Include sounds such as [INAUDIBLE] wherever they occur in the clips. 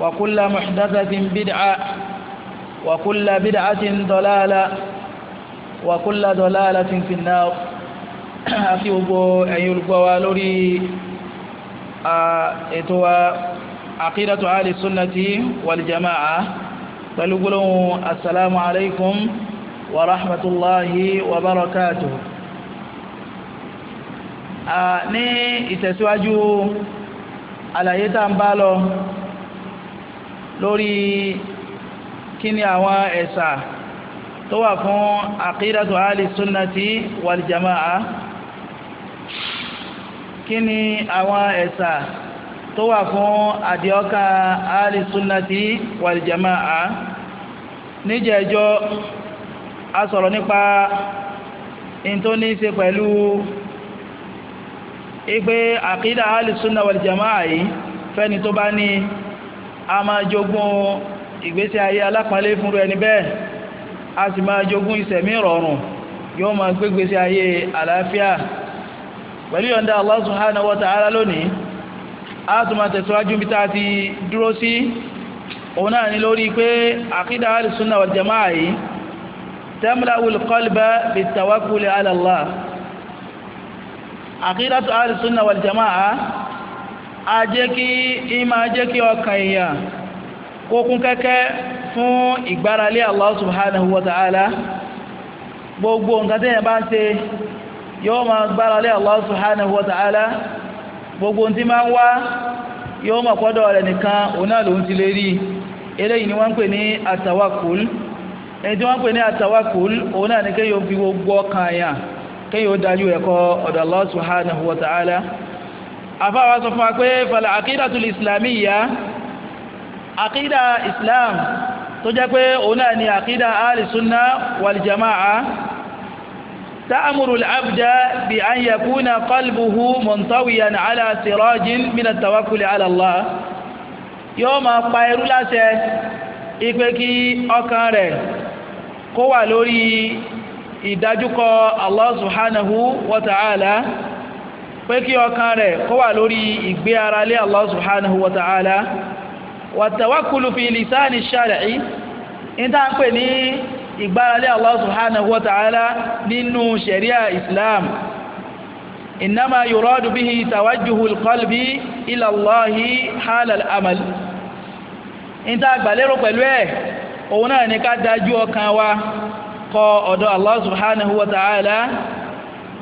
وكل محدثة بدعة وكل بدعة ضلالة وكل ضلالة في النار [CLEARS THROAT] àti gbogbo ẹ̀yin olùgbọ́ wa lórí ètò wa àkídàtò àlè sunnati wàlìjàmáà pẹ̀lú gbólóhùn assalamu alaikum wa rahmatulahi wa barakatu. ní ìtẹ̀síwájú àlàyé tá ń bá lọ lórí kí ni àwọn ẹ̀sà tó wà fún àkídàtò àlì sunnati wal jama'a kí ni àwọn ẹ̀sà tó wà fún àdìọ́kà àlì sunnati wal jama'a níjẹ̀ẹ́jọ́ a sọ̀rọ̀ nípa ìntó ní í ṣe pẹ̀lú ìpè àkídà àlì sunna wal jama'a yìí fẹ́ni tó bá ní a máa jogún ìgbésí ayé alápọ̀nlé fúnra ẹni bẹ́ẹ̀ a sì máa jogún ìsẹ̀mí ìrọ̀rùn yóò máa gbé ìgbésí ayé àlàáfíà pẹ̀lú yọ̀ǹda Allah subhanahu wa ta'ala lónìí a tún máa tẹ̀síwájú bí tá a ti dúró sí òun náà ni lórí pé àkídà alìsúnà wal jama'a yìí tamla'ul qalba bit tawakkul ala Allah àkídà alìsúnà wal jama'a ajẹ́ kí ìmá jẹ́ kí ọkàn èèyàn kó kún kẹ́kẹ́ fún ìgbáralé Allah subhanahu wa ta'ala gbogbo nǹkan tẹ́yìn bá ń ṣe yóò máa gbáralé Allah wa ta'ala gbogbo tí máa ń wá yóò máa kọ́dọ̀ rẹ̀ nìkan òun náà lòun ti lè rí eléyìí ni wọ́n pè ní àtàwákùl ẹni tí wọ́n pè ní òun náà ni fi gbogbo ọkàn èèyàn kéèyàn dájú ẹ̀kọ́ ọ̀dọ̀ afáwa sọ fún wa pé fàlà àkídàtul islamiyya àkídà islam tó jẹ́ pé òun náà ni àkídà alìsúnná wàlìjàmáà ta'amuru al-abda bi an yakuna qalbuhu muntawiyan ala sirajin min at-tawakkul ala Allah yóò máa pa ẹrú láṣẹ ipe kí ọkàn rẹ̀ kó wà lórí ìdájúkọ Allah subhanahu wa ta'ala pé kí ọkàn rẹ̀ kó wà lórí ìgbé ara lé Allah subhanahu wa ta'ala wa tawakkulu fi lisani shar'i níta ń pè ní ìgbáralé Allah subhanahu wa ta'ala nínú sharia Islam innama yuradu bihi tawajjuhul qalbi ila Allahi halal amal níta gbàlérò pẹ̀lú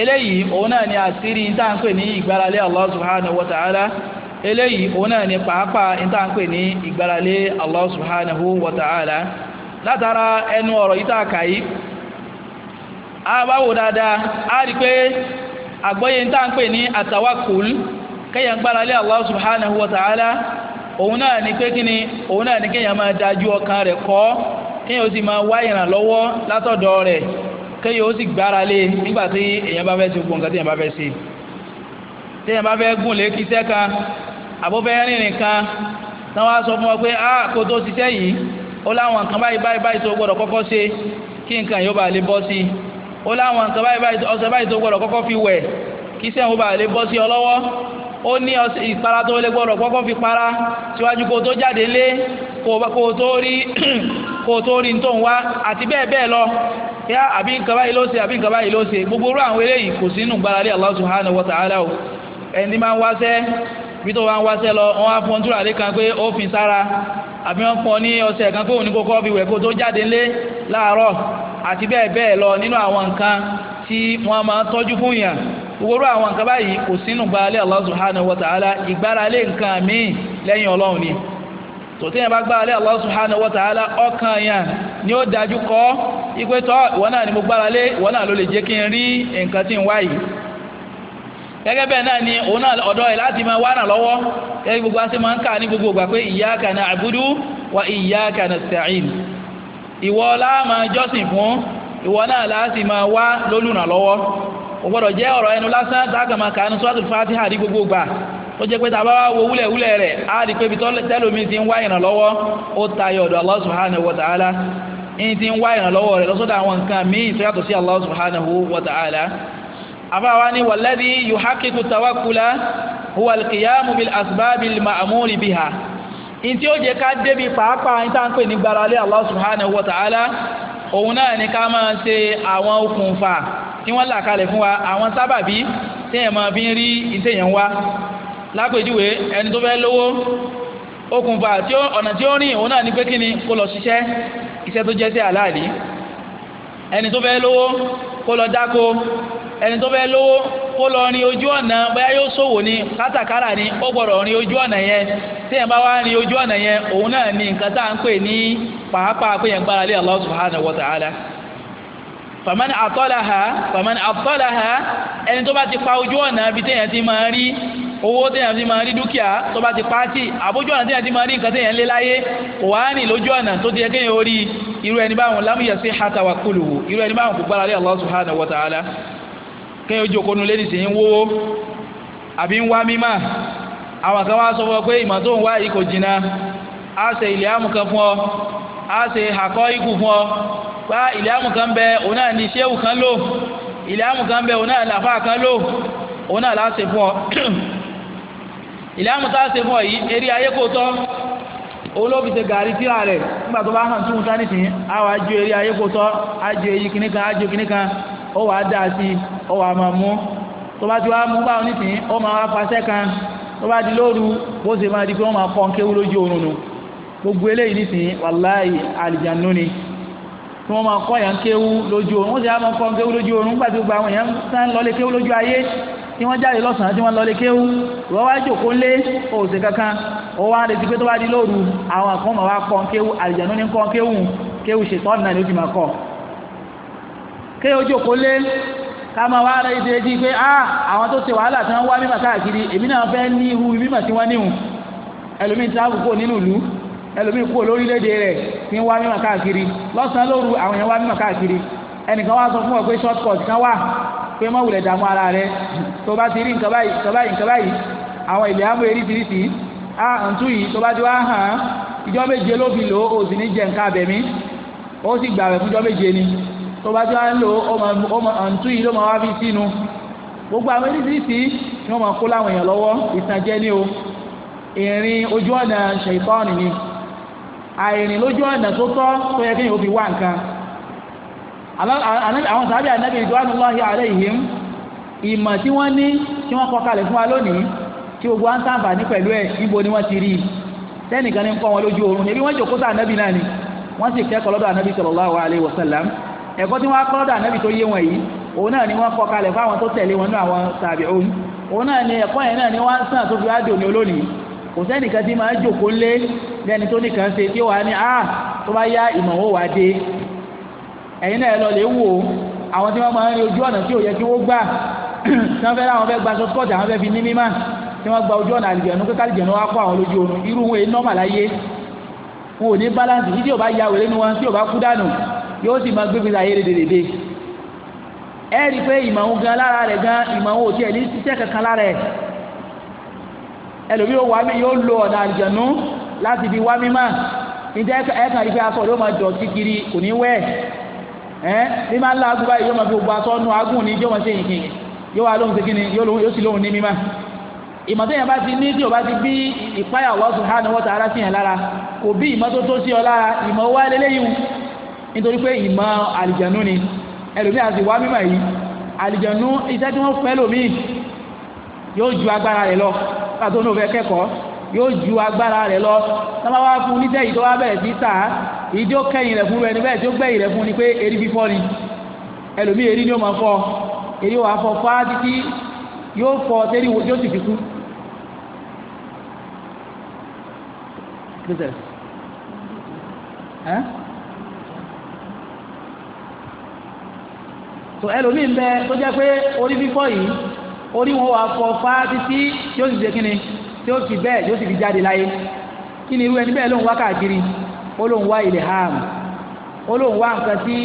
eléyìí òun náà ni àṣírí ìtànkè ní ìgbáralé Allah subhanahu wa ta'ala eléyìí òun náà ni pàápàá ìtànkè ní ìgbáralé Allah subhanahu wa ta'ala látara ẹnu ọ̀rọ̀ ìtàkà yìí a dáadáa a rí pé àgbọ́yé ìtànkè ní ni kéèyàn ó sì gbára lé nígbà tí èèyàn bá fẹ́ ṣe gbogbo nǹkan tí èèyàn bá fẹ́ ṣe téèyàn bá fẹ́ gùn lé kíṣẹ́ kan àbófẹ́ rìnrìn kan tí wọ́n á sọ fún ọ pé ah kó tó ṣiṣẹ́ yìí ó láwọn nǹkan báyìí báyìí báyìí tó gbọ́dọ̀ kọ́kọ́ ṣe kí nǹkan yóò bá lè bọ́ báyìí báyìí tó gbọ́dọ̀ kọ́kọ́ fi wẹ̀ kí bá lè bọ́ sí ọ Ya ah, àbí nǹkan báyìí ló ṣe àbí nǹkan báyìí ló ṣe gbogbo orú àwọn eléyìí kò sínú gbáralé Allah subhanahu wa ta'ala o ẹni máa ń wáṣẹ́ bí tó máa ń wáṣẹ́ lọ wọ́n á fọ́n túrà lé kan pé ó fi sára àbí wọ́n fọ́n ní ọṣẹ kan pé òun ní kókó bí wẹ̀ kó tó jáde lé láàárọ̀ àti bẹ́ẹ̀ bẹ́ẹ̀ lọ nínú àwọn nǹkan tí wọ́n máa ń tọ́jú fún yàn gbogbo àwọn nǹkan báyìí kò sínú gbáralé Allah subhanahu wa ta'ala ìgbáralé nǹkan míì lẹ́yìn tòtí yẹn bá gbára lé Allah subhanahu wa ta'ala ọkàn yẹn ni ó dájú kọ́ ipe tọ́ ìwọ náà ni mo gbára lé ìwọ náà ló lè jẹ́ kí n rí nǹkan tí ń wá yìí gẹ́gẹ́ bẹ́ẹ̀ náà ni òun náà ọ̀dọ́ ẹ̀ láti máa wá náà lọ́wọ́ gẹ́gẹ́ gbogbo àti máa ń kà ní gbogbo pé wa jọ́sìn fún náà láti máa wá jẹ́ ọ̀rọ̀ gbogbo tó jẹ́ pé tàbá wo wúlẹ̀wúlẹ̀ rẹ̀ á rí pé ibi tẹ́lómi ti ń wá ìrànlọ́wọ́ ó tayọ ọ̀dọ̀ Allah subhanahu wa ta'ala ní ti ń wá ìrànlọ́wọ́ rẹ̀ lọ́sọ́dọ̀ àwọn nǹkan míì tó yàtọ̀ sí Allah subhanahu wa ta'ala afáwa ni walladhi yuhaqqiqu tawakkula huwa bil asbabil ma'muri biha ní tí ó jẹ́ ká débi pàápàá ní táǹpẹ̀ ní gbaralé Allah subhanahu wa ta'ala òun náà ni ká máa ṣe àwọn okùnfà tí wọ́n là kalẹ̀ fún wa àwọn sábàbí téèyàn máa ń rí ìtẹ̀yàn wá lápèjúwe ẹni tó fẹ́ lówó okùnfà tí ó ọ̀nà tí ó rìn òun náà ní pé kí ni kó lọ ṣiṣẹ́ iṣẹ́ tó jẹ́ sí àláàlí ẹni tó fẹ́ lówó kó lọ dáko ẹni tó fẹ́ lówó kó lọ rin ojú ọ̀nà bóyá yóò ṣòwò ni kátàkárà ni ó ọ̀nà yẹn tí yẹn bá wá rin ojú yẹn òun náà ní nǹkan tá à ń pè ní pàápàá pé ha fàmánì ha ẹni tó owó a ti máa rí dúkìá tó bá ti pàtì àbójú tí a ti máa rí nǹkan téèyàn lé láyé kò wá ní lójú tó ti yẹ kéèyàn ó rí irú ẹni báwọn lámúyẹ sí hatawa kúlù irú ẹni báwọn kò gbára lé Allah subhanahu wa ta'ala kéèyàn ó jókòó nu lé ń wówó àbí ń wá mímà àwọn kan wá fún ọ pé ìmọ̀ tó ń fún ọ á ṣe àkọ́ ikú fún ọ bẹ òun náà ní [CLEARS THROAT] ìlànà tá a ṣe fún ọ eré ayé kò tọ́ olóbi ṣe gàrí tíra rẹ̀ nígbà tó bá hàn tún sáré tì á wá ju eré ayé kò tọ́ á èyí kìíní kan á ju kìíní kan sí i ó máa mú tó bá ti wá mú báwọn gbogbo eléyìí wàláì tí wọ́n máa kọ́ yàn kéwú lójú oorun wọ́n sì máa kọ́ kéwú lójú oorun nígbà tí gbogbo àwọn èèyàn tá ń lọlé kéwú lójú ayé tí wọ́n jáde lọ́sàn-án tí wọ́n lọlé kéwú ìwọ́n wá jòkó lé òsè kankan ó wá retí pé tó bá di lóru àwọn kan máa wá kọ́ kéwú àlìjànú ní kọ́ kéwú kéwú ṣètọ́ ọ̀nà ni ó ti máa kọ́ kéwú jòkó lé ká máa wá rẹ ìdílé di pé ah, àwọn tó ṣe wàhálà tí wọ́n wá mímọ̀ káàkiri ẹlòmíì kú olórílẹ̀-èdè rẹ̀ ti ń wá mímọ̀ káàkiri lọ́sàn-án lóru àwọn èèyàn wá mímọ̀ káàkiri ẹnìkan wá sọ fún ọ pé short cut kan wà pé má wulẹ̀ dààmú ara rẹ tó bá ti rí nǹkan báyìí nǹkan báyìí nǹkan báyìí àwọn ilẹ̀ amú eríṣiríṣi á ǹtú yìí tó bá ti wá hàn án ìjọ méje ló fi lò ó sì ní jẹ nǹkan abẹ̀mí ó sì gbà rẹ̀ fúnjọ méje ni tó bá ti wá ń lò ó ǹtú yìí ló máa wá fi sínú gbogbo àwọn eríṣiríṣi ni wọ́n máa kó láwọn èèyàn lọ́wọ́ ìtànjẹ ni o ìrìn ojú ọ̀nà ṣèkọ́ọ̀nì ni àìrìn lójú ọ̀nà tó tọ́ tó yẹ kéèyàn ó fi wá nǹkan àwọn sàbí ànábì ridwanullahi alaihim ìmọ̀ tí wọ́n ní tí wọ́n kọ kalẹ̀ fún wa lónìí tí gbogbo wa ń ṣàǹfààní pẹ̀lú ẹ̀ níbo ni wọ́n ti rí i tẹ́nìkan ní kọ́ wọn lójú oorun ẹbí wọ́n jòkó sáà ànábì náà ni wọ́n sì kẹ́kọ̀ọ́ lọ́dọ̀ ànábì sallallahu alaihi wasallam ẹ̀kọ́ tí wọ́n kọ́ lọ́dọ̀ ànábì tó yé wọn yìí òun náà ni wọ́n kọ kalẹ̀ fún àwọn tó tẹ̀lé wọn nínú àwọn tàbí òun òun náà ni ẹ̀kọ́ yẹn náà ni wọ́n sàn tó kò sẹ́nìkan tí máa jòkó lé lẹ́ni tó nìkan ṣe tí ó wà ní à tó bá yá ìmọ̀wó wà dé ẹ̀yin náà lọ lè wò àwọn tí wọ́n máa ń rí ojú ọ̀nà tí ò yẹ kí wọ́n gbà tí wọ́n fẹ́ láwọn fẹ́ gba sọ́kọ̀tì àwọn fẹ́ fi ní mímá tí wọ́n gba ojú ọ̀nà àlìjẹ̀nu pé kálíjẹ̀nu wá kó àwọn lójú oorun irú wọn èyí nọ́mà láyé wọn ò ní báláǹsì tí ò bá ya wèrè nu wọn tí ò bá kú dànù yóò sì máa gbé bíi ayé dédédé ẹ rí i pé ìmọ̀ òun gan lára rẹ̀ gan ìmọ̀ òun ò tiẹ̀ ní ṣiṣẹ́ kankan lára ẹ̀ ẹlòmí yóò wá mi yóò lo ọ̀nà àjẹnú láti fi wá mímọ́ níta ẹ̀ka ìfẹ́ aṣọ ló máa dọ̀tí kiri kò ní wẹ̀ ẹ́ bí máa ń la agùn báyìí yóò máa fi gbogbo aṣọ nu agùn ní yóò máa ṣe yìnkìn yóò wá lóhun ṣe kí ni yóò sì lóhun ní mímọ́ ìmọ̀tẹ́yìn bá ti ní tí o bá ti bí ìpáyà wá subhanahu wa ta'ala sí yẹn lára kò bí ìmọ́tótó sí ọ lára ìmọ̀ wá lélẹ́yìn nítorí pé ìmọ̀ àlìjẹ̀nú ni ẹlòmíì àti wá mímọ̀ yìí àlìjẹ̀nú iṣẹ́ tí wọ́n fẹ́ lòmíì yóò ju agbára rẹ̀ lọ pàtó ní o fẹ́ kẹ́kọ̀ọ́ yóò ju agbára rẹ̀ lọ sábà wá fún oníṣẹ́ yìí tó wá bẹ̀rẹ̀ sí tà á ìdí ó kẹ́yìn rẹ̀ fún ẹni bẹ́ẹ̀ tí ó gbẹ̀yìn rẹ̀ fún ni pé eri fífọ́ ni ẹlòmíì eri ni ó máa fọ́ eri wàá fọ́ fá títí yóò fọ́ tẹ́lẹ̀ wo tí ó sì fi kú. tó ẹlòmíì ń bẹ tó jẹ́ pé orí fífọ́ yìí. orí wọn wà fọ fá títí tí ó sì ṣe kíni tí ó sì bẹ́ẹ̀ yóò sì fi jáde láyé kí ni irú ẹni bẹ́ẹ̀ ń wá káàkiri ó ń wá ilham ó ń wá nǹkan tí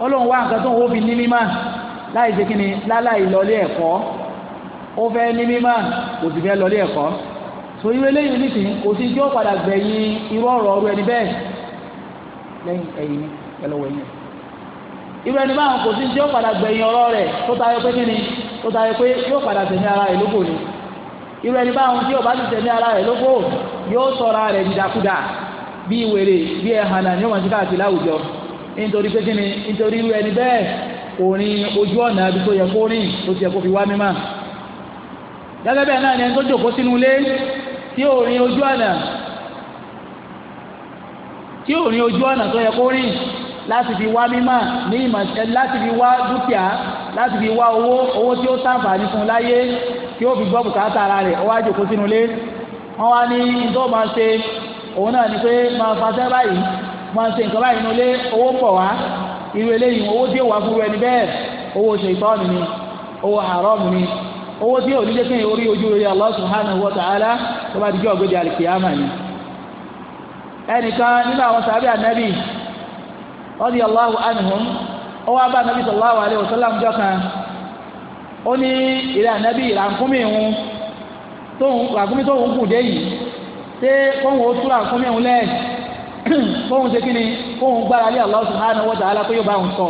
ó ń wá nǹkan tó ń wó fi ní mímá láì ṣe kíni láláì lọlé ẹ̀kọ́ ó fẹ́ ní kò sì fẹ́ lọlé so irú eléyìí kò sí tí ó padà gbẹ̀yìn irú ọ̀rọ̀ ọ̀rọ̀ ẹni bẹ́ẹ̀ irú ẹni báwọn kò sí ní tí ó padà gbẹ̀yìn ọ̀rọ̀ rẹ̀ tó tayọ pé kíni tó tayọ pé yóò padà tẹ̀mí ara rẹ̀ lóko ni irú ẹni báwọn tí ó bá ti tẹ̀mí ara rẹ̀ lóko yóò sọ̀ra rẹ̀ dìdàkudà bí wèrè bí ẹ̀hànà ni ó máa ti káàkiri láwùjọ nítorí pé kíni nítorí irú ẹni bẹ́ẹ̀ kò rin ojú ọ̀nà àbí tó yẹ kó rìn tó ti yẹ kó fi wá mímà gẹ́gẹ́ bẹ́ẹ̀ náà ni ẹni tó jòkó sínú ilé tí ò rin ojú ọ̀nà tí ò rin ojú ọ̀nà tó yẹ kó rìn láti fi wá mímọ̀ ní ìmọ̀ láti fi wá dúkìá láti fi wá owó owó tí ó ṣàǹfààní fún láyé tí ó fi gbọ́ bùkátà ara rẹ̀ ó wá jòkó sínú ilé wọ́n wá ní tó máa ṣe òun náà ni pé máa fasẹ́ báyìí máa ṣe nǹkan báyìí nílé owó pọ̀ wá irú eléyìí owó tí ó wà fún ẹni bẹ́ẹ̀ owó ṣètọ́nù ni owó háràmù ni owó tí ò ní jẹ́ orí ojú rere Allah subhanahu radiyallahu anhum ó wá bá anabi sallallahu alayhi wa sallam jọ kan ó ní ìrẹ anabi rànkúmí ìhun tóun rànkúmí tóun kù dé yìí ṣé kóun ó tú rànkúmí ìhun lẹ́ẹ̀ kóun ṣe kí ni kóun gbára lé Allah subhanahu wa ta'ala pé yóò bá òun sọ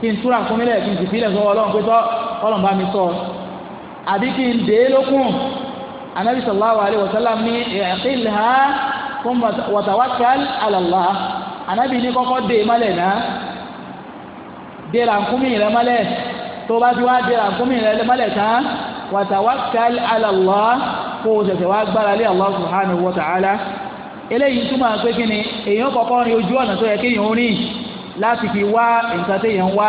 kí n tú rànkúmí lẹ́ẹ̀ kí n sì fi ilẹ̀ sọ ọlọ́run anabi ní kọ́kọ́ dé malẹ̀ náà dé rànkúmí rẹ malẹ̀ tó bá ti wá dé rànkúmí rẹ malẹ̀ tán wa tawakkal ala Allah kó o ṣẹ̀ṣẹ̀ wá gbára lé Allah subhanahu wa ta'ala eléyìí túmọ̀ pé kí ni èèyàn kọ́kọ́ rin ojú ọ̀nà tó yẹ kéèyàn ó rìn láti fi wá nǹkan téèyàn ń wá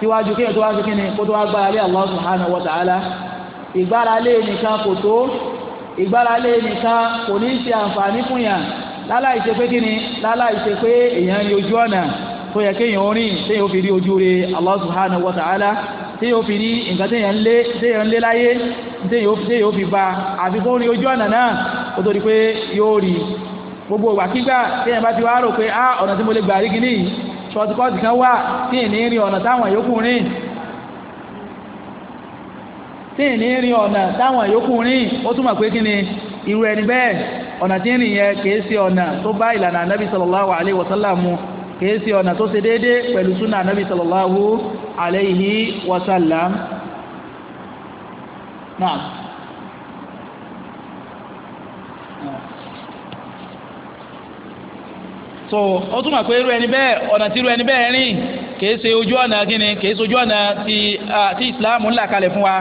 síwájú kéèyàn tó wá sí kí kó tó wá gbára lé Allah subhanahu wa ta'ala ìgbára lé nìkan kò tó ìgbára lé nìkan kò ní ṣe àǹfààní fún yàn láláì ṣe pé kíni láláì ṣe pé èèyàn rí ojú ọ̀nà tó yẹ kéèyàn orin téèyàn fi rí ojú re Allah subhanahu wa ta'ala téèyàn fi rí nǹkan téèyàn lé téèyàn lé láyé téèyàn fi ba àfi kó rí ojú ọ̀nà náà ó tó di pé gbogbo ìgbàkígbà téèyàn bá ti wá rò pé á ọ̀nà tí mo lè gbà rí kan wà ní ọ̀nà táwọn yòókù ẹni bẹ́ẹ̀ ọ̀nà tí ń rìn yẹn kìí ṣe ọ̀nà tó bá ìlànà anábì esi ọna wa sallam mu kìí ṣe ọ̀nà tó ṣe déédéé pẹ̀lú súnà anábì so ó túmọ̀ pé irú ẹni bẹ́ẹ̀ ọ̀nà tí irú ẹni kìí ṣe ojú ọ̀nà kíni kìí ṣe ojú ọ̀nà ti ti islam ńlá kalẹ̀ fún wa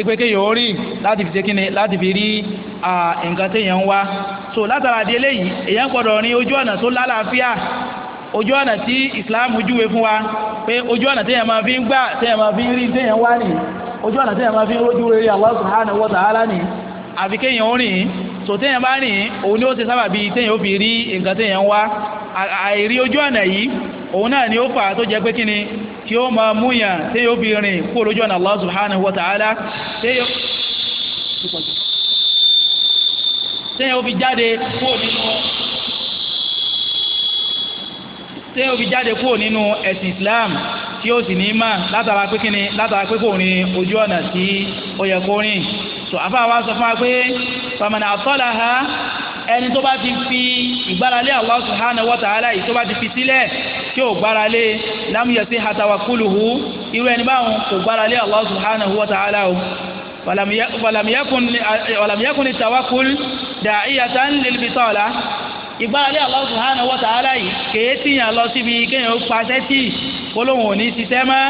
ipe kéèyàn ó rìn láti fi ṣe kíni láti fi rí nǹkan téèyàn ń wá so látara di eléyìí èèyàn gbọ́dọ̀ rin ojú ọ̀nà tó lálàáfíà ojú ọ̀nà tí islam júwe fún wa pé ojú ọ̀nà téèyàn máa fi ń gbà téèyàn máa fi ń rí téèyàn wá nìyí ojú ọ̀nà téèyàn máa fi ń rójú rere Allah subhanahu wa ta'ala nìyí àfi kéèyàn ó rìn so téèyàn bá rìn òun ni ó ti sábà bíi téèyàn ó fi rí nǹkan téèyàn wá àìrí ojú ọ̀nà yìí òun náà ni ó fà á tó jẹ́ pé kí ni kí ó máa múyàn tí yóò fi rìn kó lójú ọ̀nà Allah subhanahu wa ta'ala tí yóò tí yóò fi jáde kó nínú ẹ̀sìn Islam tí ó sì ní mà látara pé kí ni látara pé kò rìn ojú ọ̀nà tí ó yẹ kó rìn so àfa wa sọ fún wa pé famana àtọ́lá ha ẹni tó bá ti fi ìgbáralé Allah subhanahu wa ta'ala yìí tó bá ti fi sílẹ̀ tí ò gbáralé lam yasiha tawakkuluhu irú ẹni báwọn kò gbáralé Allah subhanahu wa ta'ala o walam yakun tawakkul da'iyatan lil bitala ìgbáralé Allah subhanahu wa ta'ala yìí kèé tìyàn lọ síbi kéèyàn ó paṣẹ́ tì olóhùn òní ṣiṣẹ́ mọ́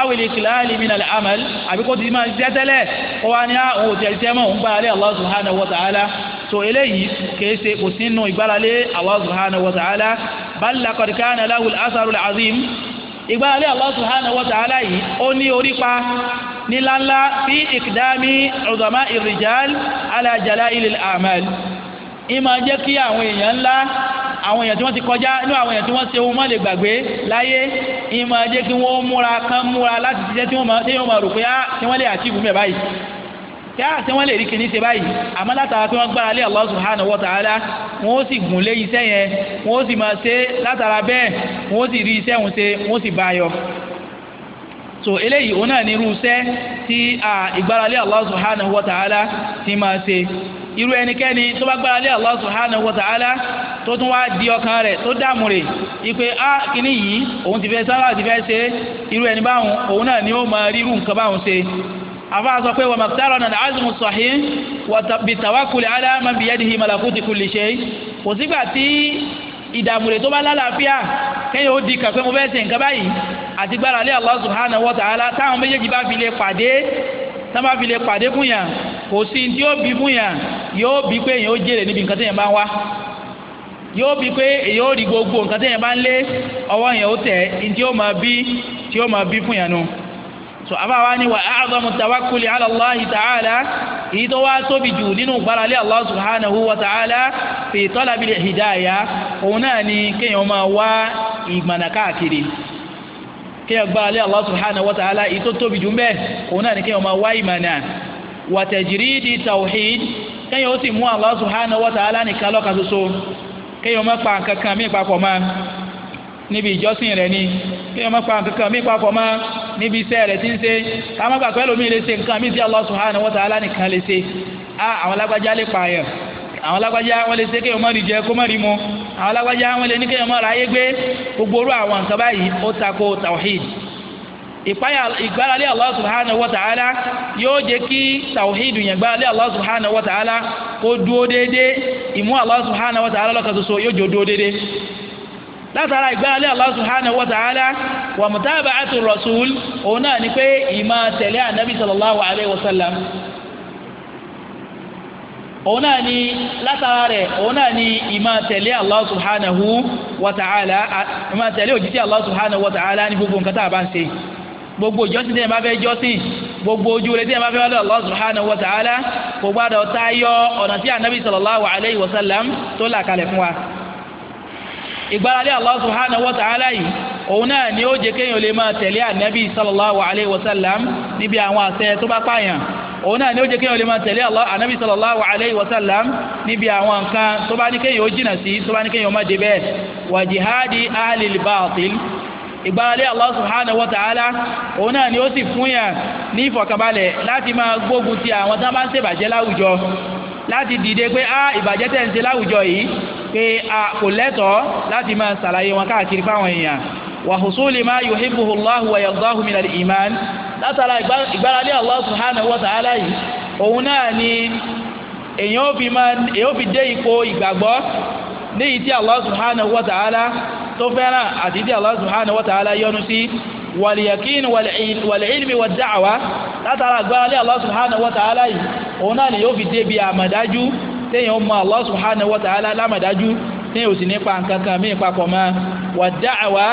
awìlì kìláàlì mi nàlẹ́ amal àbíkó ti máa ṣiṣẹ́ tẹ́lẹ̀ kó wá ní àwọn ah, òṣìṣẹ́ mọ́ òun gbáralé Allah subhanahu wa ta'ala so eléyìí kèése kò sínú ìgbáralé Allah subhanahu wa ta'ala bal laqad kana lahu al-atharu al-azim ìgbáralé Allah subhanahu wa ta'ala yìí ó ní orípa níláńlá fi ìkìdámi ọ̀dọ̀má ìrìjàl ala jala'il al-a'mal ìmọ̀ jẹ́ kí àwọn èèyàn ńlá àwọn èèyàn tí wọ́n ti kọjá inú àwọn èèyàn tí wọ́n ṣe wọ́n lè gbàgbé láyé ìmọ̀ jẹ́ kí wọ́n múra kán múra láti ṣiṣẹ́ tí wọ́n máa rò pé tí ah, wọ́n lè àtìkù mẹ́ báyìí kí tí ṣe wọ́n lè rí kíní ṣe báyìí àmọ́ látara pé wọn gbára lé Allah subhanahu wa ta'ala wọn ó sì gùn lé iṣẹ́ yẹn wọn ó sì máa ṣe látara bẹ́ẹ̀ wọ́n ó sì rí iṣẹ́ òun ṣe ó sì bá a yọ so eléyìí òun náà ní irú tí ta'ala ti máa ṣe irú ẹnikẹ́ni tó bá subhanahu ta'ala tó tún wá di ọkàn tó dààmú a kìíní yìí òun ti fẹ́ sábà ti fẹ́ ṣe irú ẹni báwọn òun náà àfa sọ pé wà màtàrà nàdà azimu sahih wà bìtàwákulẹ̀ aláàmà bìyàdìhì malakuti kulli shay kò sígbà tí ìdààmú rẹ̀ tó bá lálàáfíà kẹ́yìn ó di kàpẹ́ mo fẹ́ ṣe nǹkan báyìí àti gbára lé Allah subhanahu wa ta'ala táwọn méjèèjì bá fi lè pàdé tá bá fi lè pàdé fún yàn kò sí tí ó bí fún yàn yóò bí pé èyàn ó jèrè níbi nǹkan téèyàn bá ń wá yóò bí pé èyàn ó rí gbogbo nǹkan téèyàn bá ń lé ọwọ́ yẹn ó tẹ̀ tí ó máa bí tí ó máa bí fún yàn nù. No so àbáwá ni wà áàdọ́mù tawakuli ala Allahi ta'ala èyí tó wá tóbi jù nínú gbáralé Allah subhanahu wa ta'ala fi talabil hidaya òun náà ni kéèyàn máa wá ìgbànà káàkiri kéèyàn gbáralé Allah subhanahu wa ta'ala èyí tó tóbi jù mbẹ́ òun náà ni kéèyàn máa wá ìmànà wa tajridi tawhid kéèyàn ó sì mú Allah subhanahu wa ta'ala nìkan lọ́ka ṣoṣo kéèyàn má pa nǹkan mí papọ̀ mọ́ níbi ìjọsìn rẹ̀ ni kéèyàn má pa nǹkan mí papọ̀ mọ́ níbi iṣẹ́ rẹ̀ ti ń ṣe káwọn gbàgbọ́ ẹlòmíì lè ṣe nǹkan mí sí Allah subhanahu wa ta'ala nìkan lè ṣe àwọn alágbájá lè pààyàn àwọn alágbájá wọn lè ṣe kéèyàn mọ́ ìjẹ kó mọ́ rí mu àwọn alágbájá wọn lè ní kéèyàn mọ́ ra ayé gbé gbogbo orú àwọn nǹkan báyìí ó tako tawhid ìpáyà ìgbáralé Allah subhanahu wa ta'ala yóò jẹ́ kí tawhidu yẹn gbáralé Allah subhanahu wa ta'ala kó dúó déédéé ìmú Allah subhanahu wa ta'ala lọ́kàn ṣoṣo yóò jẹ́ dúó déédéé látara ìgbáralé Allah subhanahu wa ta'ala wa mutaba'atu rasul òun náà ni pé ìmọ̀ tẹ̀lé ànábì sallallahu alayhi wa sallam òun náà ni látara rẹ̀ òun náà ni ìmọ̀ tẹ̀lé Allah subhanahu wa ta'ala ìmọ̀ tẹ̀lé òjijì Allah subhanahu wa ta'ala ní gbogbo nǹkan tá a bá ń ṣe gbogbo ìjọsìn tí ẹ bá fẹ́ jọ́sìn gbogbo ojú rẹ tí ẹ bá fẹ́ lọ́dọ̀ Allah subhanahu wa kò gbọ́dọ̀ tayọ ọ̀nà tí anabi sallallahu alayhi wa sallam tó là kalẹ̀ fún wa ìgbáralé Allah subhanahu wa ta'ala yìí òun náà ni ó jẹ́ kéèyàn lè máa tẹ̀lé ànábì sallallahu alayhi wa sallam níbi àwọn àṣẹ tó bá pààyàn òun náà ni ó jẹ́ kéèyàn lè máa tẹ̀lé ànábì sallallahu alayhi wa sallam níbi àwọn nǹkan tó bá ní kéèyàn ó jìnà sí tó bá ní kéèyàn má dé bẹ́ẹ̀ wà jihadi ahlil baatil ìgbáralé Allah subhanahu wa ta'ala òun náà ni ó sì fún yàn ní ìfọ̀kànbalẹ̀ láti máa gbógun ti àwọn tá bá ń ṣèbàjẹ́ láwùjọ láti dìde pé á ah, ìbàjẹ́ tẹ̀ ń ṣe láwùjọ yìí pé kò lẹ́tọ̀ọ́ láti máa ṣàlàyé wọn káàkiri fáwọn èèyàn wa husuli ma yuhibbuhu Allah wa yardahu min al-iman látara ìgbáralé Allah subhanahu wa ta'ala yìí òun náà ni èèyàn ó fi máa èèyàn ó fi dé ipò ìgbàgbọ́ ní ìyí tí Allah subhanahu wa ta'ala tó fẹ́ràn àti tí Allah subhanahu wa ta'ala yọ́nú sí wàlìyàkín wàlìílmi wà dáàwá látara ìgbáralé Allah subhanahu wa ta'ala yìí òun náà ni yóò fi dé bí àmàdájú téèyàn ó mọ Allah subhanahu wa ta'ala lámàdájú téèyàn ò sì nípa nǹkan kan mí papọ̀ mọ́ wà da'wa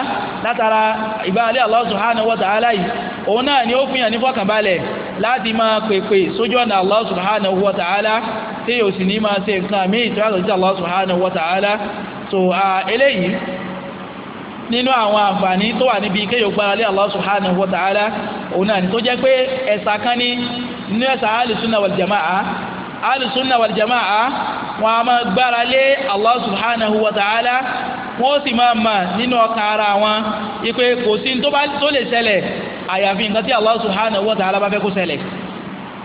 látara ìbáraẹ̀ Allah subhanahu wa ta'ala yìí òun náà ni ó fìyàn ní fọkànbalẹ̀ láti máa pèpè sójú ọ̀nà Allah subhanahu wa ta'ala téèyàn ò sì ní máa ṣe nǹkan mí ìtura sí Allah subhanahu wa ta'ala eléyìí nínú àwọn àǹfààní tó wà níbi kéèyàn gbáralé Allah subhanahu wa òun náà ni tó jẹ́ pé ẹ̀sà kan ní nínú ẹ̀sà al-sunnah alùsùnà wal jama'a wọn a máa gbára lé allah subhanahu wa ta'ala wọn ó sì máa mà nínú ọkàn ara wọn ipe kò sí tó lè ṣẹlẹ̀ àyàfi nǹkan tí allah subhanahu wa ta'ala bá fẹ́ kó ṣẹlẹ̀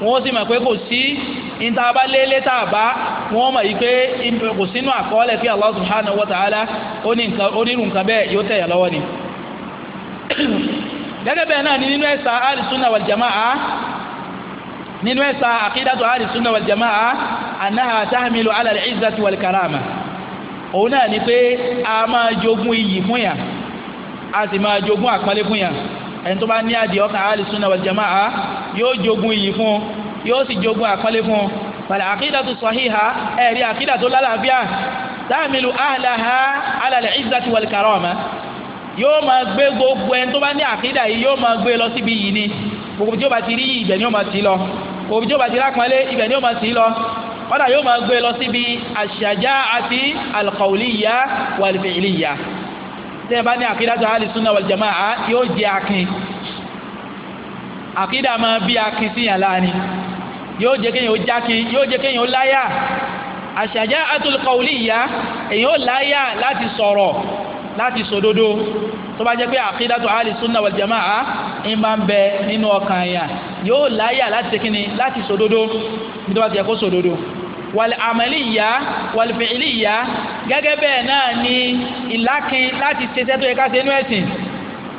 wọn ó sì mà pé kò sí níta bá lélé tá bá wọn mọ̀ yìí pé kò sínú àkọọ́lẹ̀ fi allah subhanahu wa ta'ala onírú nǹkan bẹ́ẹ̀ yóò tẹ̀yà lọ́wọ́ ni. [COUGHS] gẹ́gẹ́ bẹ́ẹ̀ náà ni nínú ẹ̀sà alùsùnà wal jama'a nínú ẹ̀sà àkídàtò ahli sunna wal jamaa annaha tahmilu ala al-izzati wal karama òun náà ni pé a máa jogún iyì fún yà a sì máa jogún àpọ́nlé fún yà ẹni tó bá ní àdìẹ ọkàn ahli sunna wal jamaa yóò jogún iyì fún yóò sì jogún àpọ́nlé fún pẹ̀lú àkídàtò sahiha ẹ̀rí àkídàtò lálàáfíà tahmilu ahlaha ala al-izzati karama yóò máa gbé gbogbo ẹni tó bá ní àkídà yìí yóò máa gbé lọ síbi yìí ni gbogbo tí ó bá ti rí ibẹ̀ ni ó máa ti lọ gbogbo tí ó bá ti rápọnlé ibẹ̀ ni ó máa ti lọ kọ́dà yóò máa gbé lọ síbi àṣàjá àti alqawliya walfi'liya tẹ́ ẹ bá ní àkídàtu al-sunna wal yóò jẹ́ akin àkídà máa bí akin síyàn láàrin yóò jẹ́ kéèyàn ó jákin yóò jẹ́ kéèyàn ó láyà àṣàjá àti alqawliya èèyàn ó láyà láti sọ̀rọ̀ láti sòdodo tó bá jẹ́ pé àkídàtò àhálì súnà wal jama'a ń bá ń bẹ nínú ọkàn èèyàn yóò láyà láti kíni láti sòdodo bí tó bá ti kó sòdodo wal amaliyya wal fi'liyya gẹ́gẹ́ bẹ́ẹ̀ náà ni ìlákin láti ṣiṣẹ́ tó yẹ ká ṣe inú ẹ̀sìn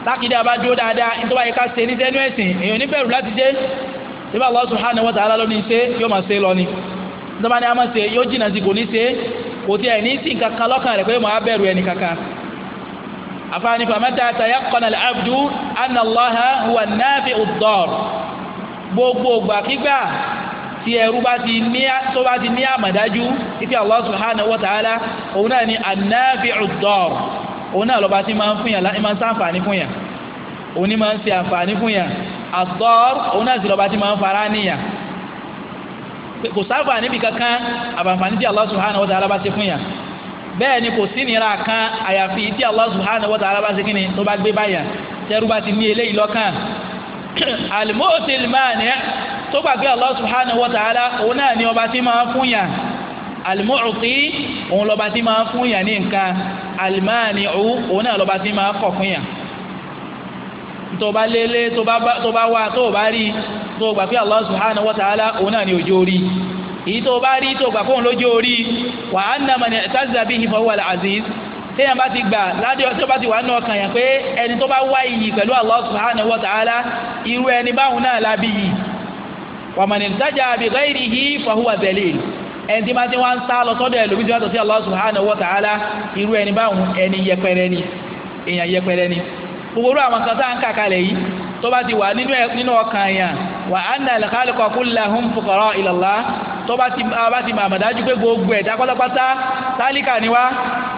lákìdí àbá dúró dáadáa ní tó bá yẹ ká ṣe níṣẹ́ inú ẹ̀sìn èèyàn ní bẹ̀rù láti dé ibà Allah subhanahu wa ta'ala ló ní ṣe yóò máa ṣe lọ ni ní tó bá ní a máa ṣe yóò jìnnà sí kò ní ṣe kò tí ẹ̀ ní sí nǹkan kan lọ́kàn rẹ̀ pé yóò máa bẹ̀rù ẹnì kankan afaani famata tayaqqana al-abdu anna allaha huwa nafi'u ad-dar gbogbo gbàkigbà tí ẹrú bá ti ní tó bá ti ní àmàdájú ife allah subhanahu wa ta'ala òun náà ni an-nafi'u ad-dar òun náà lọ́ba tí máa ń fún yàn láti máa ń sàǹfààní fún yàn òun ni máa ń ṣe àǹfààní fún yàn ad òun náà sì lọ́ba tí máa ń fara níyàn kò sáfà níbi kankan àbàǹfààní tí allah subhanahu wa ta'ala bá ti fún yàn bẹ́ẹ̀ ni kò sí nira kan àyàfi tí Allah subhanahu wa ta'ala bá ṣe kíni tó bá gbé báyà tẹ́rù bá ti ní eléyìí lọ́kàn [CLEARS THROAT] al-mu'til mani' tó gbàgbé Allah subhanahu wa ta'ala òun náà ni ọba tí máa fún yàn al òun lọ́ba tí máa fún yàn ní nǹkan al-mani'u òun náà lọ́ba tí máa kọ̀ fún yàn tó bá lélẹ̀ tó bá wá tó bá rí tó gbàgbé Allah subhanahu wa ta'ala òun náà ni òjò rí èyí tó bá rí tó gbà fóun lójú orí wà á nà mọ̀nà tàzà bí ìfọ̀ wà aziz téèyàn bá ti gbà ládé ọtí bá ti wà nù ọkàn yẹn pé ẹni tó bá wá iyì pẹ̀lú Allah subhanahu wa ta'ala irú ẹni báwọn náà lábí yìí wà mọ̀nà tàjà bí gáírì yìí fọ̀húwà zalil ẹni tí máa ti wá ń sá lọ sọ́dọ̀ ẹlòmí tí wọ́n tọ́ irú ẹni ni èèyàn yẹpẹrẹ ni gbogbo àwọn kan tó bá ti wà nínú ọkàn yẹn wà á nà al-khaliqa kullahum fuqara ila Allah tó bá ti bá ti màmá dájú pé gbogbo ẹ̀dá pátápátá tálíkà ni wá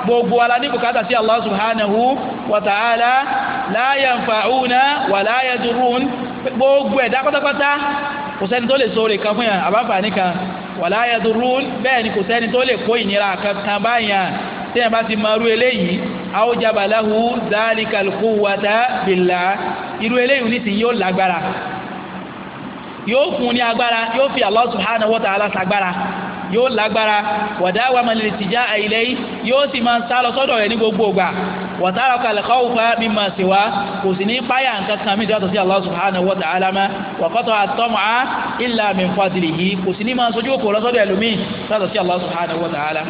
gbogbo ala ní bùkátà sí Allah subhanahu wa ta'ala la yanfa'una wa la yadurun gbogbo ẹ̀dá pátápátá kò sẹ́ni tó lè sóore kan fún yàn àbáfààní kan wa la yadurun bẹ́ẹ̀ ni kò sẹ́ni tó lè kó ìnira kan tẹ́yìn bá ti máa rú eléyìí àwòjábàláhu dáríkàlùkù wàtá bìlà irú eléyìí ní ti yóò lágbára yóò fún ní agbára yóò fi Allah subhanahu wa ta'ala sagbára yóò lágbára wàdá wà máa lè tìjà àìlẹ́ yìí yóò sì máa sá sọ́dọ̀ rẹ̀ ní gbogbo ìgbà wàtàrà kàlẹ́kọ́ òfà mímọ̀ sí wa kò sì ní páyà nǹkan kan mi jọ́tọ̀ sí Allah subhanahu wa ta'ala ma wàkọ́tọ̀ àtọ́mọ̀ á ìlà min fadlihi kò sì ní máa sojú òkò lọ́sọ́dọ̀ ẹlòmíì jọ́tọ̀ sí Allah subhanahu wa ta'ala.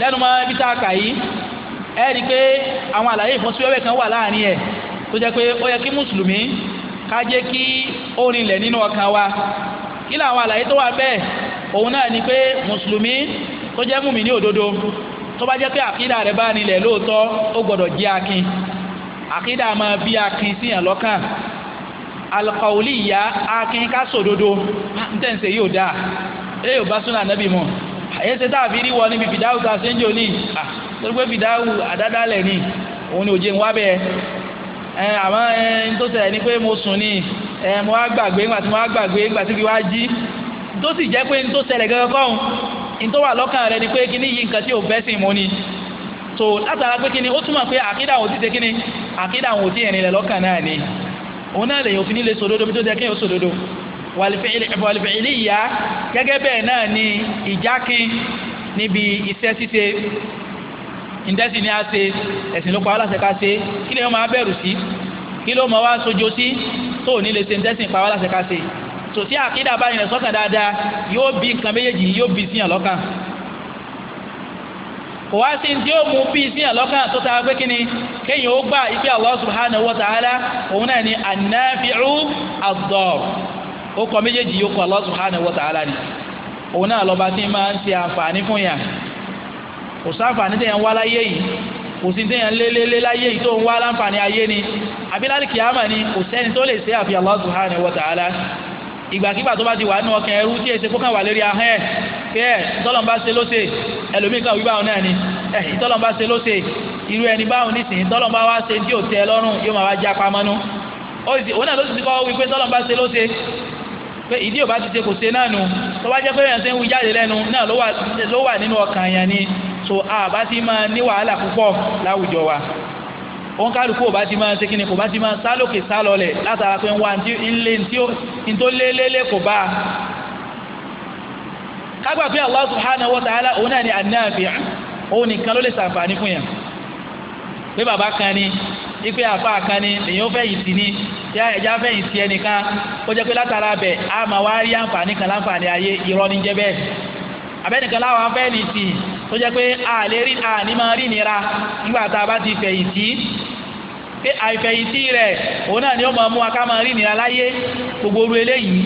lẹ́nu mọ́ aka tá a kà pe ẹ rí i pé àwọn àlàyé ìfọ́síwẹ́wẹ́ kan wà láàrin ẹ̀ tó jẹ́ pé ó yẹ kí mùsùlùmí ká jẹ́ kí ó rinlẹ̀ nínú ọkàn wa kí làwọn àlàyé tó wà bẹ́ẹ̀ òun náà ni pé mùsùlùmí tó jẹ́ mùmínì òdodo tó bá jẹ́ pé àkídà rẹ̀ bá nílẹ̀ lóòótọ́ ó gbọ́dọ̀ akin àkídà máa bí akin síyàn lọ́kàn alqawliya akin ká sòdodo ntẹ̀sẹ̀ yóò dáa eré yóò bá súnà àyè ṣe táàbí rí wọ níbi fìdáwù tá a ṣe ń jò ní à torí pé fìdáwù àdádálẹ̀ ni òun ni òjé ń wá bẹ́ẹ̀ ẹ àmọ́ ẹ ń tó ṣẹlẹ̀ ni pé mo sùn ní ẹ mo wá gbàgbé ńgbà tí mo wá gbàgbé ńgbà tí fi wá jí tó sì jẹ́ pé ń tó ṣẹlẹ̀ gẹ́gẹ́ kọ́hún ń tó wà lọ́kàn rẹ ni pé kíní yìí nǹkan tí ò bẹ́sìn mu ni so látara pé kíní ó túmọ̀ pé àkídà àwọn ò ti ṣe kíní àkídà àwọn ò ti ẹ̀rìn lẹ̀ lọ́kàn náà ni òun náà lè yàn òfin nílé wàlìfẹ̀ẹ́lìyà gẹ́gẹ́ bẹ́ẹ̀ náà ni ìjákin níbi iṣẹ́ ṣíṣe ìdẹ́sì ni a ṣe ẹ̀sìn ló pa wá láṣẹ ká ṣe kí lè máa bẹ̀rù sí kí ló máa wá sojo sí tó ní lè ṣe ìdẹ́sì pa wá láṣẹ ká ṣe tòtí àkídà bá yẹn sọ́kàn dáadáa yóò bí nǹkan méjèèjì yóò bí síyàn lọ́kàn kò wá sí tí ó mú bí síyàn lọ́kàn tó ta pé kíni kéèyàn ó gbà ife Allah subhanahu wa ta'ala òun náà ni anáfi'u ad ó kọ méjèèjì yóò kọ Allah subhanahu wa ta'ala ni òun náà lọ́ba tí máa ń ṣe àǹfààní fún yàn kò sáǹfààní tẹ̀yàn wá láyé yìí kò sí tẹ̀yàn lélélé láyé yìí tó ń wá láǹfààní ayé ni abilali ni kò sẹ́ni tó lè ṣe wa ta'ala ìgbàkigbà tó bá ti wà nínú ọkàn ẹrú tí èsè kókàn wà lérí ahẹ́ ẹ̀ pé ẹ̀ tọ́lọ́mbà ṣe lóṣè ẹlòmíì kan wí báwọn náà ni ẹ̀ tọ́lọ́mbà ṣe lóṣè irú ẹni báwọn nísìnyí tọ́lọ́mbà wá ṣe tí ò tẹ́ lọ́rùn yóò máa wá já pamọ́nú òun náà ló sì pé ìdí ò bá ti ṣe kò ṣe náà nu tó bá jẹ́ pé èèyàn ṣe ń wí jáde lẹ́nu náà ló wà nínú ọkàn èèyàn ni so àbá ti máa ní wàhálà púpọ̀ láwùjọ wa òun kálukú ò bá ti máa ṣe kí ni kò bá ti máa sálòkè sálọlẹ̀ látara pé ń wá ilé ní tó lélẹ́lẹ́ kò bá kágbà pé Allah subhanahu wa ta'ala òun náà ni ànáàfíà òun nìkan ló lè ṣàǹfààní fún yẹn pé bàbá kan ni ipe àfa kan ni lèyìn ó fẹ̀yìntì ni yá ẹja fẹ̀yìntì ẹnìkan ó jẹ́ pé látara bẹ̀ á máa wá rí àǹfààní kan láǹfààní ayé irọ́ ní jẹ́ bẹ́ẹ̀ abẹ́nìkan láwọn afẹ́yìntì tó jẹ́ pé àlè rí àní máa rí nira nígbà tá a bá ti fẹ̀yìntì pé àìfẹ̀yìntì rẹ̀ òun náà ni ó máa mú aká máa rí nira láyé gbogbo oru eléyìí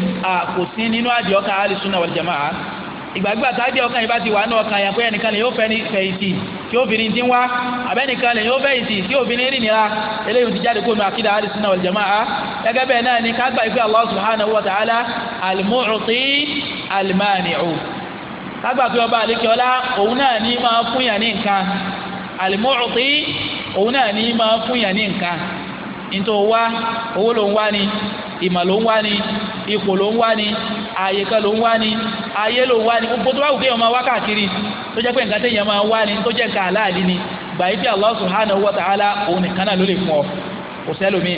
kò sí nínú àdìọ́kàn alìsúnà wal jamaa ìgbàgbà tá àdìọ́kàn yìí bá ti wà ní ọkàn yẹn ẹnìkan lè yóò fẹ́ ní fẹ̀yìntì tí obìnrin ti ń wá abẹ́nìkan lè yóò fẹ́yìn tì tí obìnrin rìn nira eléyìí ti jáde kóònù àkídà àdìsínà wal jama'a gẹ́gẹ́ bẹ́ẹ̀ náà ni ká gbà pé Allah subhanahu wa ta'ala al-mu'ti al-mani'u ká gbà pé ọba àlékiọlá òun náà ní máa fún ní nǹkan al òun náà ní máa fún ní nǹkan nítorí wá owó lòun wá ni ìmọ̀ ló ń wá ni ipò ló ń wá ni ààyè kan ló ń wá ni ayé ló ń wá ni gbogbo tó bá wù kéèyàn máa wá káàkiri tó jẹ́ pé nǹkan téèyàn máa wá ni tó jẹ́ nǹkan àláàlí ni gbàyí tí Allah subhanahu wa ta'ala òun nìkan náà ló lè fún ọ kò sẹ́lòmíì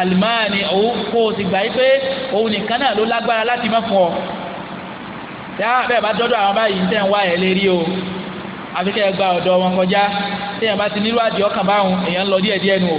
alimani òun kó o sì gbà yí pé òun nìkan náà ló lágbára láti má fún ọ yá bẹ́ẹ̀ bá dọ́dọ̀ àwọn báyìí ń tẹ̀ ń wá ẹ̀ lérí o àfi gba ọ̀dọ̀ wọn kọjá téèyàn bá ti nílò àdìọ́kàn báwọn èèyàn ń lọ díẹ̀díẹ̀ nù o.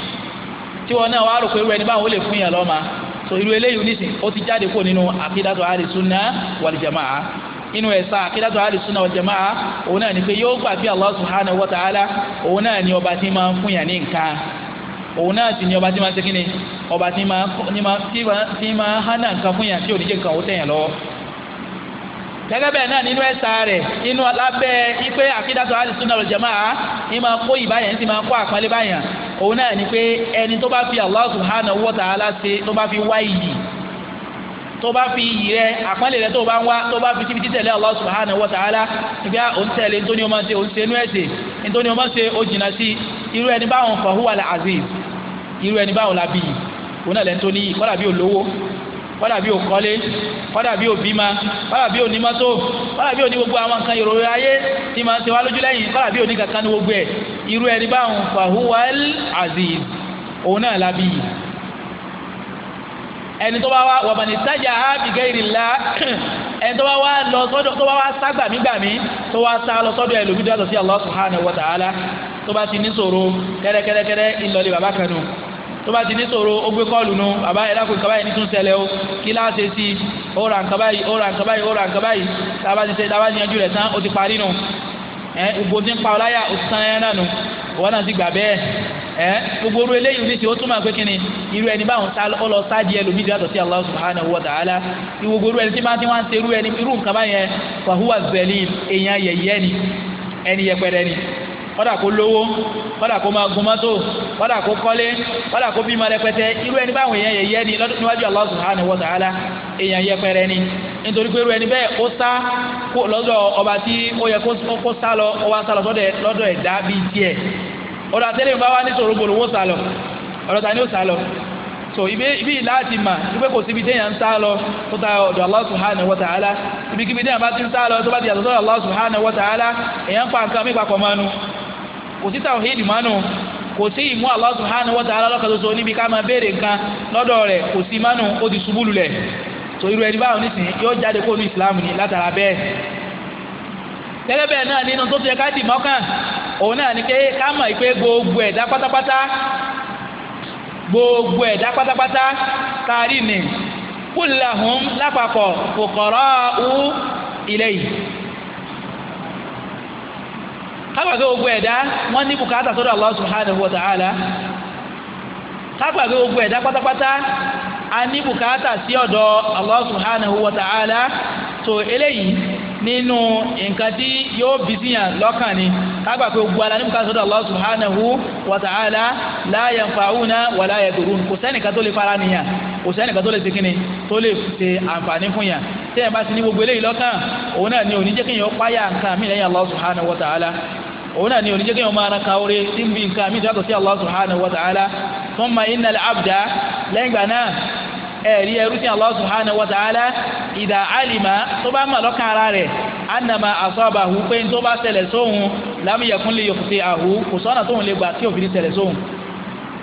tí wọn náà wàá rò pé irú ẹni báwọn ó lè fún yàn lọ́mà so irú eléyìí nísìn ó ti jáde kó nínú àkídàtọ̀ àlìsúnà wàlìjàmáà inú ẹ̀sà àkídàtọ̀ àlìsúnà wàlìjàmáà òun náà ni pé yóò gbà bí Allah subhanahu wa ta'ala òun náà ni ọba tí máa ń fún yàn ní nǹkan òun náà sì ni ọba tí máa ń ṣe kíni ọba tí máa ń hánà nǹkan fún yàn tí ò gẹ́gẹ́ bẹ́ẹ̀ náà nínú ẹ̀sà rẹ̀ nínú lábẹ́ ipe àkídàtọ̀ alìsúnà wal jamaa ní máa kó ìbáyà ní ti máa kó àpọ́nlé báyà òun náà ni pé ẹni tó bá fi Allah subhanahu wa ta'ala ṣe tó bá fi wá iyì tó bá fi iyì rẹ àpọ́nlé rẹ tó bá ń wá tó bá fi tíbi títẹ̀lé Allah subhanahu wa ta'ala ìgbà òun tẹ̀lé nítorí ọmọ ṣe òun ṣe inú ẹ̀sẹ̀ nítorí ọmọ ṣe ó jìnnà sí irú ẹni báwọn fa huwa al-aziz irú ẹni báwọn làbí òun náà lẹ́ni tó ní bí olówó kọ́dà bí òkọ́lé kọ́dà bí òbímọ kọ́dà bí onímọ́tò kọ́dà bí oní gbogbo àwọn nǹkan ìròyìn ayé tí máa ń ṣe wá lójú lẹ́yìn kọ́dà bí oní kankan ní gbogbo ẹ̀ irú ẹni báwọn fahuwal aziz òun náà labi yìí ẹni tó bá wá wàbàní sájà á bi gairi Allah ẹni tó bá wá lọ sọ́dọ̀ tó bá wá sá tó wá sá lọ sọ́dọ̀ ẹlòmídìí àtọ̀ sí Allah subhanahu wa ta'ala tó bá ti ní sòro kẹ́rẹ́kẹ́rẹ́kẹ́rẹ́ ìlọlẹ̀ bàbá kanu tó bá ti ní sòro ó gbé kọ́ọ̀lù nu bàbá yẹn lákòókò báyìí ní tún ṣẹlẹ̀ o kí láti ṣe sí ó ra nǹkan báyìí ó ra nǹkan báyìí ó ra nǹkan báyìí tába ti ṣe tába ti yanjú rẹ̀ tán ó ti parí nu ẹ gbogbo ti ń pa ọláyà ó ti tán ẹ náà nu ìwọ náà ti gbà bẹ́ẹ̀ ẹ gbogbo orú eléyìí ní ti ó túmọ̀ pé kíni irú ẹni báwọn ta ó lọ sáàdì ẹlòmíì yàtọ̀ sí Allah subhanahu wa ta'ala gbogbo orú ẹni tí máa ti wá ń ṣe irú ẹni irú nǹkan báyẹn fahuwa zẹlí èèyàn yẹyẹ ni ẹni yẹpẹrẹ ni kọ́dà kó lówó kọ́dà kó máa gun mọ́tò kọ́dà kó kọ́lé kọ́dà kó bímọ rẹpẹtẹ irú ẹni báwọn èèyàn yẹ yẹ ni níwájú Allah subhanahu wa ta'ala èèyàn yẹpẹrẹ ni nítorí pé irú ẹni bẹ́ẹ̀ ó sá lọ́dọ̀ ọba tí ó yẹ kó sá lọ ó wá sá lọ lọ́dọ̀ ẹ̀dá bíi tiẹ̀ ọ̀dọ̀ àtẹ́lẹ̀ bá ní lọ ọ̀dọ̀ ta ó sá lọ so ibi láti mà wípé kò síbi téèyàn ń sá lọ tó ta ibi kíbi téèyàn bá lọ tó pa nǹkan kò sí tàwíìdì mánu kò sí ìmú níbi ká máa béèrè nǹkan lọ́dọ̀ rẹ̀ kò sí mánu ó ti ṣubú lulẹ̀ tó irú ẹni báwọn nísìn yóò jáde kó ní Islam látara bẹ́ẹ̀ bẹ́ẹ̀ náà nínú tó ká dì mọ́kàn òun náà ni pé ká mọ̀ pé gbogbo ẹ̀dá pátápátá gbogbo ẹ̀dá pátápátá kárí kábàgbé gbogbo ẹ̀dá wọ́n ní bùkátà sọ́dọ̀ Allah subhanahu wa ta'ala kápàgbé gbogbo ẹ̀dá pátápátá a ní bùkátà sí ọ̀dọ̀ Allah subhanahu wa ta'ala tó eléyìí nínú nǹkan tí yóò bí síyàn lọ́kàn ni kágbà pé gbogbo ala ní bùkátà sọ́dọ̀ Allah subhanahu wa ta'ala la yanfa'una wa la yadurun kò sẹ́nìkan tó lè fara nìyàn kò sẹ́nìkan tó lè ṣe kíni tó lè ṣe àǹfààní fún yàn tẹ́yìn bá ti ní gbogbo eléyìí lọ́kàn òun náà ni òní jẹ́ kéèyàn páyà nǹkan mí lẹ́yìn Allah subhanahu wa ta'ala òun náà ni oníjẹ́ kéèyàn máa ran kaore tí ń fi nǹkan mi ìjọba sí Allah subhanahu wa ta'ala thumma innal abda lẹ́yìn ìgbà náà ẹ̀rí ẹrú sí Allah subhanahu wa ta'ala idha alima tó bá mọ̀ lọ́kàn ara rẹ̀ annama asabahu pé tó bá ṣẹlẹ̀ sóhun lam yakun li yukhti'ahu kò sọ́nà tóun lè gbà tí òfin ṣẹlẹ̀ sóhun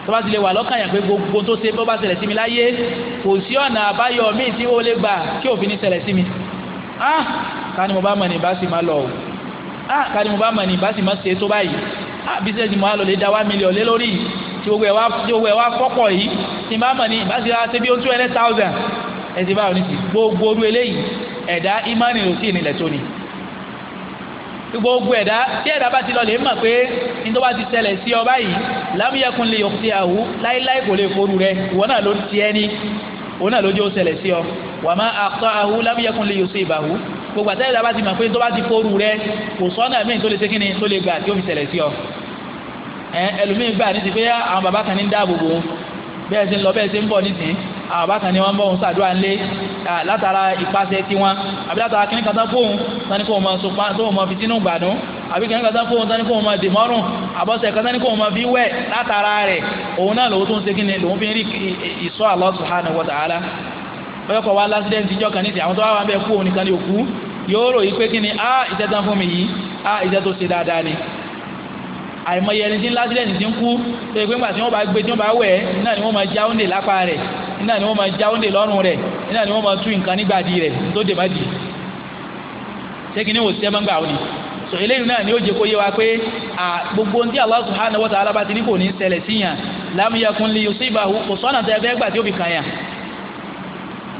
tó bá ti lè wà lọ́kàn yàn pé gbogbo tó ṣe bó bá ṣẹlẹ̀ sí mi láyé kò sí ọ̀nà àbáyọ míì tí ó lè gbà kí òfin ṣẹlẹ̀ sí mi ah ká ni mo bá mọ̀ ní ìbá sì máa lọ o ah kàní mo bá mọ̀ ní bá sì mọ̀ tó báyìí ah bísíǹsì mo á lò lè da wá mílíọ̀n lé lórí tí gbogbo ẹ̀ wá tí gbogbo ẹ̀ wá fọ́pọ̀ yìí tí mo bá mọ̀ ní bá sì ra ṣe bí ó two hundred thousand ẹ̀ ti bá wọn ní ti gbogbo orú eléyìí ẹ̀dá ìmánì ló sì nílẹ̀ tó ni gbogbo ẹ̀dá tí ẹ̀dá bá ti lọ lè mọ̀ pé nítorí bá ti ṣẹlẹ̀ sí ọ báyìí lámúyẹ̀kùn lè yọ̀kùtì àwù láíláí kò lè forú rẹ ìwọ náà ló ti ẹni òun náà lójú ó ṣẹlẹ̀ sí ọ wàmọ́ àkọ́ àwù lámúyẹ̀kùn lè yọ̀sọ ìbàwù gbogbo àtẹ́lẹ̀ tá a bá ti mọ̀ pé tó bá ti kóoru rẹ kò sọ́nà míì tó lè ṣe ni tó lè gbà tí ó fi tẹ̀lẹ̀ sí ọ ẹ ẹlòmíì gbà ní ti pé àwọn bàbá kan ní dáàbò bò bẹ́ẹ̀ ṣe ń lọ bẹ́ẹ̀ ṣe ń bọ̀ nísìnyí àwọn bàbá kan ní wọ́n ń bọ̀ ń ṣàdúrà ńlé látara ìpàṣẹ tiwọn àbí látara kíní kan tán fóun tani kó o mọ sopa tó o mọ fi sínú gbàdún àbí kíní kan tán fóun tani kó o mọ dèmọ́rùn àbọ̀sẹ̀ kan tani kó o mọ fi wẹ̀ látara rẹ̀ òun náà lòun tó ń ṣe kíni lòun fi ń rí ìṣọ́ Allah subhanahu wa ta'ala bẹ́ẹ̀ kọ́ wa lásìdẹ́ntì jọ́ kan níta àwọn tó wà wà bẹ́ẹ̀ kú òun nìkan ní òkú yóò rò yí pé kí ni a ah, iṣẹ́ tán fún a ah, iṣẹ́ tó ṣe dáadáa ni àìmọye ẹni tí ń lásìlẹ̀sì ti ń kú tó ìpín gbà tí wọ́n bá gbé tí wọ́n bá wẹ̀ iná ni wọ́n máa já oúnjẹ lápá rẹ̀ iná ni wọ́n máa já oúnjẹ lọ́rùn rẹ̀ iná ni wọ́n máa tú nǹkan nígbàdí rẹ̀ tó dè má dì ṣé kí ni wò sẹ́ mọ́ngbà òní sọ eléyìí náà ni ó jẹ́ kó yé wa gbogbo ní Allah subhanahu wa ta'ala bá ti ní kò ní síyàn kò sọ́nà tẹ́ fẹ́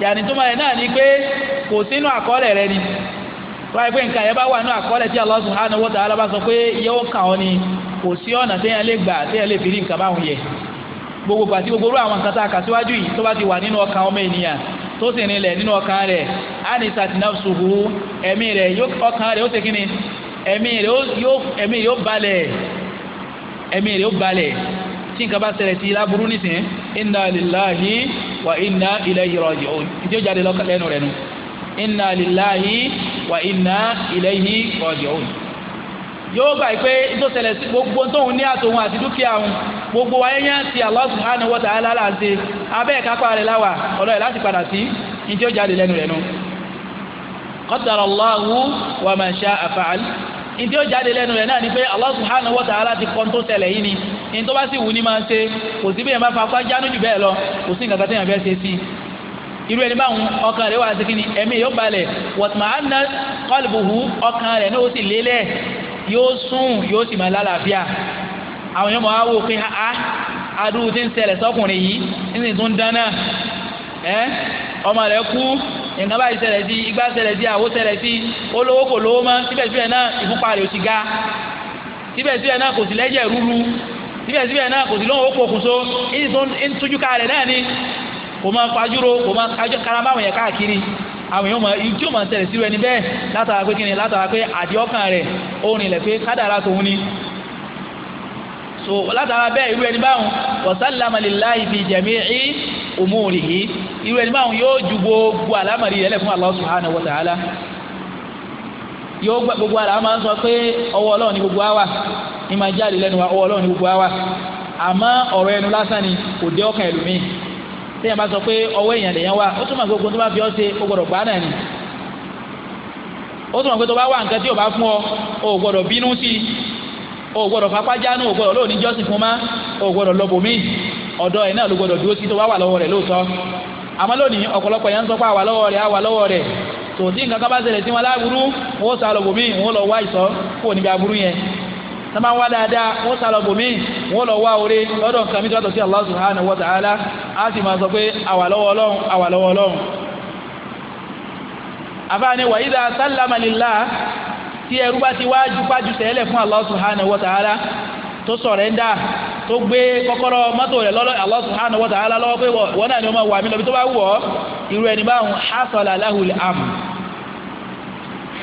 yàní túmọ̀ rẹ̀ náà ni pé kò sínú àkọọ́lẹ̀ rẹ ni wọ́n á pé nǹkan yẹn bá wà nínú àkọọ́lẹ̀ tí Allah subhanahu wa ta'ala bá sọ pé yóò kàn ọ́ ni kò sí ọ̀nà téèyàn lè gbà téèyàn lè fi rí nǹkan báwọn yẹ gbogbo gbà gbogbo orú àwọn nǹkan tá a kà síwájú yìí tó bá ti wà nínú ọkàn ọmọ ènìyàn tó sì rinlẹ̀ nínú ọkàn rẹ̀ anisat nafsuhu tí nǹkan bá ṣẹlẹ̀ sí láburú nísìn inna lillahi wa inna ilayhi raji'un ìdí ó jáde lẹ́nu rẹ̀ nu inna lillahi wa inna ilayhi raji'un yóò gbà pé tó ṣẹlẹ̀ sí gbogbo tóun ní àtòun àti dúkìá òun gbogbo wa yẹn ti Allah subhanahu wa ta'ala là ń ṣe abẹ́ ìkápá rẹ̀ láwà ọ̀dọ̀ ẹ̀ láti padà sí ní tí ó jáde lẹ́nu rẹ̀ nu qaddara Allahu wa ma sha'a fa'al ìdí ó jáde lẹ́nu rẹ̀ náà ni pé Allah subhanahu wa ta'ala ti kọ́ tó tẹ̀lẹ̀ yìí ni ní tó bá sì wù ní máa ń ṣe kò sí bí yẹn bá fa apá jánu jù bẹ́ẹ̀ lọ kò sí nǹkan kan téèyàn fẹ́ ṣe sí irú ẹni báwọn ọkàn rẹ̀ wà sí kí ni ẹ̀mí yóò balẹ̀ watma'anna qalbuhu ọkàn rẹ̀ náà ó sì lélẹ̀ yóò sùn yóò sì máa lálàáfíà àwọn yóò máa wò pé a ah, ah, adúrú ti ń ṣẹlẹ̀ sọ́kùnrin yìí ní nǹkan báyìí ṣẹlẹ̀ sí igbá ṣẹlẹ̀ sí àwo ṣẹlẹ̀ sí olówó kò lówó mọ́ síbẹ̀síbẹ̀ náà ìfúnpá rẹ̀ ò ti ga síbẹ̀síbẹ̀ náà kò sí lẹ́jẹ̀ rúru síbẹ̀síbẹ̀ náà kò sí lóhùn ó pokùnso ń tújú ká rẹ̀ náà ni kò máa fajúro kò máa karamba àwọn yẹn káàkiri àwọn èèyàn máa ìjú máa ṣẹlẹ̀ sí rẹ̀ ní bẹ́ẹ̀ látara pé kíni látara pé àdìọ́kàn rẹ̀ ó rìnlẹ̀ pé kádàrá tòun ni so látara bẹ́ẹ̀ irú ẹni báwọn wàsálàmàlélá ìfi jẹ̀mí ẹ̀ òmùrìhì irú ẹni báwọn yóò ju gbogbo àlámọ̀rí yẹn lẹ̀ fún Allah subhanahu wa ta'ala yóò gbà gbogbo ara máa ń sọ pé ọwọ́ Ọlọ́run ni gbogbo àwa ni máa jáde lẹ́nu wa ọwọ́ Ọlọ́run ni gbogbo àwa àmọ́ ọ̀rọ̀ ẹnu lásán ni kò dé ọkàn ẹlòmíì téèyàn bá sọ pé ọwọ́ èèyàn lèèyàn wà ó túmọ̀ gbogbo tó bá fi ọ́ ṣe ó gbọ́dọ̀ gbà ni ó túmọ̀ pé tó bá wà nǹkan tí ò bá fún ọ ò gbọ́dọ̀ bínú sí i ò gbọ́dọ̀ fapájánú ò gbọ́dọ̀ lóòní jọ́sìn fún má ò gbọ́dọ̀ lọ bòmíì ọ̀dọ̀ ẹ̀ náà ló gbọ́dọ̀ dúró sí tó bá wà lọ́wọ́ rẹ̀ lóòótọ́ àmọ́ lónìí ọ̀pọ̀lọpọ̀ yẹn ń sọ pé àwà lọ́wọ́ rẹ̀ àwà lọ́wọ́ rẹ̀ tó tí nǹkan kan bá ṣẹlẹ̀ sí wọn láburú wọn ó sá lọ bòmíì wọn ó lọ wá ìsọ kúrò níbi aburú yẹn tó máa ń wá dáadáa wọn ó sá lọ lọ wá oore lọ́dọ̀ nǹkan mìíràn sí Allah subhanahu wa ta'ala á sì máa sọ pé àwà lọ́wọ́ ọlọ́run àwà lọ́wọ́ ọlọ́run. àfáàní wa idha sallama Allah subhanahu wa ta'ala tó sọ̀rẹ́ndà tó gbé kọ́kọ́rọ́ mọ́tò rẹ̀ lọ́lọ́ Allah subhanahu wa ta'ala lọ́wọ́ pé wọ́n náà ni wọ́n máa wà mí lọ́bi tó bá wù ọ́ irú ẹni báwọn hasala lahu al-am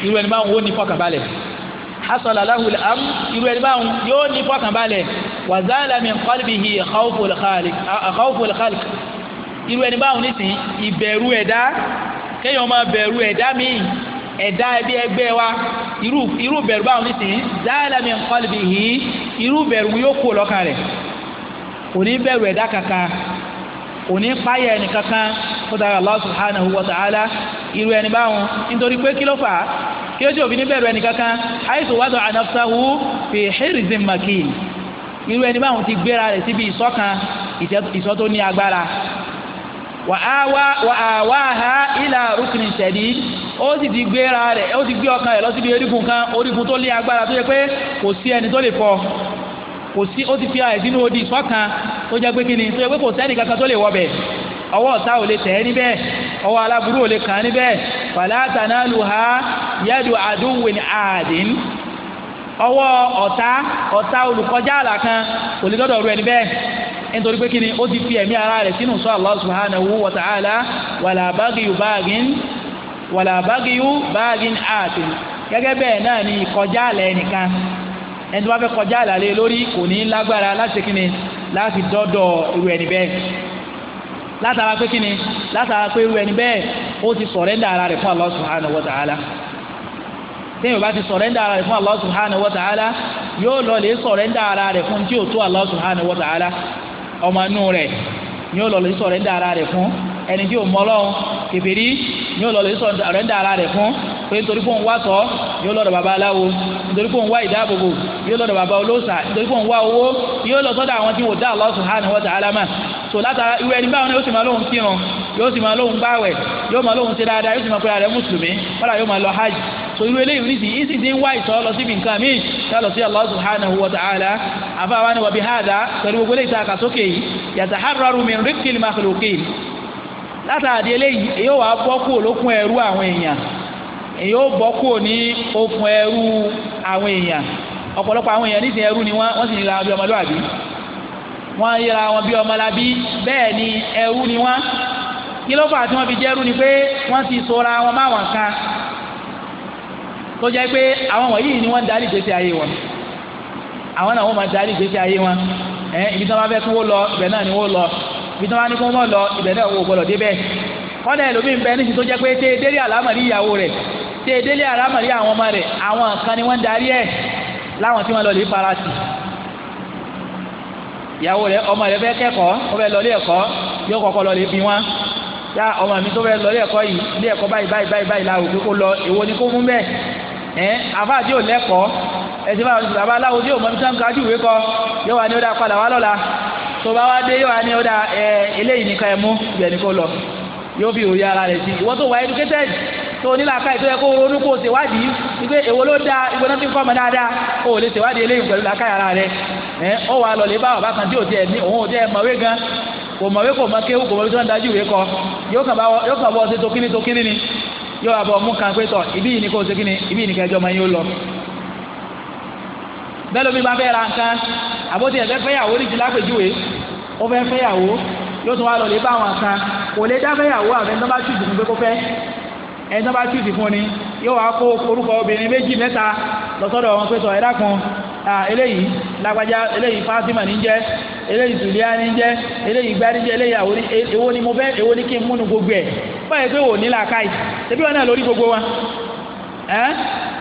irú ẹni báwọn ó ní fọkànbalẹ̀ hasala lahu am irú ẹni báwọn yóò ní fọkànbalẹ̀ wa zala min qalbihi khawful irú ẹni báwọn nísìn ẹ̀dá ẹbí ẹgbẹ́ wa irú irú bẹ̀rù báwọn ní sìn záàlà min qalbihi irú bẹ̀rù yóò kó lọ́kàn rẹ̀ kò ní bẹ̀rù ẹ̀dá kankan kò páyà ẹnì kankan kó dára Allah subhanahu wa ta'ala irú ẹni báwọn nítorí pé kí ló fà á kí ó sì òbí ní bẹ̀rù ẹnì kankan àìsàn wàdùn ànàfsáwù fi hirzin makin irú ẹni báwọn ti gbéra rẹ̀ síbi ìṣọ́ kan tó ní agbára wa ha ilà rúkìnì tẹ̀lé ó sì ti gbé ra rẹ̀ ó ti gbé ọkàn rẹ̀ lọ síbi orígun kan orígun tó lé agbára tó yẹ pé kò sí ẹni tó lè fọ́ kò sí ó ti fi àyè sínú odi sọ́kan tó jẹ́ pé kíni tó yẹ pé kò sẹ́ni kankan tó lè wọ bẹ̀ ọwọ́ ọ̀tá ò lè tẹ̀ ẹ́ níbẹ̀ ọwọ́ aláburú ò lè kàn án níbẹ̀ ha yẹ́dù àdúwìn àdín ọwọ́ ọ̀tá ọ̀tá kò lè nítorí pé kíni ó ti fi ẹ̀mí ara rẹ̀ sínú sọ Allah subhanahu wa ta'ala wàlà bágìyù báàgìn wàlà bágìyù báàgìn àti gẹ́gẹ́ bẹ́ẹ̀ náà ni ìkọjá àlẹ́ nìkan ẹni tó bá fẹ́ kọjá àlàlé lórí kò ní lágbára láti kíni láti dọ́dọ̀ irú ẹni bẹ́ẹ̀ látara pé kíni látara pé irú ẹni bẹ́ẹ̀ ó ti sọ̀rẹ́ndà ara rẹ̀ fún Allah subhanahu wa ta'ala téèyàn bá ti sọ̀rẹ́ndà ara rẹ̀ fún Allah subhanahu wa ta'ala yóò lọ lè sọ̀rẹ́ndà ara rẹ̀ fún tí ò tó Allah subhanahu wa ta'ala ọmọ inú rẹ̀ ni ó lọ lè sọ̀rọ̀ ẹ̀dá ara fún ẹni tí ò mọ ọlọ́run kèfèrí ni ó lọ lè sọ àrẹ́ńdà ara rẹ̀ fún pé nítorí pé òun wá sọ yóò lọ́dọ̀ bàbá aláwo nítorí pé òun wá ìdáàbòbò yóò lọ́dọ̀ bàbá olóòṣà nítorí pé òun owó yóò lọ sọ́dọ̀ àwọn tí wò dá Allah subhanahu wa ta'ala mà so látara irú ẹni báwọn yóò sì máa lóhun kírun yóò sì máa lóhun gbààwẹ̀ yóò máa lóhun ṣe yóò sì máa pé ara rẹ̀ mùsùlùmí wọ́n yóò máa lọ hajj so irú eléyìí oríṣi yìí wá ìtọ́ lọ síbi nǹkan míì tá lọ sí Allah subhanahu wa ta'ala àfáà wa ni wàbí hàdá pẹ̀lú gbogbo eléyìí tá a kà sókè yìí yataharraru min rifqil makhluqin látàdí eléyìí èyí ó wàá bọ́ kúrò lókun ẹrú àwọn èèyàn èyí ó bọ́ kúrò ní okùn ẹrú àwọn èèyàn ọ̀pọ̀lọpọ̀ àwọn èèyàn nísìnyí ẹrú ni wọ́n sì wọn ọmọlúwàbí wọ́n wọn bí ọmọlábí bẹ́ẹ̀ ni ẹrú ni wọ́n tí wọ́n fi jẹ́ ẹrú ni pé wọ́n ti sora wọn wọ́n darí ìgbésí ayé ibi tí wọ́n á ní kó mọ̀ lọ ibẹ̀ náà wò gbọ́dọ̀ débẹ̀ kọ́nà ẹlòmíín bẹ́ẹ̀ níṣìí tó jẹ́ pé tẹ́ délé àlámọ̀rí ìyàwó rẹ̀ tẹ́ délé àlámọ̀rí àwọn ọmọ rẹ̀ àwọn nǹkan ni wọ́n ń darí ẹ̀ láwọn tí wọ́n lọ lè farasì ìyàwó rẹ̀ ọmọ rẹ̀ fẹ́ kẹ́kọ̀ọ́ ó fẹ́ lọ lé ẹ̀kọ́ yóò kọ́kọ́ lọ lè bí wọn yá ọmọ mi tó fẹ́ lọ lé ẹ̀kọ́ yìí lé ẹ̀kọ́ báyìí báyìí báyìí láwùjọ kó lọ èwo ni kó mú bẹ́ẹ̀ ẹ eh, àfáà tí ò lẹ́kọ̀ọ́ ẹsẹ̀ bá bàbá aláwo tí ò mọ̀ nítorí ká júwèé kọ yóò wá ní ó dá padà wá lọ́la tó bá wá dé yóò wá ní ó dá ẹ eléyìí nìkan ẹ mú ibẹ̀ ní kó lọ yóò fi òye ara rẹ̀ sí ìwọ́n tó wà educated tó nílàka ìtọ́ yẹ kó ronú kó ṣèwádìí wípé èwo ló dáa ìwé náà ti ń kọ́ ọmọ dáadáa kó o lè ṣèwádìí eléyìí pẹ̀lú làákà ara rẹ̀ ẹ ọ wà lọ lè bá bàbá kan tí ò tiẹ̀ ní òun ò tiẹ̀ mọ̀wé gan kò mọ̀wé kò mọ̀ kéwù kò mọ̀wé tó ń dájú ìwé kọ yóò kàn bọ́ ọ ṣe ni yóò wá bọ̀ mú kan pé tọ̀ ibi yìí ni kò ṣe ni ibi yìí ni kẹjọ máa yóò lọ. bẹ́ẹ̀ lómi bá fẹ́ ra nǹkan àbótiẹ̀ fẹ́ fẹ́yàwó ní ti lápèjúwe ó fẹ́ fẹ́yàwó yóò tún wá lọ lè bá àwọn kan kò lè dá fẹ́yàwó àbẹ́ ẹni tó bá tùdì fún pé kó fẹ́ ẹni tó bá tùdì fún ni yóò wá kó orúkọ obìnrin méjì mẹ́ta lọ́sọ́dọ̀ wọn pé tọ̀ ẹ dákun eléyìí lágbájá eléyìí Fátímà ní jẹ́ eléyìí Sùlíà ní jẹ́ eléyìí gbá jẹ́ eléyìí àwòrán e, èwo ni mo fẹ́ èwo ni kí n múnu gbogbo ẹ̀ báyìí pé wò ní làákàyè ṣebí wọn náà lórí gbogbo wa ẹ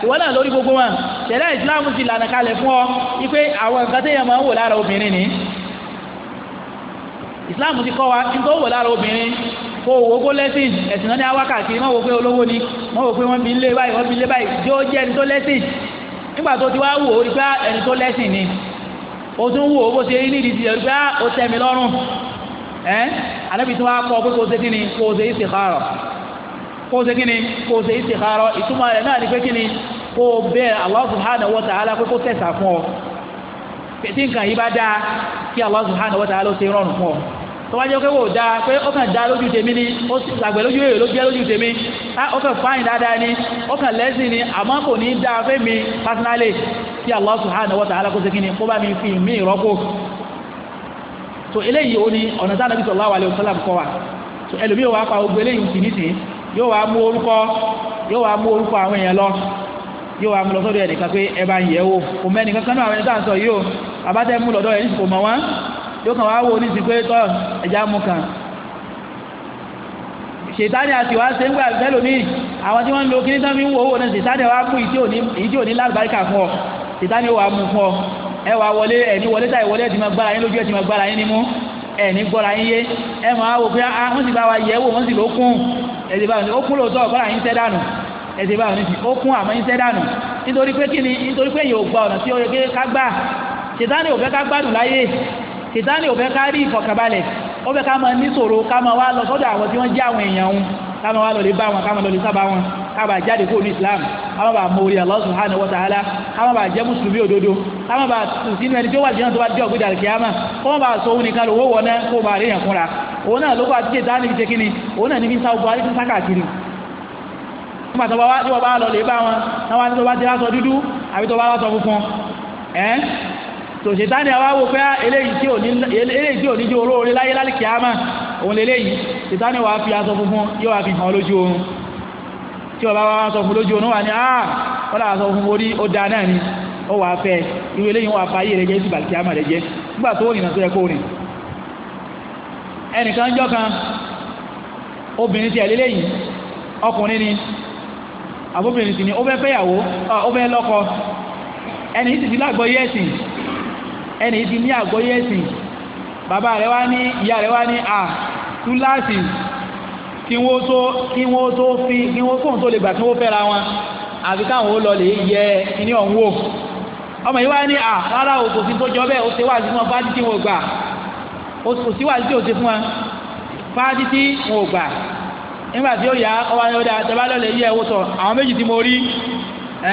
ìwọ náà lórí gbogbo wa ṣẹlẹ̀ ìsìláàmù ti lànà kalẹ̀ fún ọ wípé àwọn nǹkan téèyàn máa ń wò ni islamu ti kọ́ wa nítorí ó wò lára obìnrin kó owó kó lẹ́sìn ẹ̀sìn náà ní wò pé olówó ni má wò pé wọ́n fi lé báyìí wọ́n lé báyìí tí ó jẹ́ ẹni tó ni ó tún wò ó bó ṣe rí nídìí ti rí pé ah, ẹ́ eh? anábì tí wọ́n á kọ́ pé kò ṣe kí ni kò ṣe istikhara kò ṣe kí ni kò ṣe istikhara ìtumọ̀ rẹ̀ náà ni pé kí ni kò bẹ̀ Allah subhanahu wa ta'ala pé kó tẹ̀sà fún ọ tí nǹkan yìí bá dáa kí Allah subhanahu wa ta'ala ó ṣe rọrùn fún ọ tọ́wájú pé wò dáa pé ó kàn dáa lójú tèmi ni ó sàgbẹ̀ lójú èrè ló jẹ́ lójú tèmi ó kàn fáyìn dáadáa ni ó kàn lẹ́sìn ni àmọ́ kò ní dáa fẹ́ mi pásínálì kí Allah subhanahu wa ta'ala kó ṣe kí kó bá mi fi mí ìrọ́pò so eléyìí ó ní ọ̀nà tí Ànábì sallallahu alaihi wasallam kọ́ wa so ẹlòmí yóò wá pa gbogbo eléyìí tì nísìn yóò wá mú orúkọ yóò wá mú orúkọ àwọn èèyàn lọ yóò wá mú lọ sọ́dọ̀ ẹnìkan pé ẹ bá ń yẹ̀ wò kò mẹ́ nìkan kánú àwọn ẹni tá à ń sọ yìí o àbátẹ́ mú lọ́dọ̀ ẹ̀ nísìkò mọ̀ wọ́n yóò kàn wá wò nísìn pé tọ́ ẹja mú kan ṣètánì àti wá ṣe ń gbà fẹ́lòmíì àwọn tí wọ́n ń lo kíní tán fi ń wò ó wò náà ṣètánì wá mú ìdí òní lágbàríkà fún ọ ṣètánì wà mú fún ọ ẹ wà wọlé ẹni wọlé táyì wọlé ẹ ti máa gbára yín lójú ẹ ti máa gbára yín nímú ẹni gbọ́ra yín yé ẹ máa wò pé ah wọ́n sì bá wa yẹ wò wọ́n sì ló kún ẹ̀sì báwọn ní ó kún lóòótọ́ ọ̀kọ́ra yín tẹ́ dànù ẹ̀sì báwọn ní ó kún àmọ́ yín tẹ́ dànù nítorí pé kí ni nítorí pé yóò gba ọ̀nà tí ó yẹ kí ká gbà ṣètánì ò ká gbádùn láyé ṣètánì ò ká rí ìfọ̀kàbalẹ̀ ó fẹ́ ká máa níṣòro ká máa wá lọ sọ́dọ̀ àwọn tí wọ́n jẹ́ àwọn èèyàn òun káwọn wà lọlẹ bá wọn káwọn lọlẹ sábà wọn káwọn bá jáde kúrò ní islam káwọn bá mọ orí Allah subhanahu wa ta'ala káwọn bá jẹ mùsùlùmí òdodo káwọn bá sínú ẹni tí ó wà jẹun tó bá dé ọgbẹdà kìámà káwọn bá sọ òun nìkan lówó wọn náà kó bá rí yàn fúnra òun náà ló bá ti jẹta níbi jẹkíni òun náà níbi ń sáwọ buhari fún sákàkiri nígbà tó bá wá lọlẹ bá wọn tòṣètánì àwa wò pé ah, eléyìí tí ò ní oró orí láyé lálẹ́ kìámà òun lélẹ́yìí tòṣètánì wàá fi aṣọ funfun yóò wá fi hàn lójú oorun tí ọba wà ní ah, wọ́n funfun ó dá náà ni ó wà fẹ́ irú eléyìí wàá fa ayé jẹ́ sí jẹ́ nígbà tó rìnà tó yẹ kó rìn ẹnìkan kan obìnrin ti ni ni ó ẹni tí ní àgbọ́yé ẹ̀sìn bàbá rẹ̀ wá ní ìyá rẹ̀ wá ní à túláàsì kí wọ́n tó kí wọ́n tó fi kí wọ́n kóhun tó lè gbà kí wọ́n fẹ́ra wọn àbí káwọn ó lọ lè yẹ kíní ọ̀hún wò ọmọ yìí wá ní à rárá o kò sí tó jọ bẹ́ẹ̀ o ṣe wá sí wọn bá títí wọn gbà o sì wá sí tí o ṣe fún wọn bá títí wọn gbà nígbà tí ó yá ọwọ́ ayé ọ̀dà tẹ́lá lọ́lẹ̀ yẹ owó sọ àwọn méjì tí mo rí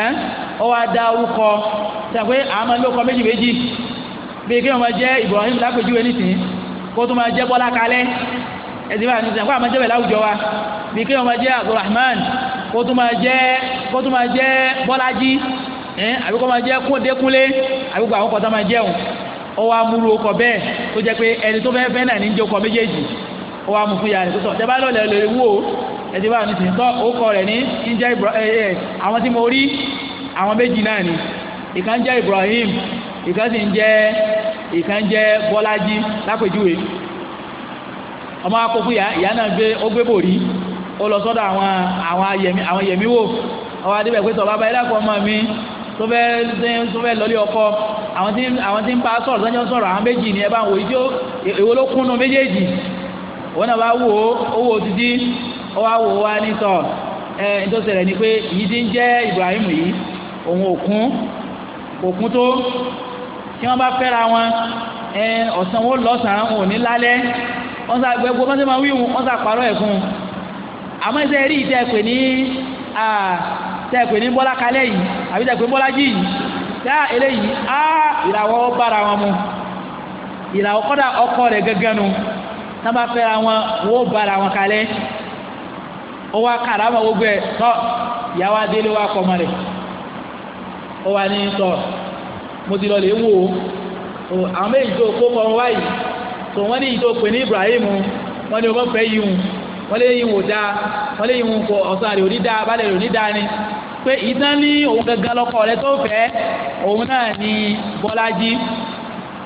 ẹ́ ọwọ́ adá orúkọ sọ àwọn ọmọ ilé ọkọ méjì méjì bí kí wọ́n máa jẹ́ Ibrahim lápèjúwe nísìnyí kó tó máa jẹ́ Bọ́lá kalẹ́ ẹ̀sìn bá nísìnyí kó àwọn jẹ́bẹ̀ láwùjọ wa bí kí wọ́n máa jẹ́ Abdulrahman kó tó máa jẹ́ kó tó máa jẹ́ Bọ́lájí ẹ̀ àbí kó máa jẹ́ Kódékúnlé àbí kó àwọn kọ́tà máa jẹun ọwọ́ amúru ọkọ̀ bẹ́ẹ̀ tó jẹ́ pé ẹni tó fẹ́ẹ́ fẹ́ náà ní jókòó méjèèjì ọwọ́ amú fún yàrá ìtòtò tẹ́ bá lọ́ọ̀lẹ̀ lórí wò ẹ̀sìn bá nísìnyí tọ́ orúkọ rẹ̀ ní ìkan sì ń jẹ́ ìkan jẹ́ bọ́lájí lápèjúwe ọmọ akókó ìyá náà gbé ó gbé bòrí ó lọ sọ́dọ̀ àwọn àwọn yẹ̀mí àwọn yẹ̀mí wò àwọn adébẹ̀ pé sọ̀rọ̀ bàbá ẹ̀dàkọ̀ ọmọ mi tó fẹ́ tó fẹ́ lọlé ọkọ àwọn tí àwọn tí ń bá sọ̀rọ̀ tó ń àwọn méjì ni ẹ bá ń wò ìjó èwo ló kúnnu méjèèjì òun náà bá wò ó owó títí ó wá wò ó wá ní sọ ẹ nítorí ṣẹlẹ̀ ni pé ìyí ti ń jẹ́ Ibrahim yìí òun òkun òkun tó tí wọ́n bá fẹ́ra wọn ọ̀sán wo lọ́sàn-án wọn ò ní lálẹ́ wọ́n sá gbẹ gbogbo mọ́tò máa wí wọn wọ́n sá parọ́ ẹ̀ fún un àmọ́ iṣẹ́ rí ìtẹ́ pè ní tẹ́ pè ní bọ́lá kalẹ́ yìí àbí tẹ́ pè bọ́lá jì yìí tá eléyìí á ìràwọ̀ bára wọn mu ìràwọ̀ kọ́dà ọkọ rẹ̀ gẹ́gẹ́ nu tá bá fẹ́ra wọn wọ́n bára wọn kalẹ́ ó wá kàràmà gbogbo ẹ̀ tọ́ ìyàwó adélé wa kọ́ mọ́ rẹ̀ ó mo ti lọ lè wò ó àwọn méjì tó kó kọ́ wọn wáyìí tó wọ́n ní ìtò pè ní Ibrahim wọ́n ní ọmọ fẹ́ yìí wọ́n lé yìí wò dáa wọ́n lé yìí wò kọ ọ̀sán rẹ̀ òní dáa balẹ̀ rẹ̀ òní dáa ni pé ìtàn ní òun gangan lọ́kọ rẹ̀ tó fẹ́ òun náà ní Bọ́lájí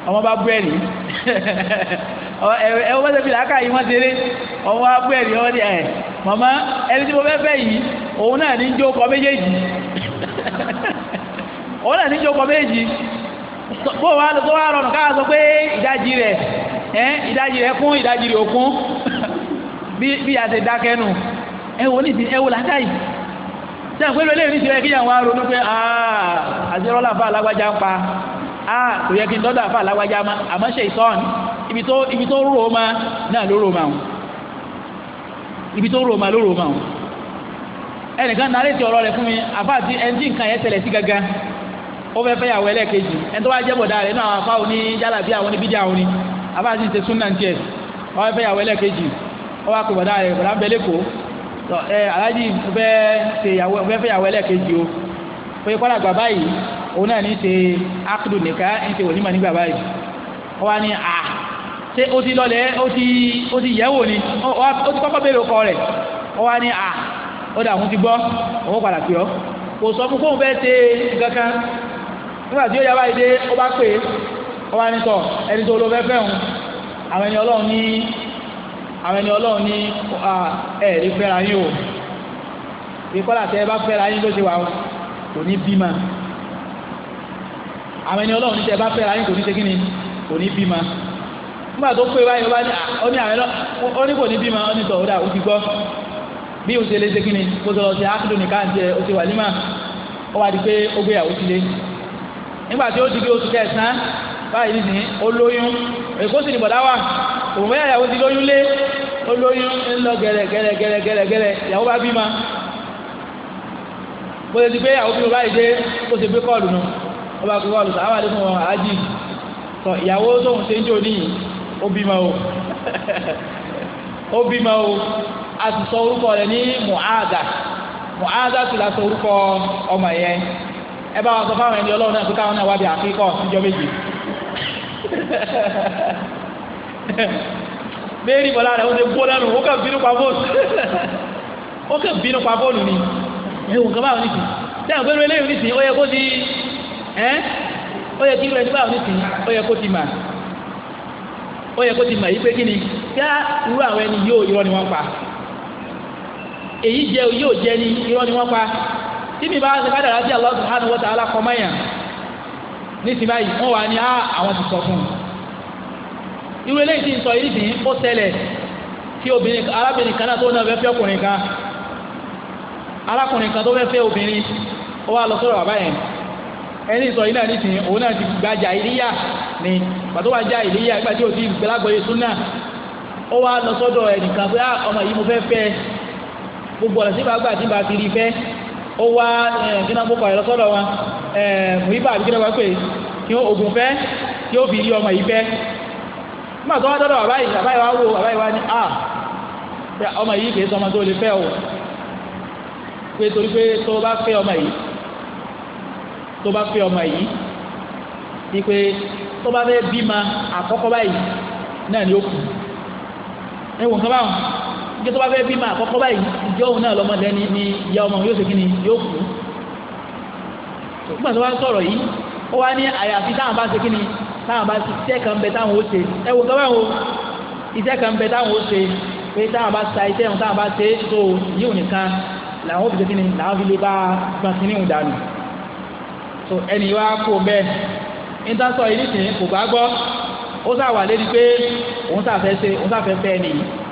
ọmọ bá bú ẹ̀rí [LAUGHS] ẹ wọ́n bá tẹ̀sí làákà yìí wọ́n ṣeré ọmọ bá bú ẹ̀rí ọ̀dẹ ẹ̀ màmá ẹni tí mo fẹ́ fẹ́ yìí òun náà ní jókòó méjèèjì [LAUGHS] òun náà níjókòó méjì bó wa tó wá rọrùn káà sọ pé ìdajì rẹ̀ ẹ́ ìdajì rẹ̀ kún ìdajì rẹ̀ òkun [LAUGHS] bí a ṣe dákẹ́ nù ẹ wo ní ti ẹ wo làákàyè tí a pẹ́lú eléyìí ti rẹ̀ kí àwọn aronú pé àṣírọ́lá fà lágbájá ń pa kò yẹ kí n dọ́dọ̀ àfà lágbájá ma àmọ́ ṣe ìtọ́ni ibi tó rò ó ma náà ló rò ma o ibi tó rò ma ló rò ma ẹnìkan náà lè ti ọ̀rọ̀ rẹ̀ fún mi àfà àti ẹni nǹkan yẹn tẹ̀lẹ̀ sí gangan ó fẹ́ fẹ́yàwó ẹlẹ́ẹ̀kejì ẹni tó wá jẹ́ bọ̀dá rẹ̀ náà afá òní yálà bí àwọn oníbídí àwọn ni afá sì ṣe súnà tiẹ̀ ó fẹ́ fẹ́yàwó ẹlẹ́ẹ̀kejì ó wá pè bọ̀dá rẹ̀ bọ̀dá ń bẹ lẹ́kọ̀ọ́ ẹ aláàjì ó fẹ́ fẹ́yàwó ẹlẹ́ẹ̀kejì o pé kọ́lá bàbá yìí òun náà ní ṣe ákùdù nìka ń ṣe onímọ̀ ní bàbá yìí ó wá ní à ṣé ó ti lọlẹ̀ ó ti ó ti yẹ̀wò kò sọ fún kóun fẹ́ ṣe nǹkan nígbà tí ó yá báyìí dé ó bá pè é ó bá ní sọ ẹni tó ló fẹ́ fẹ́ hun àwọn ẹni ọlọ́run ní àwọn ẹni ọlọ́run o ìkọ́lá tẹ́ ẹ bá fẹ́ra yín ló ṣe wà kò ní àwọn ẹni ọlọ́run ní ẹ bá fẹ́ra yín kò ní ṣe kí ni kò ní bímọ nígbà tó báyìí ọba ní àwọn ní kò ọ ní sọ ọdà ó ti gbọ́ bí ṣe lé ṣe kí ni kó lọ sí ti wà ó wà di pé ó nígbà tí ó ti bí oṣù kẹsàn-án báyìí nìsín ó èkó sì ní bọ̀dá wà òun bẹ́ẹ̀ ìyàwó ti lóyún lé ó lóyún gẹ̀rẹ̀ gẹ̀rẹ̀ gẹ̀rẹ̀ gẹ̀rẹ̀ gẹ̀rẹ̀ ìyàwó bá bímọ bó ti di pé báyìí dé kọ́ọ̀lù o [LAUGHS] ó bímọ o a sì sọ orúkọ rẹ̀ ní muhaada ẹ bá wa sọ fáwọn ẹni ọlọ́run náà pé káwọn náà wá bí àkíkọ́ níjọ́ méje mary bọ́lá rẹ̀ ó ti gbó lẹ́nu ó kàn bínú pa fóònù ó kàn bínú pa fóònù ni ẹ̀wọ̀n kan báwọn nìsín tí àwọn pẹ̀lú eléyìí nìsín ó yẹ kó ti ẹ́ ó yẹ kí irú ẹni báwọn nìsín ó yẹ kó ti mà ó yẹ kó ti mà yí pé kí ni kí á àwọn ẹni yóò irọ́ ni wọ́n pa èyí jẹ́ yóò jẹ́ ni irọ́ ni wọ́n pa tí mi bá ṣe kádàrá sí Allah subhanahu wa ta'ala kọ́ mọ́yàn nísìnyí báyìí wọ́n wà ní àwọn ti sọ fún un irú eléyìí ti ń sọ yìí sìn ó ṣẹlẹ̀ tí obìnrin arábìnrin kan náà tó náà fẹ́ fẹ́ ọkùnrin kan arákùnrin kan tó fẹ́ fẹ́ obìnrin ó wá lọ sọ́rọ̀ bàbá yẹn ẹni sọ yìí náà nísìn òun náà ti gba jàìlíyà ni pàtó wá jàìlíyà nígbà tí o ti gbẹlágbẹ̀yẹ súnà ó wá lọ sọ́dọ̀ ẹnìkan pé ọmọ yìí mo fẹ́ fẹ́ gbogbo ọ̀rọ̀ sí ó wá ẹ̀ẹ́dínà boko àyọ̀ lọ́sọ́dọ̀ wọn mùíbà àbí kílẹ̀ wá pé kí ó ogun fẹ́ kí ó fi yí ọmọ yìí fẹ́ nígbà tó wá dọ́dọ̀ àbáyé àbáyé wá wò àbáyé wá ní à ah, ọmọ yìí kìí sọmọ tó lè fẹ́ o pé torí pé tó bá fẹ́ ọmọ yìí tó bá fẹ́ ọmọ yìí ni pé tó bá fẹ́ bímọ àkọ́kọ́ báyìí náà ni ó kù ẹ̀wọ̀n kan báwọn pé tó bá fẹ́ bímọ àkọ́kọ́ báyìí ìjọ òun náà lọ́mọ lẹ́ni ni ìyá ọmọ yóò ṣe kí ni yóò kú nígbà tó bá ń sọ̀rọ̀ yìí ó wá ní àyàfi táwọn bá ṣe kí ni táwọn bá ṣe iṣẹ́ kan bẹ táwọn ó ṣe ẹ wò gbọ́dọ̀ wo iṣẹ́ kan bẹ táwọn ó ṣe pé táwọn bá sa iṣẹ́ wọn táwọn bá ṣe é tó yíò nìkan làwọn ó fi ṣe kí ni làwọn fi lè bá gbọ̀n sí níhùn dànù so ẹni wá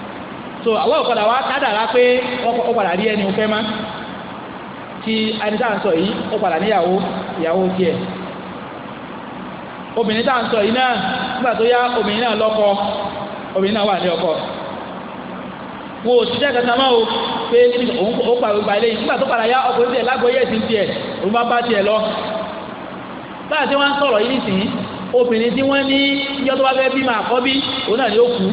so àwọn òpadà wa kádàrá pé ó padà rí ẹni òfẹ́ má tí ẹni tá à ń sọ yìí ó padà níyàwó ìyàwó tiẹ̀ obìnrin tá à ń sọ yìí náà nígbà tó yá obìnrin náà lọ́kọ obìnrin náà wà ní ọkọ wọn ò sí jẹ́ kankan máa o pé òun ó pàrọ̀ gba eléyìí nígbà tó padà yá ọkùnrin tiẹ̀ lágbóyè sí tí wọ́n ń sọ̀rọ̀ tí wọ́n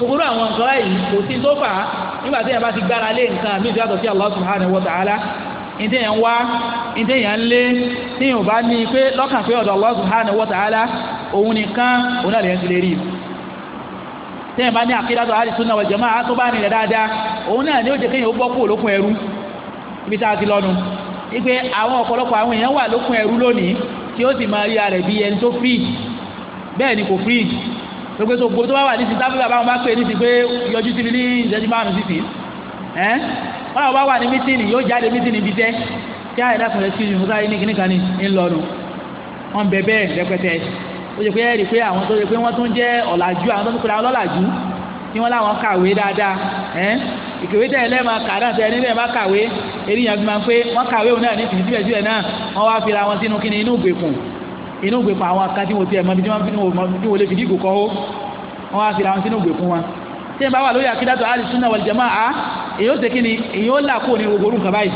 gbogbo àwọn nǹkan báyìí kò sí tó fà á nígbà tí yẹn bá ti gbára lé nǹkan àmì ìjọba tí Allah subhanahu wa ta'ala ìdí yẹn wá ìdí yẹn lé tí yẹn ò bá ní pé lọ́kàn pé ọ̀dọ̀ Allah subhanahu wa ta'ala òun nìkan òun náà lè ti lè rí tí bá ní àkídàtọ̀ àti sunna bá nílẹ̀ dáadáa òun náà ó jẹ́ kéèyàn ó bọ́ ẹrú ibi tá a ti lọ́nu wípé àwọn ọ̀pọ̀lọpọ̀ àwọn èèyàn wà lókun pé tó gbogbo tó bá wà ní ti tábìlì àbáwọn bá pè ní ti pé yọjú sí mi ní ìṣẹ́jú márùn-ún sí ti ẹ́ wọ́n àwọn bá wà ní mítìnì yóò jáde mítìnì ibi tẹ́ kí àyè dákùnrin excuse me mo sáré ní kíní kan ní ńlọrọ wọn bẹ bẹ́ẹ̀ rẹpẹtẹ ó jẹ pé ẹ̀rí pé àwọn tó jẹ pé wọ́n tún jẹ́ ọ̀làjú àwọn tó ń kura ọlọ́làjú ni wọ́n láwọn kàwé dáadáa ẹ́ ìkèwé tẹ̀ lẹ́ẹ̀ máa kà náà tẹ̀ lẹ́ẹ̀ máa kàwé eré yẹn pé wọ́n kàwé òun náà ní tìbítìbẹ̀ síbẹ̀ náà wọ́n wá fi ra wọn sínú kíni inú ìgbèkùn inú gbèpọ̀ àwọn aká tí wọ́n ti ẹ̀mọ́ bí wọ́n lè fi dígò kọ́ ó wọ́n á fi ra wọn sínú gbèpọ̀ wọn tí ẹ bá wà lórí akídàtọ̀ alìsúnà wal jama'a èyí ó ṣe kí ni èyí ó là kó ní gbogbo orú nǹkan báyìí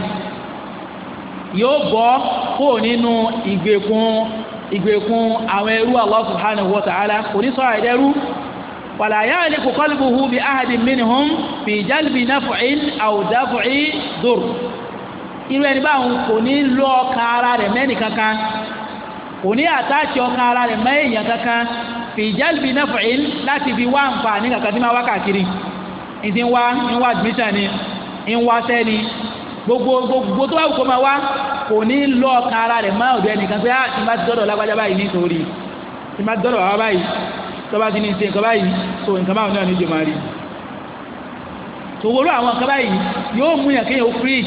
yóò bọ́ kó nínú ìgbèkùn ìgbèkùn àwọn ẹrú Allah subhanahu wa ta'ala kò ní sọ àìdẹ́rú wala ya'liqu qalbuhu bi ahadin minhum fi jalbi naf'in aw daf'i durr irú ẹni kò ní àtàkì ọkàn ara rẹ̀ mọ́ èèyàn kankan fi jalbi naf'in láti fi wá àǹfààní kankan tí máa wá káàkiri ìdí ń wá ń wá admission ni ń wá sẹ́ni gbogbo gbogbo tó bá wù kó máa wá kò ní lọ ọkàn ara rẹ̀ mọ́ ọ̀dọ̀ ẹnìkan pé ah ìmá dọ́dọ̀ lágbájá báyìí nítorí ìmá dọ́dọ̀ bàbá báyìí tó bá ti ní ṣe nǹkan báyìí so nǹkan báwọn náà ní jò máa rí tòwòrò àwọn nǹkan báyìí yóò mú yàn kéèyàn free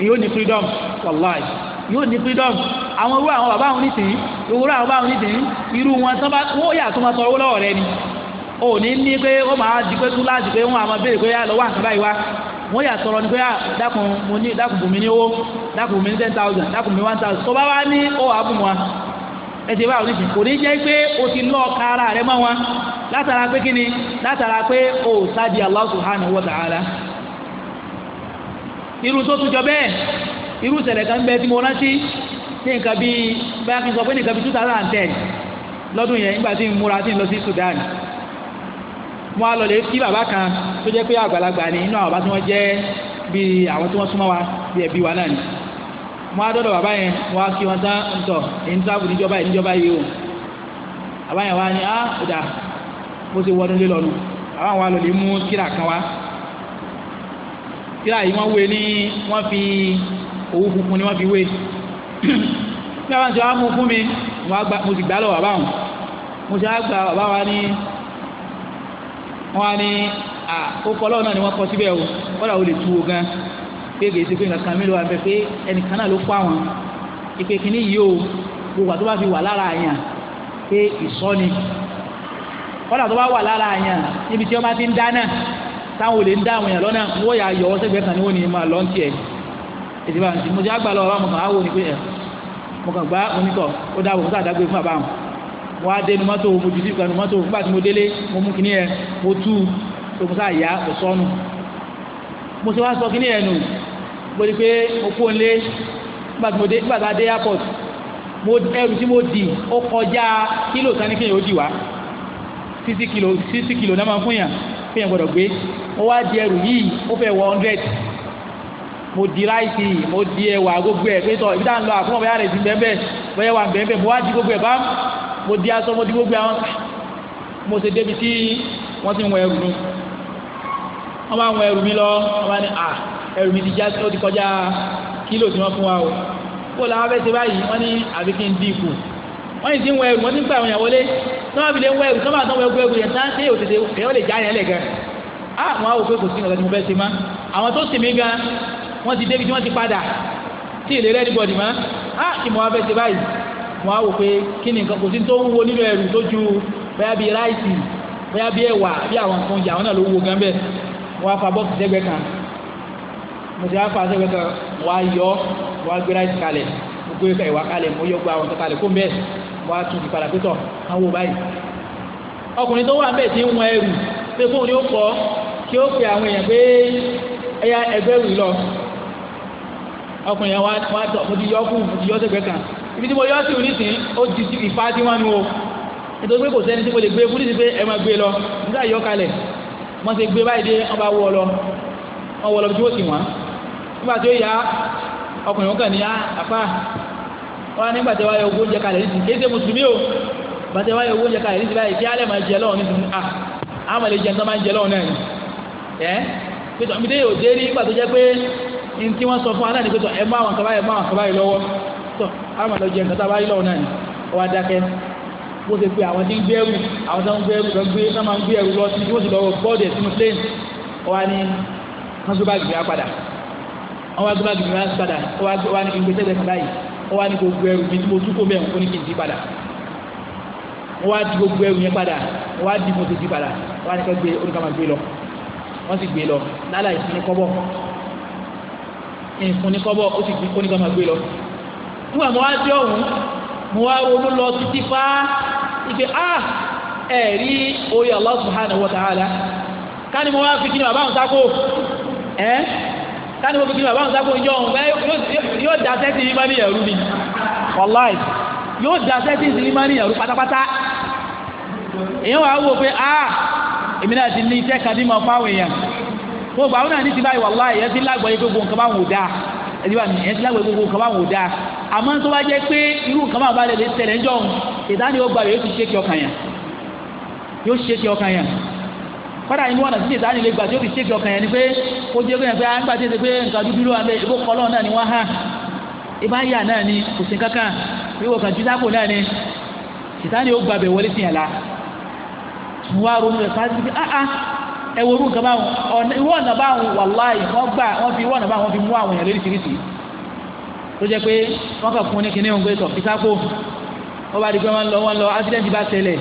èyí ó ní freedom wàláì. yóò ní freedom àwọn irú àwọn bàbá àwọn nìsín irú àwọn bàbá irú wọn bá yà tó máa ni o ní ní pé ó máa di pé láti pé béèrè pé ah, yà tọrọ ni pé ah, dákun mo ní dákun bùnmi ní owó dákun bùnmi ní ten thousand dákun bùnmi one thousand tó bá wá ní ó wàá bùn wọn ẹsẹ̀ báwo kò ní jẹ́ pé o ti lọ ka rẹ mọ́ wọn látara pé o wa irun tó tún jọ bẹ́ẹ̀ irú ìṣẹ̀lẹ̀ kan bẹ tí mo rántí ní nǹkan bíi báyà kí n sọ pé nǹkan bíi two thousand and ten lọ́dún yẹn nígbà tí n múra tí n lọ sí Sudan mo á lọ lè kí bàbá kan tó jẹ́ pé àgbàlagbà ni inú àwọn bàbá tí wọ́n jẹ́ bíi àwọn tí wọ́n súnmọ́ wa bíi ẹbí wa náà ni mo á dọ́dọ̀ bàbá yẹn wọ́n á kí wọn tán ń tọ̀ èyí ń tábù níjọba yìí níjọba yìí o bàbá yẹn wá ní á ọ̀dà bó ṣe wọnú lé lọ́nu bàbá wa lọ mú kíra kan wá kíra yìí wọ́n wé ní wọ́n fi owó funfun ni wọ́n fi wé bí wọ́n sọ wá mú fún mi mo sì gbá lọ bàbá wọn mo sì á gba bàbá wa ní wọn á ní ó kọ́ lọ́wọ́ náà ni wọ́n kọ́ síbẹ̀ o kọ́dà ó lè tu o gan pé kìí ṣe pé nǹkan mi ló wà pé ẹnìkan náà ló fọ́ àwọn ìpè kìíní yìí o gbogbo àti wọ́n fi wà lára àyàn pé ìsọ́ni kọ́dà tó bá wà lára àyàn níbi tí wọ́n bá ti ń dáná táwọn olè ń dá àwọn èèyàn lọ́nà wọ́n yà ọ́ sẹ́gbẹ̀ẹ́ kan ni wọ́n ní máa lọ́ntì ẹ̀ èdè bá ń sìn mo jẹ́ àgbà lọ́wọ́ àwọn kan á wò ní pé ẹ̀ mo kàn gbá onítọ̀ ó dáàbò mo sàdágbé fún bàbá àwọn mo á dé nu mọ́tò mo jù sí ìkànnì mọ́tò nígbà tí mo délé mo mú kíní ẹ mo tú tó mo sáà yá kò sọnù mo ti wá sọ kíní ẹ nù mo rí pé mo kú òun nígbà tí mo dé nígbà tí a dé airport mo ẹrù tí mo dì ó kọjá kílò sani kéèyàn ó dì wá sixty kilo sixty kilo náà máa fún yàn kéèyàn gbọdọ̀ gbé mo wá di ẹrù yìí ó fẹ́ wọ hundred mo di ráìsì mo di ẹwà gbogbo ẹ̀ pé tọ̀ ibi táwọn lọ àfúnwọ̀n bẹ́ẹ̀ rẹ̀ ti bẹ́ẹ̀ bẹ́ẹ̀ wà bẹ́ẹ̀ mo wá di gbogbo ẹ̀ bá mo di aṣọ mo di gbogbo àwọn mo ṣe débi tí wọ́n ti ń wọ ẹrù mi wọ́n bá ń wọ ẹrù mi lọ wọ́n bá ní à ẹrù mi ti já ó ti kọjá kílò tí wọ́n fún wa o kó làwọn fẹ́ ṣe báyìí wọ́n ní àbí kí n dín ikù wọ́n yìí ti ń wọ ẹrù wọ́n ti ń gbà àwọn ìyàwó lé tọ́wọ́ fi lè wọ ẹrù tọ́wọ́ àtọ́wọ́ ẹgbẹ́ ẹrù yẹn tán ṣé òtètè èèyàn lè já yẹn lẹ̀ gan-an àwọn àwọn òfin kò sí ìrọ̀lẹ́ tí mo fẹ́ ṣe má àwọn tó sì mí gan-an wọ́n ti débi tí wọ́n ti padà tí ìlera anybody mọ́ á kí mo wá fẹ́ ṣe báyìí mo wá wò pé kí ni nǹkan kò sí tó wúwo nínú ẹrù tó ju bóyá bíi ráìsì bóyá bíi ẹ̀wà bíi àwọn nǹkan oúnjẹ àwọn náà ló wúwo gan bẹ́ẹ̀ mo wá fa bọ́ọ̀sì sẹ́gbẹ̀ẹ́ kan mo ti wá fa sẹ́gbẹ̀ẹ́ kan mo wá yọ mo wá gbé ráìsì kalẹ̀ mo gbé ẹ̀wà kalẹ̀ mo yọ gba àwọn nǹkan kalẹ̀ kó bẹ́ẹ̀ mo wá ọkùnrin yẹn wá tọ̀ mo ti yọ kú mo ti yọ sẹ́gbẹ̀ẹ́ kan ibi tí mo yọ sí òní sìn ó di ìfá tí wọ́n nu o nítorí pé kò sẹ́ni tí mo lè gbé fún nítorí pé ẹ máa gbé lọ nígbà yọ kalẹ̀ wọ́n ti gbé báyìí dé wọ́n bá wọ lọ wọ́n wọ lọ bí tí ó sì wọ́n nígbà tí ó yá ọkùnrin kan ní ah, apá wọn nígbà tí wọ́n yọ owó oúnjẹ kalẹ̀ nísìnyí kí ẹ ṣe mùsùlùmí o bàtẹ wáyé owó yẹka yìí síbáyé kí alẹ́ máa jẹ lọ́wọ́ ah, ní tuntun in tí wọ́n sọ fún aláàdì pẹ́tọ̀ ẹ máa wọn kaba ẹ máa wọn kaba yìí lọ́wọ́ tọ́ àmà lọ jẹ nǹkan tá a bá rí lọ́wọ́ náà ni ọwọ́ adákẹ́ bó ṣe pé àwọn tí ń gbẹ́rù àwọn tó ń gbẹ́rù lọ gbé náà máa ń gbẹ́rù lọ sí wọ́n sì lọ́wọ́ bọ́ọ̀dù ẹ̀sìn plane ọwọ́ ni wọ́n gbé báàgì mìíràn padà ọwọ́ gbé báàgì mìíràn padà ọwọ́ ni ìgbésẹ̀ tẹ̀ kàdá yìí ọwọ́ ni gbogbo ẹrù mi tí mo tún kó mẹ́rin kó ní kí n ti padà wọ́n á di gbogbo ẹrù yẹn padà wọ́n á di mọ́tò ti padà wọ́n á ní ká gbé oníkàmá gbé lọ wọ́n sì gbé lọ lálàyé sí ní kọ́bọ̀ nǹkan ní kọ́bọ̀ ó sì kó ní ká máa gbé lọ. nígbà mo wá dé ọ̀hún mo wá ronú lọ títí fá ife a ẹ̀ rí orí Allah subhanahu wa ta'ala ká ní mo wá fi kí ni bàbá òun sáko ẹ́ ká ní mo fi kí ni bàbá òun sáko ìjọ òun yóò da sẹ́tì ní mani ẹ̀rú mi wàláì yóò da sẹ́tì ní mani ẹ̀rú pátápátá èèyàn wà á wò pé a ah, èmi náà ti ní iṣẹ́ kadìmọ̀ fáwọn èèyàn. gbogbo àwọn náà ní ti báyìí wàláì ẹ ti lágbọ̀ yìí gbogbo nǹkan bá wò dáa ẹ ti bá mi ẹ ti lágbọ̀ yìí gbogbo nǹkan bá wò dáa àmọ́ tó bá jẹ́ pé irú nǹkan bá lè tẹ̀lé ń jọ̀hún ìdáni ó gbà yóò ti ṣe kí ọkàn yẹn kọ́dà inú ọ̀nà títí ìdáni lè gbà tí ó fi ṣe kí ọkàn yẹn ni pé ó jẹ́ pé ẹ wo irú nǹkan báwọn ọ̀nà irú ọ̀nà báwọn wàláì wọ́n gbà wọ́n fi irú ọ̀nà báwọn wọ́n fi mú àwọn èèyàn lóríṣiríṣi tó jẹ́ pé wọ́n kàn fún ní kinní òun pé tọ̀ ìsákò wọ́n bá di pé wọ́n lọ wọ́n lọ accident bá ṣẹlẹ̀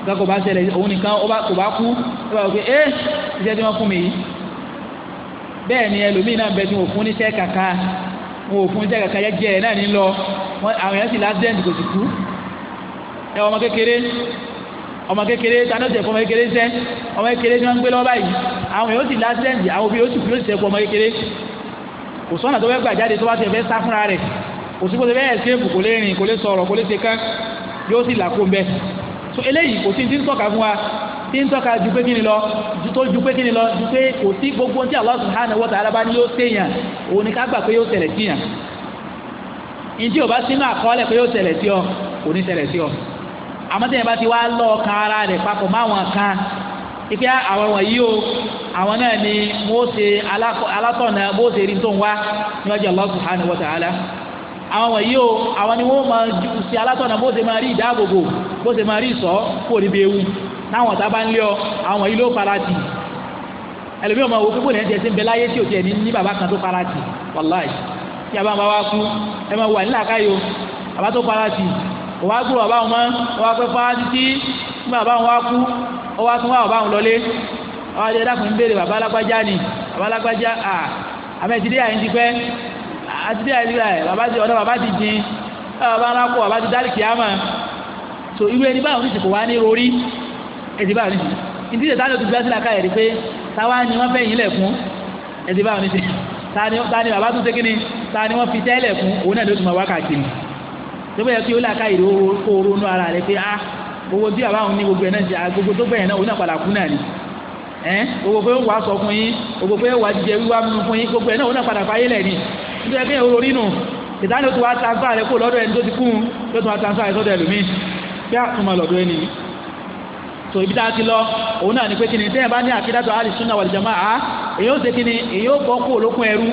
nǹkan kò bá ṣẹlẹ̀ òun nìkan kò bá kú ẹ bá wọ pé ẹ iṣẹ́ tí wọ́n fún mi yìí bẹ́ẹ̀ ni ẹlòmíì náà bẹ́ẹ̀ tí wọ́n fún níṣẹ́ kàkà wọ́n fún níṣẹ́ kàkà jẹ́jẹ́ náà ní lọ àwọn èèyàn sì lásìdẹ́ǹtì kò sì kú ẹ ọmọ kékeré ọmọ kékeré tanọ́sẹ̀ fún ọmọ kékeré sẹ́ ọmọ kékeré tí wọ́n ń gbé lọ́wọ́ báyìí àwọn yóò sì lásẹ̀ǹdì àwọn òbí yóò sì fúlóòsì sẹ́kù ọmọ kékeré kò sọ́nà tó fẹ́ gbà jáde tó bá ti fẹ́ sá fúnra rẹ̀ kò sí kó ti fẹ́ ẹ̀sìnkù kò lè rìn kò lè sọ̀rọ̀ kò lè ṣe kán yóò sì là kó ń bẹ so eléyìí kò sí ti ń tọ́ka fún wa ti ń tọ́ka ju pé kí ni lọ ju tó ju pé kí ni lọ ju pé kò sí gbogbo tí Allah subhanahu wa ta'ala bá ní yóò séèyàn òun ni ká gbà pé yóò ṣẹlẹ̀ síyàn ìdí ò bá sínú àmọ́tẹ́ yẹn bá ti wá lọ ọkàn ara rẹ̀ papọ̀ mọ́ àwọn kan ipe àwọn wọ̀nyí o àwọn náà ni mo ṣe alátọ̀nà bó ṣe rí tó ń wá ní ọjọ́ Allah subhanahu wa ta'ala àwọn wọ̀nyí o àwọn ni wọ́n máa ṣe alátọ̀nà bó ṣe máa rí ìdáàbòbò bó ṣe máa rí ìṣọ́ kó níbi ewu táwọn ọ̀tá bá ń lé ọ àwọn wọ̀nyí ló fara tì ẹlòmí ọmọ wo pípọ̀ lẹ́yìn tẹ̀sí ń bẹ láyé tí ò tiẹ̀ ní ní bàbá kan tó fara tì wàláì tí a bá ń bá wa kú ẹ kò wá gbúrò bàbá wọn mọ́ wọ́n wá pẹ́ fáá títí nígbà bàbá wọn wá kú ó wá tún wá bàbá wọn lọlé àwọn adé dákùn ń béèrè bàbá alágbájá ni bàbá alágbájá à àmì ẹtìdé àyè ti pẹ́ àtìdé àyè ti pẹ́ bàbá ti ọ̀dọ́ bàbá ti dín bàbá alákọ̀ bàbá ti dálì kìámà so irú ẹni báwọn oníṣègùn wá ní rorí ẹtì báwọn oníṣègùn ìdí ìṣẹ̀dá ló ti sílá káyọ̀ rí pé táwa ni wọ́n fẹ́yìn lẹ̀kún ẹtì báwọn oníṣègùn ta ni bàbá tún ṣe kíni ta ni wọ́n fi tẹ́lẹ̀ fún òun náà ló ti mọ̀ wákàtí ni tó bẹ́ẹ̀ kí ó làkà ìró oró inú ara rẹ pé ah gbogbo tí àbá òun ní gbogbo ẹ̀ náà jẹ́ gbogbo tó bẹ̀yẹ̀ náà òun náà padà kú náà ni ẹ̀ gbogbo pé wàá sọ fún yín gbogbo pé wàá jíjẹ wíwá mímu fún yín gbogbo ẹ̀ náà òun náà padà fáyé lẹ̀ ni nítorí pé oró nínú ìdáni tó wá transfer rẹ kó lọ́dọ̀ ẹni tó ti kú tó tún wá transfer rẹ sọ́dọ̀ ẹlòmíì bí àtúmọ̀ ah, lọ́dọ̀ ẹni so ibi tá a ti lọ òun náà ni pé kíni tẹ́yìn bá ní àkídàtọ̀ àlì súnà wal jamaa ah, èyí ó ṣe kíni èyí ó bọ́ kó olókun ẹrú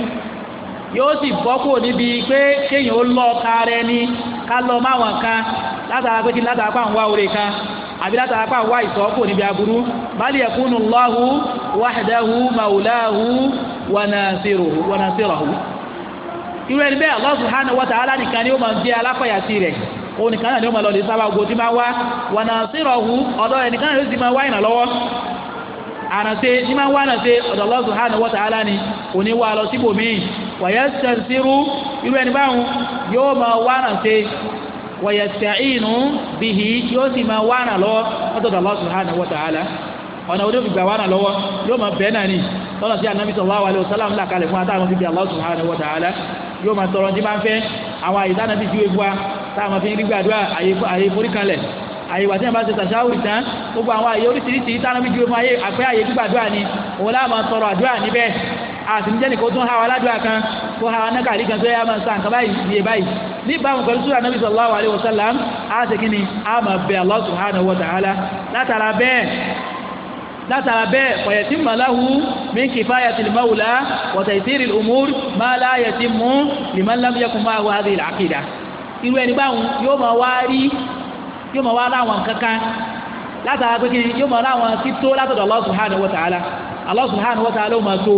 yóò sì bọ́ kó níbi pé kéèyàn ó lọ káàrẹ́ ni ká lọ máwọn kan látara pé kí látara pa àwọn wá orí kan àbí látara pa wá ìsọ́kù níbi aburú bal yakunu Allahu wahdahu maulahu wa nasiruhu wa nasiruhu irú ẹni bẹ́ẹ̀ Allah subhanahu wa ta'ala ni ó máa ń jẹ́ aláfọ̀yàsí rẹ̀ òun nìkan náà ni ó máa lọ lè sábà gbòó tí máa wá wa nasiruhu ọ̀dọ̀ ẹnìkan náà ló sì máa wá ìrànlọ́wọ́ àrànṣe ní máa wá àrànṣe ọ̀dọ̀ Allah subhanahu wa ta'ala òní wà lọ síbòmíì wàyẹsẹsirú irú ẹni báwọn yóò máa wánà ṣe wàyẹsẹ̀ínú bìhí yóò sì máa wánà lọ́wọ́ látọ̀dọ̀ Allah subhanahu wa ta'ala ọ̀nà òde òfìgbà wánà lọ́wọ́ yóò máa bẹ́ẹ̀ náà ni tọ́lá sí anabi sallallahu alaihi wasallam là kalẹ̀ fún àtàwọn fífi Allah subhanahu wa ta'ala yóò máa tọrọ ní máa àwọn àyè dáná fi fiwé wa táwọn tí wọn bá ti tàṣáwùrì tán gbogbo àwọn àyè oríṣiríṣi táwọn fi fiwé fún ayé àpẹ́ àyè gbígbàdúrà ni òun láà máa àdúrà níbẹ̀ àtìjẹ́nì kó tún hawa aládùá kan kó hawa nákàlí kan tó yá máa sa nǹkan báyìí iye báyìí níbàámu pẹ̀lú súra nàbí sallallahu alayhi wa sallam á ti kí ni a máa bẹ Allah subhanahu wa látara bẹ́ẹ̀ látara bẹ́ẹ̀ kọ̀yẹ̀tì màláhu min kifayati al-mawla wa umur ma la yatimmu liman pé kí ni yóò máa láwọn tító látọ̀dọ̀ Allah subhanahu wa ta'ala Allah subhanahu wa ta'ala ó máa tó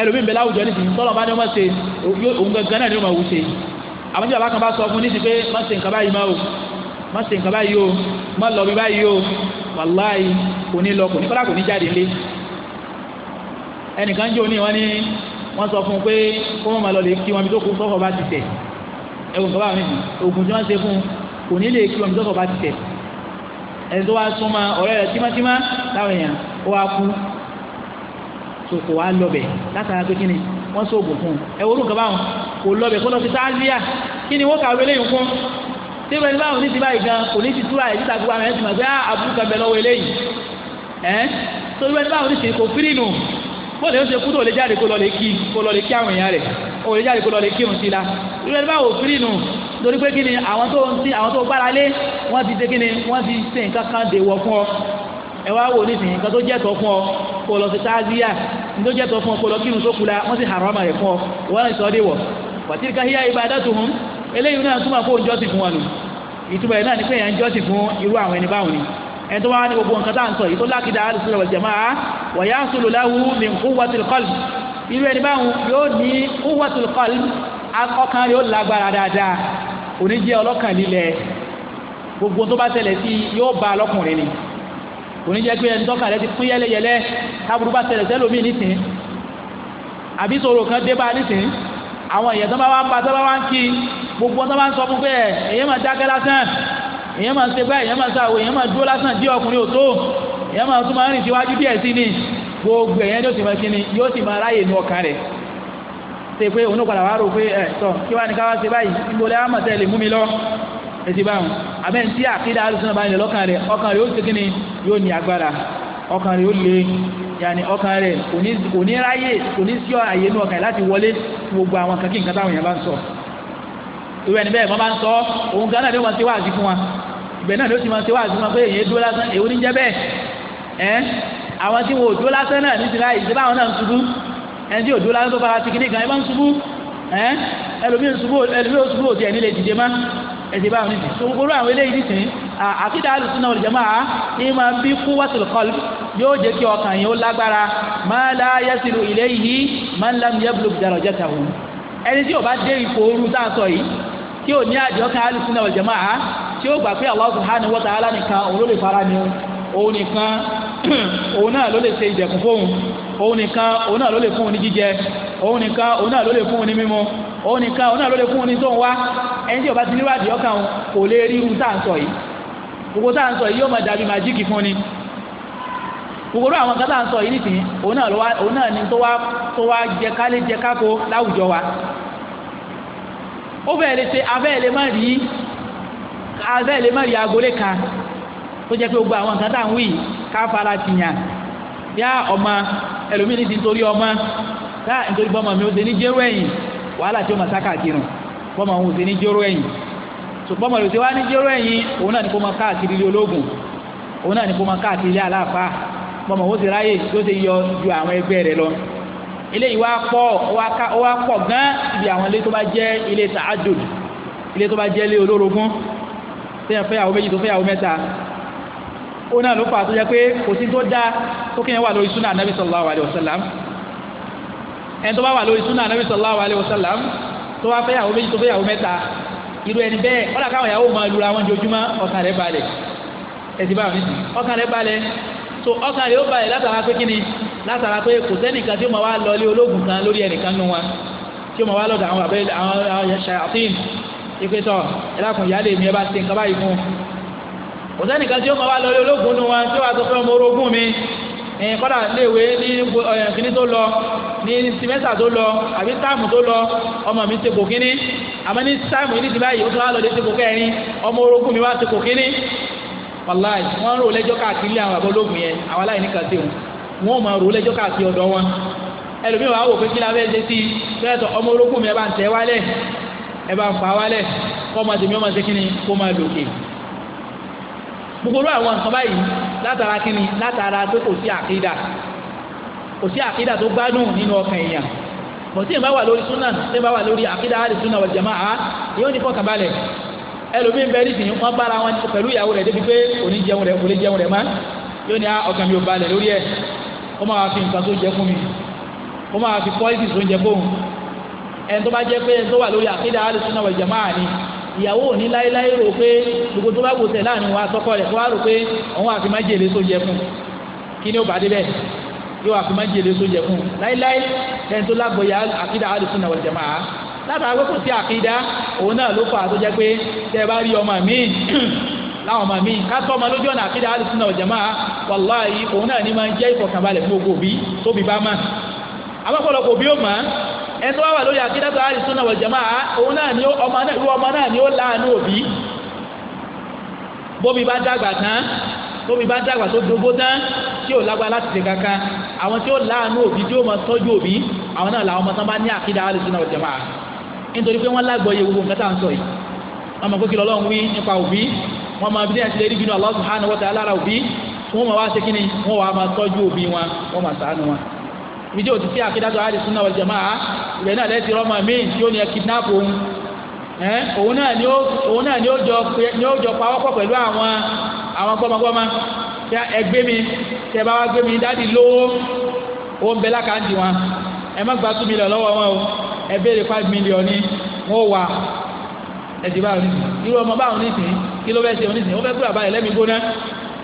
ẹlòmíì ń bẹ láwùjọ nísìnyí tọ́lọ̀ bá ní ọmọ ṣe òun gangan náà ní ọmọ òun ṣe àwọn ìjọba kan bá sọ fún nísìnyí pé má ṣe nǹkan báyìí má o má ṣe nǹkan báyìí o má lọ bí báyìí o wàláì kò ní lọ kò ní kọ́lá kò ní jáde lé ẹnìkan jẹ́ òní wọn ní wọ́n sọ fún un pé kó wọ́n máa lọ lè kí wọn bí tó kú sọ́kọ̀ bá ti tẹ̀ ẹ̀wọ̀n kọ́ mi ògùn tí wọ́n ṣe fún un kò ní lè kí wọn bí tó kú so kò wá lọbẹ látara pé kíni wọn sóògùn fún un ẹ wo olùkọ́ báwọn kò lọbẹ kó lọ sí táàlíà kíni wọn kà wọlé yìí fún tí wọn báwọn ní ti báyìí gan kò ní ti túra ẹ títa gbogbo àwọn ẹ ti mọ̀ pé àbúrò ah, kan bẹ lọ́wọ́ eléyìí ẹ tó wọn báwọn ní ti kò fírì nù bó lè ó ṣe kú tó lè jáde kó lọ lè kí kó lọ lè kí àwọn èèyàn rẹ ó lè jáde kó lọ lè kírun sí la wọn báwọn fírì nù torí pé kíni àwọn tó ń ti àwọn tó gbára lé wọn ti dé kíni wọn ti ṣe nǹkan kan dè wọ fún ọ ẹ wá wò nísìnyí nǹkan tó jẹ́ tọ́ fún ọ kó lọ sí táàzíyà ló jẹ́ tọ́ fún ọ kó lọ kírun sókùlà wọ́n sì hàrámà rẹ̀ fún ọ wọ́n náà sọ ọ́ déwọ̀ wàtíríkà híyà ibadatuhum eléyìí náà túmọ̀ fóun jọ́sìn fún wọn nù ìtumọ̀ náà ni pé èèyàn jọ́sìn fún irú àwọn ẹni báwọn ni ẹni tó wá ní gbogbo nǹkan tá à ń sọ yìí tó lákìdá àdùsílẹ̀ wal jamaa wa yahsulu lahu min quwwatil qalb irú ẹni báwọn yóò ní quwwatil qalb ọkàn rẹ̀ ó lágbára dáadáa òní jẹ́ ọlọ́kàn lílẹ̀ gbogbo tó bá tẹ̀lẹ̀ sí yóò bá lọ́kùnrin ni kò ní jẹ́ pé ẹni tọ́ka rẹ ti fún yẹ́lẹ́yẹ́lẹ́ táburú bá ṣẹlẹ̀ sẹ́lómi nísìn àbí sòrò kan dé bá nísìn àwọn èèyàn tó bá wá ń pa tó bá wá ń kí gbogbo tó bá ń sọ fún pé èèyàn máa dákẹ́ lásán èèyàn máa ń ṣe báyìí máa ń sàwò èèyàn máa dúró lásán dí ọkùnrin òtó èèyàn máa tún máa ń rìn síwájú díẹ̀ sí ni gbogbo èèyàn yóò sì máa kí ni yóò sì máa ráyè nu ọkàn rẹ̀ ṣe pé òun ló padà wá rò pé ẹ̀ tọ̀ kí wá ní ká wá ṣe báyìí níbo lẹ́ ẹtì báwọn abẹ́ni tí àkídà alùsùn náà bá nílẹ̀ lọ́kàn rẹ̀ ọkàn rẹ̀ yóò ṣe kíni yóò ní agbára ọkàn rẹ̀ yóò le yàní ọkàn rẹ̀ kò ní ráyè kò ní sí àyè inú ọkàn láti wọlé gbogbo àwọn kankan nǹkan táwọn èèyàn bá ń sọ irú ẹni bẹ́ẹ̀ wọ́n bá ń sọ òun gan náà ló máa ṣe wáàzí fún wa ibẹ̀ náà ló ti máa ṣe wáàzí fún wa pé èyí dúró lásán èwo ní jẹ́ bẹ́ẹ̀ ẹ́ àwọn tí wọn ò dúró lásán náà ní ti láyè ìṣẹ́ báwọn náà ń ṣubú ẹni tí ò dúró lásán tó fara ẹ ẹ̀sìn báwọn nìyí tó gbogbo àwọn eléyìí nìsín àkídà alùsùnà wal jamaa ní máa bí quwwatul qalb yóò jẹ́ kí ọkàn yìí ó lágbára ma la yasilu ilayhi man lam yablug darajatahu ẹni tí ò bá dé ipò ooru tá a sọ yìí tí ò ní àdìọ́kàn alùsùnà wal jamaa tí ó gbà pé Allah subhanahu wa ta'ala nìkan òun ló lè fara ni [CLEARS THROAT] nìkan òun náà ló lè ṣe òun ní jíjẹ òun nìkan òun náà ló lè fún un ní mímu òun nìkan òun náà ló lè fún un ní tó ń wá ẹni tí ò bá ti níwádìí ọkàn òun kò lè rí irú tá ń sọ yìí gbogbo ń sọ yìí yóò dàbí fún ni gbogbo àwọn kan ń sọ yìí òun náà ni tó wá wa ó ṣe rí agolé kan tó jẹ́ pé gbogbo àwọn ń wí ká fara tìyàn yá wàhálà tí ó máa sáká kiri bọ́mọ òun sì ní jóró ẹ̀yìn ṣùgbọ́n mọ̀lẹ́ òsè wá ní jóró ẹ̀yìn òun náà ní kó máa káàkiri ilé ológun òun náà ní kó máa káàkiri ilé aláàfáà bọ́mọ òun sì ráyè tó ṣe yọ ju àwọn ẹgbẹ́ rẹ̀ lọ eléyìí wá pọ̀ ó wá pọ̀ gán ibi àwọn ilé tó bá jẹ́ ilé ta'adud ilé tó bá jẹ́ ilé olórogún tẹ́yàn fẹ́yàwó méjì tó fẹ́yàwó mẹ́ta ó náà ló fà tó jẹ́ pé kò sí tó dá tó kéèyàn wà lórí súnà anábì sallallahu alaihi wasallam ẹni tó bá wà lórí súnà anábì sallallahu alaihi wasallam tó wá fẹ́yàwó méjì tó fẹ́yàwó mẹ́ta irú ẹni bẹ́ẹ̀ ọ̀là káwọn ìyàwó máa lura wọn jojúmọ́ ọkàn rẹ̀ balẹ̀ ẹ̀sì bá mi ọkàn rẹ̀ balẹ̀ so ọkàn rẹ̀ ó balẹ̀ látara pé kíni látara pé kò sẹ́nìkan tí ó máa wá lọ lé ológun kan lórí ẹnìkan nù wọn tí ó máa wá lọ́dọ̀ àwọn àbẹ́ àwọn ṣàyàtìn ìpè tọ̀ ẹ ìyáálé mi ẹ bá ti nǹkan báyìí fún kò sẹ́nìkan tí ó máa wá lọ lé ológun nù wọn tí ó wá sọ fẹ́ ọmọ orogún mi ẹ̀yìn eh, kọ́dà léèwé ní eh, kíní tó lọ ní simẹ́sà tó lọ àbí táàmù tó lọ ọmọ mi ti kò kíní àmọ́ ní táàmù yìí ti báyìí ó tún wá lọ dé ti kò kẹrin ọmọ orogún mi wá ti kò kíní wàláì wọ́n ń rò lẹ́jọ́ káàkiri àwọn àbọ̀ lóògùn yẹn àwọn wọ́n rò lẹ́jọ́ káàkiri wọn wò pé kí lábẹ́ ṣe sí fẹ́ẹ̀tọ̀ ọmọ orogún mi ẹ gbogbo àwọn nǹkan báyìí látara kí ni látara pé kò sí àkídà kò sí àkídà tó gbádùn nínú ọkàn èèyàn bọ̀ tí ìbá wà lórí súnà tí ìbá wà lórí àkídà àti súnà wal jama'a yóò ní fọkànbalẹ̀ ẹlòmíín bẹ́ẹ̀ nìsín wọ́n bára wọn pẹ̀lú ìyàwó rẹ̀ débi pé kò ní jẹun rẹ̀ kò lè jẹun rẹ̀ má yóò ní ah, ọkàn mi ò balẹ̀ lórí ẹ̀ ó máa fi nǹkan tó jẹ fún mi ó máa fi pọ́ìsì tó jẹ fóun ẹni tó bá jẹ pé ẹni tó wà lórí àkídà àti súnà wal jama'a ni ìyàwó ò ní láéláé rò pé gbogbo tó bá wò sẹ̀ láàrin wa sọ́kọ rẹ̀ kó wá rò pé òun àfi má jèlé tó jẹ fún kí ni ó bá dé bẹ́ẹ̀ yóò àfi má jèlé tó jẹ fún láéláé ẹni tó lágbóyà àkídà al-sunnah wal jamā'ah látara pé kò sí àkídà òun náà ló fà á tó jẹ́ pé tẹ́ ẹ bá rí ọmọ mi [CLEARS THROAT] láwọn ọmọ mi kátó ọmọ lójú ọ̀nà àkídà al-sunnah wal jamā'ah wàláhì òun náà ní máa jẹ́ ìfọ̀kànbalẹ̀ fún gbogbo ẹni tó wá wà lórí akídàtọ̀ àrí súnà wal jamaa òun náà ni ọmọ náà irú ọmọ náà ni ó láàánú òbí bóbi bá dàgbà tán bóbi bá dàgbà tó dogó tán tí ò lágbá láti ṣe kankan àwọn tí ó láàánú òbí tí ó máa tọ́jú òbí àwọn náà làwọn ọmọ tán bá ní àkídà àrí súnà wal jamaa nítorí pé wọ́n lágbọ́ iye gbogbo nǹkan tá à ń sọ yìí wọ́n mọ̀ pé lọ́lọ́run wí nípa òbí wọ́n mọ̀ bí ẹ̀sìn lè rí bínú Allah subhanahu wa ta'ala òbí wọ́n mọ̀ wá ṣe kí ni wọ́n wá máa tọ́jú òbí wọn wọ́n máa ṣàánú wọn ibi tí o ti sí akídájọ àdì súnà wal jamaa ibẹ̀ náà lẹ́sìn rọ́mà míì tí ó ní ẹ kidnap òun ẹ òun náà ni ó òun náà ni ó jọ ni ó jọ pawọ́pọ̀ pẹ̀lú àwọn àwọn gbọ́mọgbọ́mọ tí ẹ gbé mi tí ẹ bá wá gbé mi dáàdi lówó ó ń bẹ wọn ẹ má gba two million lọ́wọ́ wọn o ẹ béèrè five million ní wọn ò wà ẹ̀sìn báwọn ní irú ọmọ báwọn ní sìn kí ló fẹ́ ṣe onísìn ó fẹ́ gbé bàbá rẹ̀ lẹ́mìí gbóná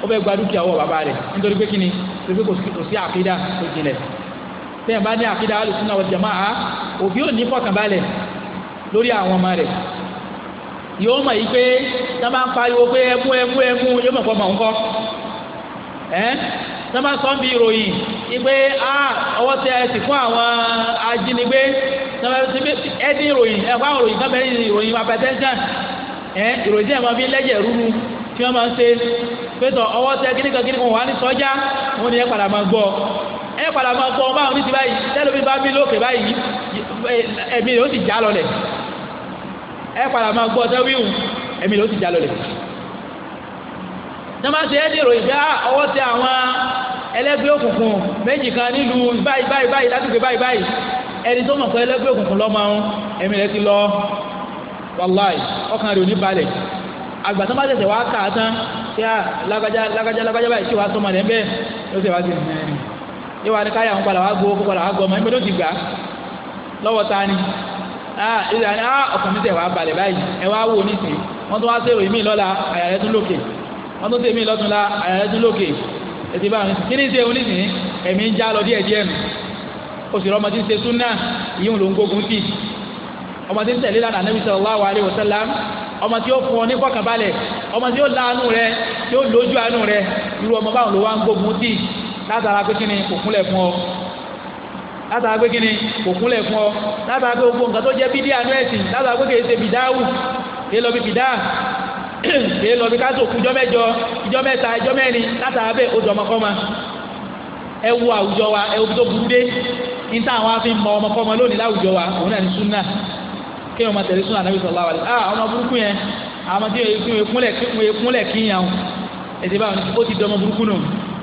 ó fẹ́ gba dúkìá wọ bàbá rẹ̀ nítorí pé kí ni kò sí àkídà tó jinlẹ̀ tẹ́yìn bá ní àkídà alùsùnà wal jama'a òbí ò ní fọkànbalẹ̀ lórí àwọn ọmọ rẹ̀ yóò mọ̀ yí pé pé yóò mọ̀ mọ̀ ń kọ́ ìròyìn yí pé a ọwọ́ sì fún àwọn ajínigbé bí ẹ ní ìròyìn ẹ àwọn ìròyìn kan ẹ ìròyìn máa fi lẹ́jẹ̀ rúru tí wọ́n máa ń pé tọ ọwọ́ tẹ kíníkan kíníkan wà ẹ padà máa gbọ́ ọmọ àwọn oníṣẹ́ báyìí tẹ́lómi bá mí lókè báyìí ẹ̀mí rẹ̀ ó sì já lọlẹ̀ ẹ padà máa gbọ́ tẹ́wíhùn ẹ̀mí rẹ̀ ó sì já lọlẹ̀ tẹ́másì ẹ́ dèrò ìgbà ọwọ́ tẹ àwọn ẹlẹ́gbẹ́ òkùnkùn méjì kan nílùú báyìí báyìí báyìí látìgbé báyìí báyìí ẹni tó mọ̀ pé ẹlẹ́gbẹ́ òkùnkùn lọ́mọ ọ̀hún ẹ̀mí rẹ̀ ti lọ wàláì ọkàn rẹ̀ ò ní balẹ̀ àgbà tó bá tẹ̀sẹ̀ wá kà á tán kí á lágbájá lágbájá lágbájá báyìí tí wàá sọmọ rẹ̀ ń bẹ́ẹ̀ ló sì wá sí ẹ̀ẹ́ yóò wá ní káyà ń padà wá gbowó kó padà wá gbọ́ ọmọ ẹgbẹ́ ló ti gbà lọ́wọ́ ta ni ìlà ni ọkàn mi tẹ̀ wá balẹ̀ báyìí ẹ wá wò ní sìn wọ́n tún wá sí èrò míì lọ́la àyà rẹ̀ tún lókè wọ́n tún sí èmi lọ́tún la àyà rẹ̀ tún lókè ètò ìbára mi kí ni ṣe òun nísìnyí ẹ̀mí ń já lọ díẹ̀ díẹ̀ nù oṣù rẹ̀ ọmọ tí ń ṣe súnà ìyóhùn ló ń gbógun tì ọmọ ń tẹ̀lé lánàá Ànábì sallallahu látara pé kíni kò kúnlẹ̀ fún ọ látara pé kíni kò kúnlẹ̀ fún ọ látara pé gbogbo nǹkan tó jẹ́ bídíà nú ẹ̀sìn látara pé kìí ṣe bìdáwù kìí lọ bí bìdá [CLEARS THROAT] kìí lọ bí káṣọ òkú ijọ́ mẹ́jọ ijọ́ mẹ́ta ijọ́ mẹ́rin látara bẹ́ẹ̀ ó dọ̀mọ́kọ́ ma ẹ wo àwùjọ wa ẹ wo tó burú dé níta àwọn afi mọ ọmọkọ́mọ lónìí láwùjọ wa òun náà ní súnà kí wọn máa tẹ̀lé súnà Ànábì sallallahu alaihi ah ọmọ burúkú yẹn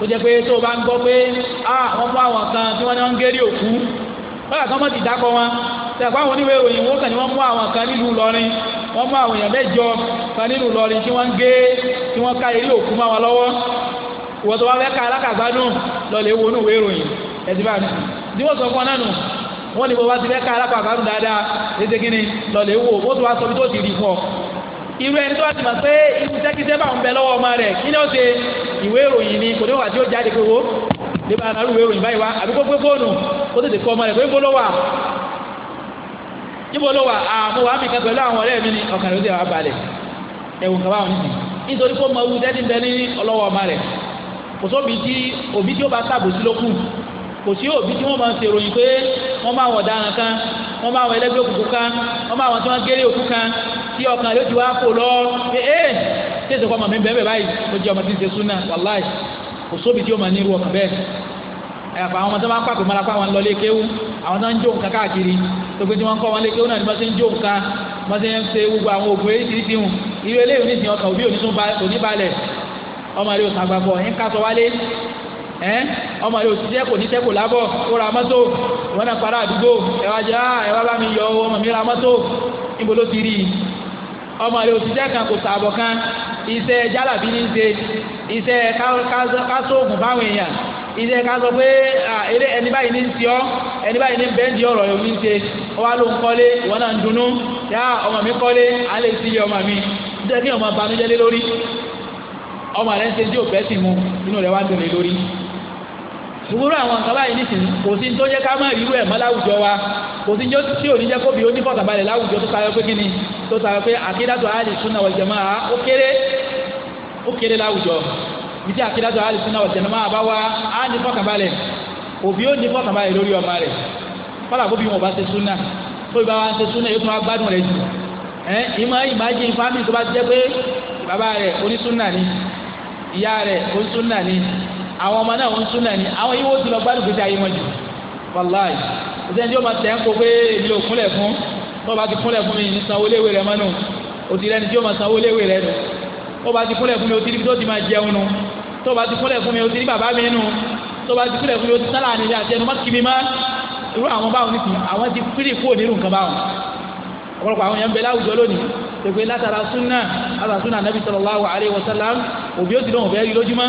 tó jẹ́ pé tó o bá ń gbọ́ pé ah, wọ́n fún àwọn kan tí wọ́n ní wọ́n ń gérí òkú wọ́n kàn mọ́ ti dákọ̀ wọn tẹ̀kọ́ àwọn oníwèé òyìn wọ́n kàn ní wọ́n fún àwọn kan nílùú lọ́rin wọ́n mú àwọn èèyàn mẹ́jọ kan nílùú lọ́rin tí wọ́n ń gé tí wọ́n ká eré òkú mọ́ wọn lọ́wọ́ ìwọ́n tó wá fẹ́ ká alákàgbádùn lọ́lẹ̀ wo inú ìwé ìròyìn ẹ̀sìn bá mi bí wọ́n sọ fún nù ti fẹ́ ká lọ́lẹ̀ wo ó tó wá irú ẹni tó bá ti mọ̀ pé irú tẹ́kíṣẹ́ bá ń bẹ lọ́wọ́ ọmọ rẹ̀ kí ni ó ṣe ìwé ìròyìn ni kò ní wà tí ó jáde pé wo lè bá ara ìwé ìròyìn báyìí wá àbí kó gbé fóònù kó tètè kọ ọmọ rẹ̀ pé ń bolówà ń bolówà àmú wa mìkan pẹ̀lú àwọn ọ̀rẹ́ mi ni ọkàn ló ti wà balẹ̀ ẹ̀wùn kan báwọn nìyí nítorí kó mọ ewu tẹ́tí ń bẹ ní ọmọ rẹ̀ kò sóbi tí òbí tí ó bá ṣàbòsí lókù kò sí òbí tí wọ́n máa ń ṣèròyìn pé wọ́n máa wọ̀ dáhàn kan wọ́n máa wọ̀ ẹlẹ́gbẹ́ òkùnkùn kan wọ́n máa wọ̀ tí wọ́n òkú kan tí ti wá kó lọ pé ee tẹ̀sí ọkọ màmí bẹ́ẹ̀ báyìí ó jẹ́ ọmọ tí ń ṣe súnà wàláì kò sóbi tí ó máa ní irú ọkàn bẹ́ẹ̀ àwọn tó máa ń pàpè mọ́ra lọ lékéwú àwọn náà ń jó nǹkan káàkiri tó tí wọ́n ń kọ́ wọn lékéwú náà ni wọ́n ti ń jó nǹkan wọ́n ti ń ṣe gbogbo àwọn èyí ti dìhùn irú eléyìí ẹ ọmọ yóò ti sẹ́kù ní sẹ́kù lábọ̀ ó ra mọ́tò wọn náà para àdúgbò ẹwà jẹ́ ah, ẹwà bá mi yọ owó ọmọ mi ra mọ́tò níbo ló ti rí kan iṣẹ́ ní ṣe iṣẹ́ báwọn èèyàn iṣẹ́ ẹni báyìí ní ẹni báyìí ní ọ̀rọ̀ yóò ní ṣe ló ń kọ́lé náà ń yá ọmọ mi ọmọ mi kí ọmọ banújẹ́ lé lórí ìwúrò àwọn nǹkan báyìí nìsín kò sí tó jẹ́ ká má irú ẹ̀ mọ́ láwùjọ wa kò sí tí ò ní jẹ́ kóbi ó ní fọ̀kànbalẹ̀ láwùjọ tó tayọ pé kíni tó tayọ pé àkídàtò àlì súnà wal jamaa ó kéré ó kéré láwùjọ ìdí àkídàtò àlì súnà wal jamaa bá wá á ní fọ̀kànbalẹ̀ òbí ó ní fọ̀kànbalẹ̀ lórí ọmọ rẹ̀ kọ́lá bóbi wọn bá ṣe súnà tó ìbá wa ṣe súnà yóò tún wá gbádùn rẹ̀ jù ẹ̀ ìmọ̀ ìmájì fámì tó bá jẹ́ pé bàbá rẹ̀ onísúnà ni ìyá rẹ̀ onísúnà ni àwọn ọmọ náà ń sún náà ni àwọn yìí wọ́n ti lọ gbádùn gbèsè ayé wọn jù wàláì ìṣẹ́ni yóò máa tẹ̀ ń kó pé èmi ò kúnlẹ̀ fún tó bá ti kúnlẹ̀ fún mi ní sanwó léwé rẹ mọ́nù òtí rẹni tí yóò máa sanwó léwé rẹ nù tó bá ti kúnlẹ̀ fún mi òtí tó ti máa jẹun nù tó bá ti kúnlẹ̀ fún mi òtí bàbá mi nù tó bá ti kúnlẹ̀ fún mi òtí sálà ni àti ẹnu mọ́tì látara súnà látara súnà nàbì sallallahu alaihi wasallam òbí ó ti lóun fẹ́ rí lójúmọ́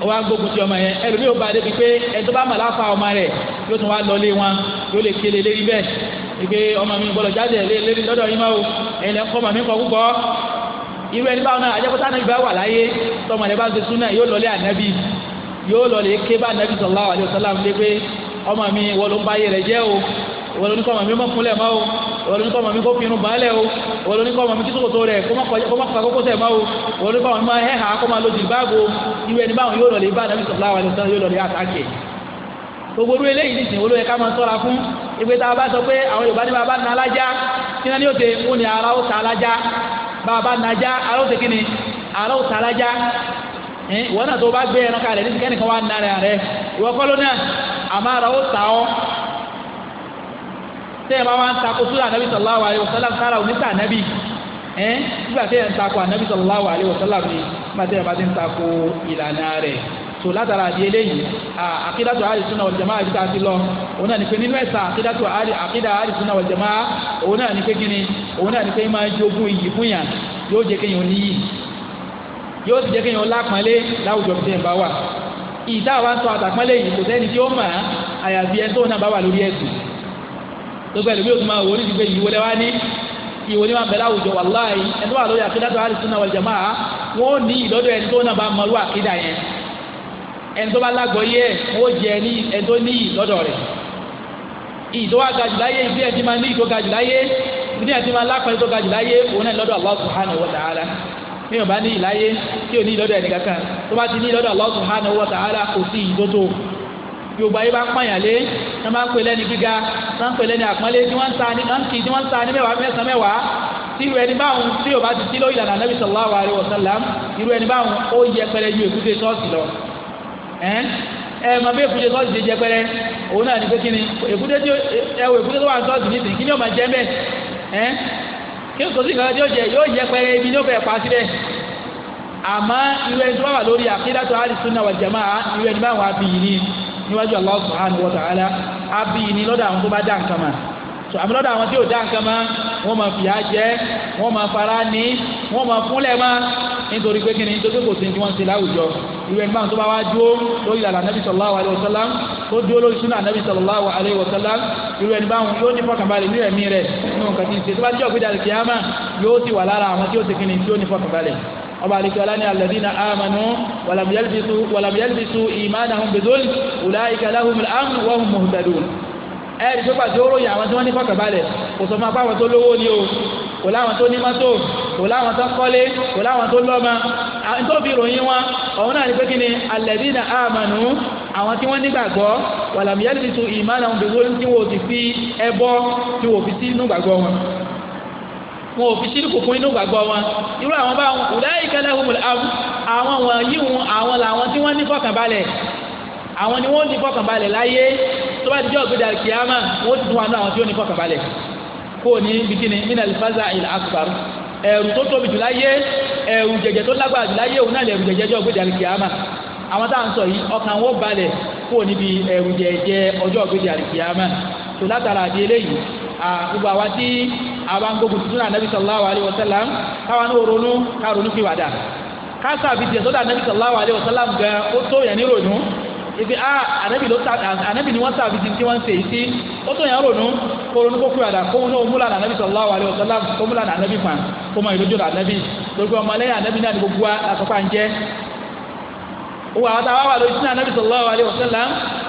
wa wá gbógun ti ọmọ yẹn ẹlòmíì ó ba débi pé ẹni tó bá mọ̀ láfa ọmọ rẹ̀ yóò tún wá lọlé wọn yóò lè kéde lérí bẹ́ẹ̀ ìgbé ọmọ mi gbọ́dọ̀ jáde lérí lọ́dọ̀ yín máa o ẹ̀yin lẹ́ ọmọ mi kọ́ púpọ̀ irú ẹni báwọn náà ajẹ́kọ́tà náà ìbá wà láyé tọmọ rẹ̀ bá ṣe súnà yóò lọlé ànábì yóò lọlé ké bá o ìwọ lóní kọ́mọ̀ mi mọ́ fúnlẹ̀ máa o ìwọ lóní kọ́mọ̀ mi kó pinnu baálẹ̀ o ìwọ lóní kọ́mọ̀ mi kíkó tó rẹ̀ kó má fa kókó sẹ̀ máa o ìwọ lóní kọ́mọ̀ mi máa hẹ́hà kó máa lo jìlbáàbò irú ẹni báwọn yóò lọlé bá nàbí sọ̀lá wa lọ́sàn yóò lọlé àtàkì gbogbo orú eléyìí nìsín olóyè ká máa sọ́ra fún ìgbé tá a bá sọ pé àwọn Yorùbá ní bàbá na alájá kí náà ní òde ó ní ara ó ta alájá bàbá najá ara ó ti kí ni ara ó ta alájá ìwọ náà tó bá gbé ẹran kalẹ̀ ní kẹ́nìkan wà nà rẹ̀ ìwọ kọ́ ló náà àmọ́ ara ó ta ọ́ tẹ́yìn bá wá ń takò sódà ànábì sallallahu alaihi wasallam sára oníta ànábì ẹ́ nígbà tẹ́yìn takò ànábì sallallahu alaihi wasallam ni nígbà tẹ́yìn bá ti ń takò ìlànà rẹ̀ tó látara àdí eléyìí àkídàtò àdìsúná wàlìjàmá àdìsá ti lọ òun náà ní pé nínú ẹ̀sà àkídàtò àkídà àdìsúná wàlìjàmá òun náà ní pé kíni òun náà ní pé máa jogún iyì fún yàn yóò jẹ́ kéèyàn níyì yóò sì jẹ́ kéèyàn lápọ́nlé láwùjọ tí ẹ̀ bá wà ìdá wa ń sọ àtàpọ́nlé yìí kò sẹ́ni tí ó mọ̀ àyàfi ẹ̀ tó náà bá wà lórí ẹ̀sìn tó gbẹ lómi òtún máa wò ó nídìí pé ìwò lẹ́wà ní ìwò ní máa bẹ̀rẹ̀ àwùjọ wàláì ẹni wà lórí àkídá tó àlùsùn náà wal jamaa wọn ò ní ìdọ́dọ̀ ẹni tó náà bá mọ̀rú àkídá yẹn ẹni tó bá lágbọ́ yẹ wọn ò jẹ ní ẹni tó ní ìdọ́dọ̀ rẹ̀ ìdó wa gajù láyé máa ní ìdó gajù láyé ibi máa lápẹ̀lẹ́ tó gajù òun náà lọ́dọ̀ Allah yorùbá yìí bá ń pààyàn lé wọ́n máa ń pè lẹ́ni gíga wọ́n ń pè lẹ́ni àpọ́nlé tí wọ́n ń ta ní mọ́ǹkì tí wọ́n ń ta ní mẹ́wàá mẹ́sàn-án mẹ́wàá tí irú ẹni báwọn tí yorùbá ti sí lórí ìlànà Ànábì sallallahu alaihi wasallam irú ẹni báwọn ó yẹ pẹrẹ ju èkúté ṣọ́ọ̀ṣì lọ ẹ mọ bí èkúté ṣọ́ọ̀ṣì ṣe jẹ pẹrẹ òun náà ní pé kí ni èkúté tí ẹ wọ èkúté tó wà ní ni ó máa jẹ mẹ ẹ kí o sọsí nǹkan tí ó jẹ yóò yẹ pẹrẹ ibi ní ó fẹ́ pa àmọ́ irú ẹni tó wà lórí àkídàtọ̀ àdìsúnà wal jamaa irú ẹni báwọn abìyí ni níwájú Allah subhanahu wa ta'ala abíyì ni lọ́dọ̀ àwọn tó bá dá nǹkan mọ̀ so àmì lọ́dọ̀ àwọn tí ò dá nǹkan mọ̀ wọ́n máa fìyà jẹ wọ́n máa fara ní wọ́n máa fúnlẹ̀ mọ́ nítorí pé kíni nítorí kò sí ní wọ́n ti láwùjọ ìwé ẹni báwọn tó bá wá dúró lórí ìlànà nàbì sallallahu alaihi wasallam tó dúró lórí súnà nàbì sallallahu alaihi wasallam ìwé ẹni báwọn yóò ní fọkànbalẹ̀ ní ẹ̀mí rẹ̀ nínú nǹkan tí ń ṣe tó bá jẹ́ òkúta kìámà yóò ti wà lára àwọn tí ó ti kíni tí ó ní fọkànbalẹ̀ ọba àlekẹ́lá ní alladhina amanu walam yalbisu walam yalbisu imanahum bidhulm ulaika lahumul amnu wa hum muhtadun ẹ̀rí tó pàṣẹ ó ròyìn àwọn tí wọ́n ní fọkànbalẹ̀ kò sọ fún apá àwọn tó lówó ni o kò láwọn tó ní mọ́tò kò láwọn tó kọ́lé kò láwọn tó lọ́mọ tó ròyìn wọn ọ̀hún náà ní pé kí ni alladhina amanu àwọn tí wọ́n nígbàgbọ́ wàlàmìyálì tuntun ìmánà òun wọn ò fi ṣírìkù kún inú gbàgbọ́ wọn irú àwọn bá wọn kò dáì kẹlẹ́ humul am àwọn wọ̀nyí wọn àwọn làwọn tí wọ́n ní fọkànbalẹ̀ àwọn ni wọ́n ní fọkànbalẹ̀ láyé tó bá dijọ́ gbé dàrí kìámà wọ́n ti tún wọn àwọn tí wọ́n ní fọkànbalẹ̀ kó o ní bikini mina alifaza il akbar ẹ̀rù tó tóbi jù láyé ẹ̀rù jẹ̀jẹ̀ tó lágbára jù láyé òun náà lẹ̀rù jẹ̀jẹ̀ jọ́ gbé dàrí kìámà àwọn táwọn sọ yìí ọkàn wọn balẹ̀ kó o níbi ẹ̀rù jẹ̀jẹ̀ ọjọ́ gbé dàrí kìámà tó látara àdé eléyìí Ah, gbogbo àwa tí a bá ń gbógun tuntun ànábì sallallahu alayhi wa sallam káwa náà ronú ká ronú fi wàdà káṣá fi tiẹ̀ sọ́dọ̀ ànábì sallallahu alayhi wa sallam gan ó tó yẹn ní ronú ibi a ah, ànábì ló ta ànábì ni wọ́n ta àfi tí wọ́n ń sèyí sí ó tó yẹn ronú kó ronú kó fi wàdà kó náà múlànà ànábì sallallahu alayhi wa sallam kó múlànà ànábì fàn kó mọ ìlójú ànábì gbogbo ọmọlẹ́yìn ànábì náà ni gbogbo gbogbo àwọn táwa wà lójú náà nàbì sallallahu alaihi wasallam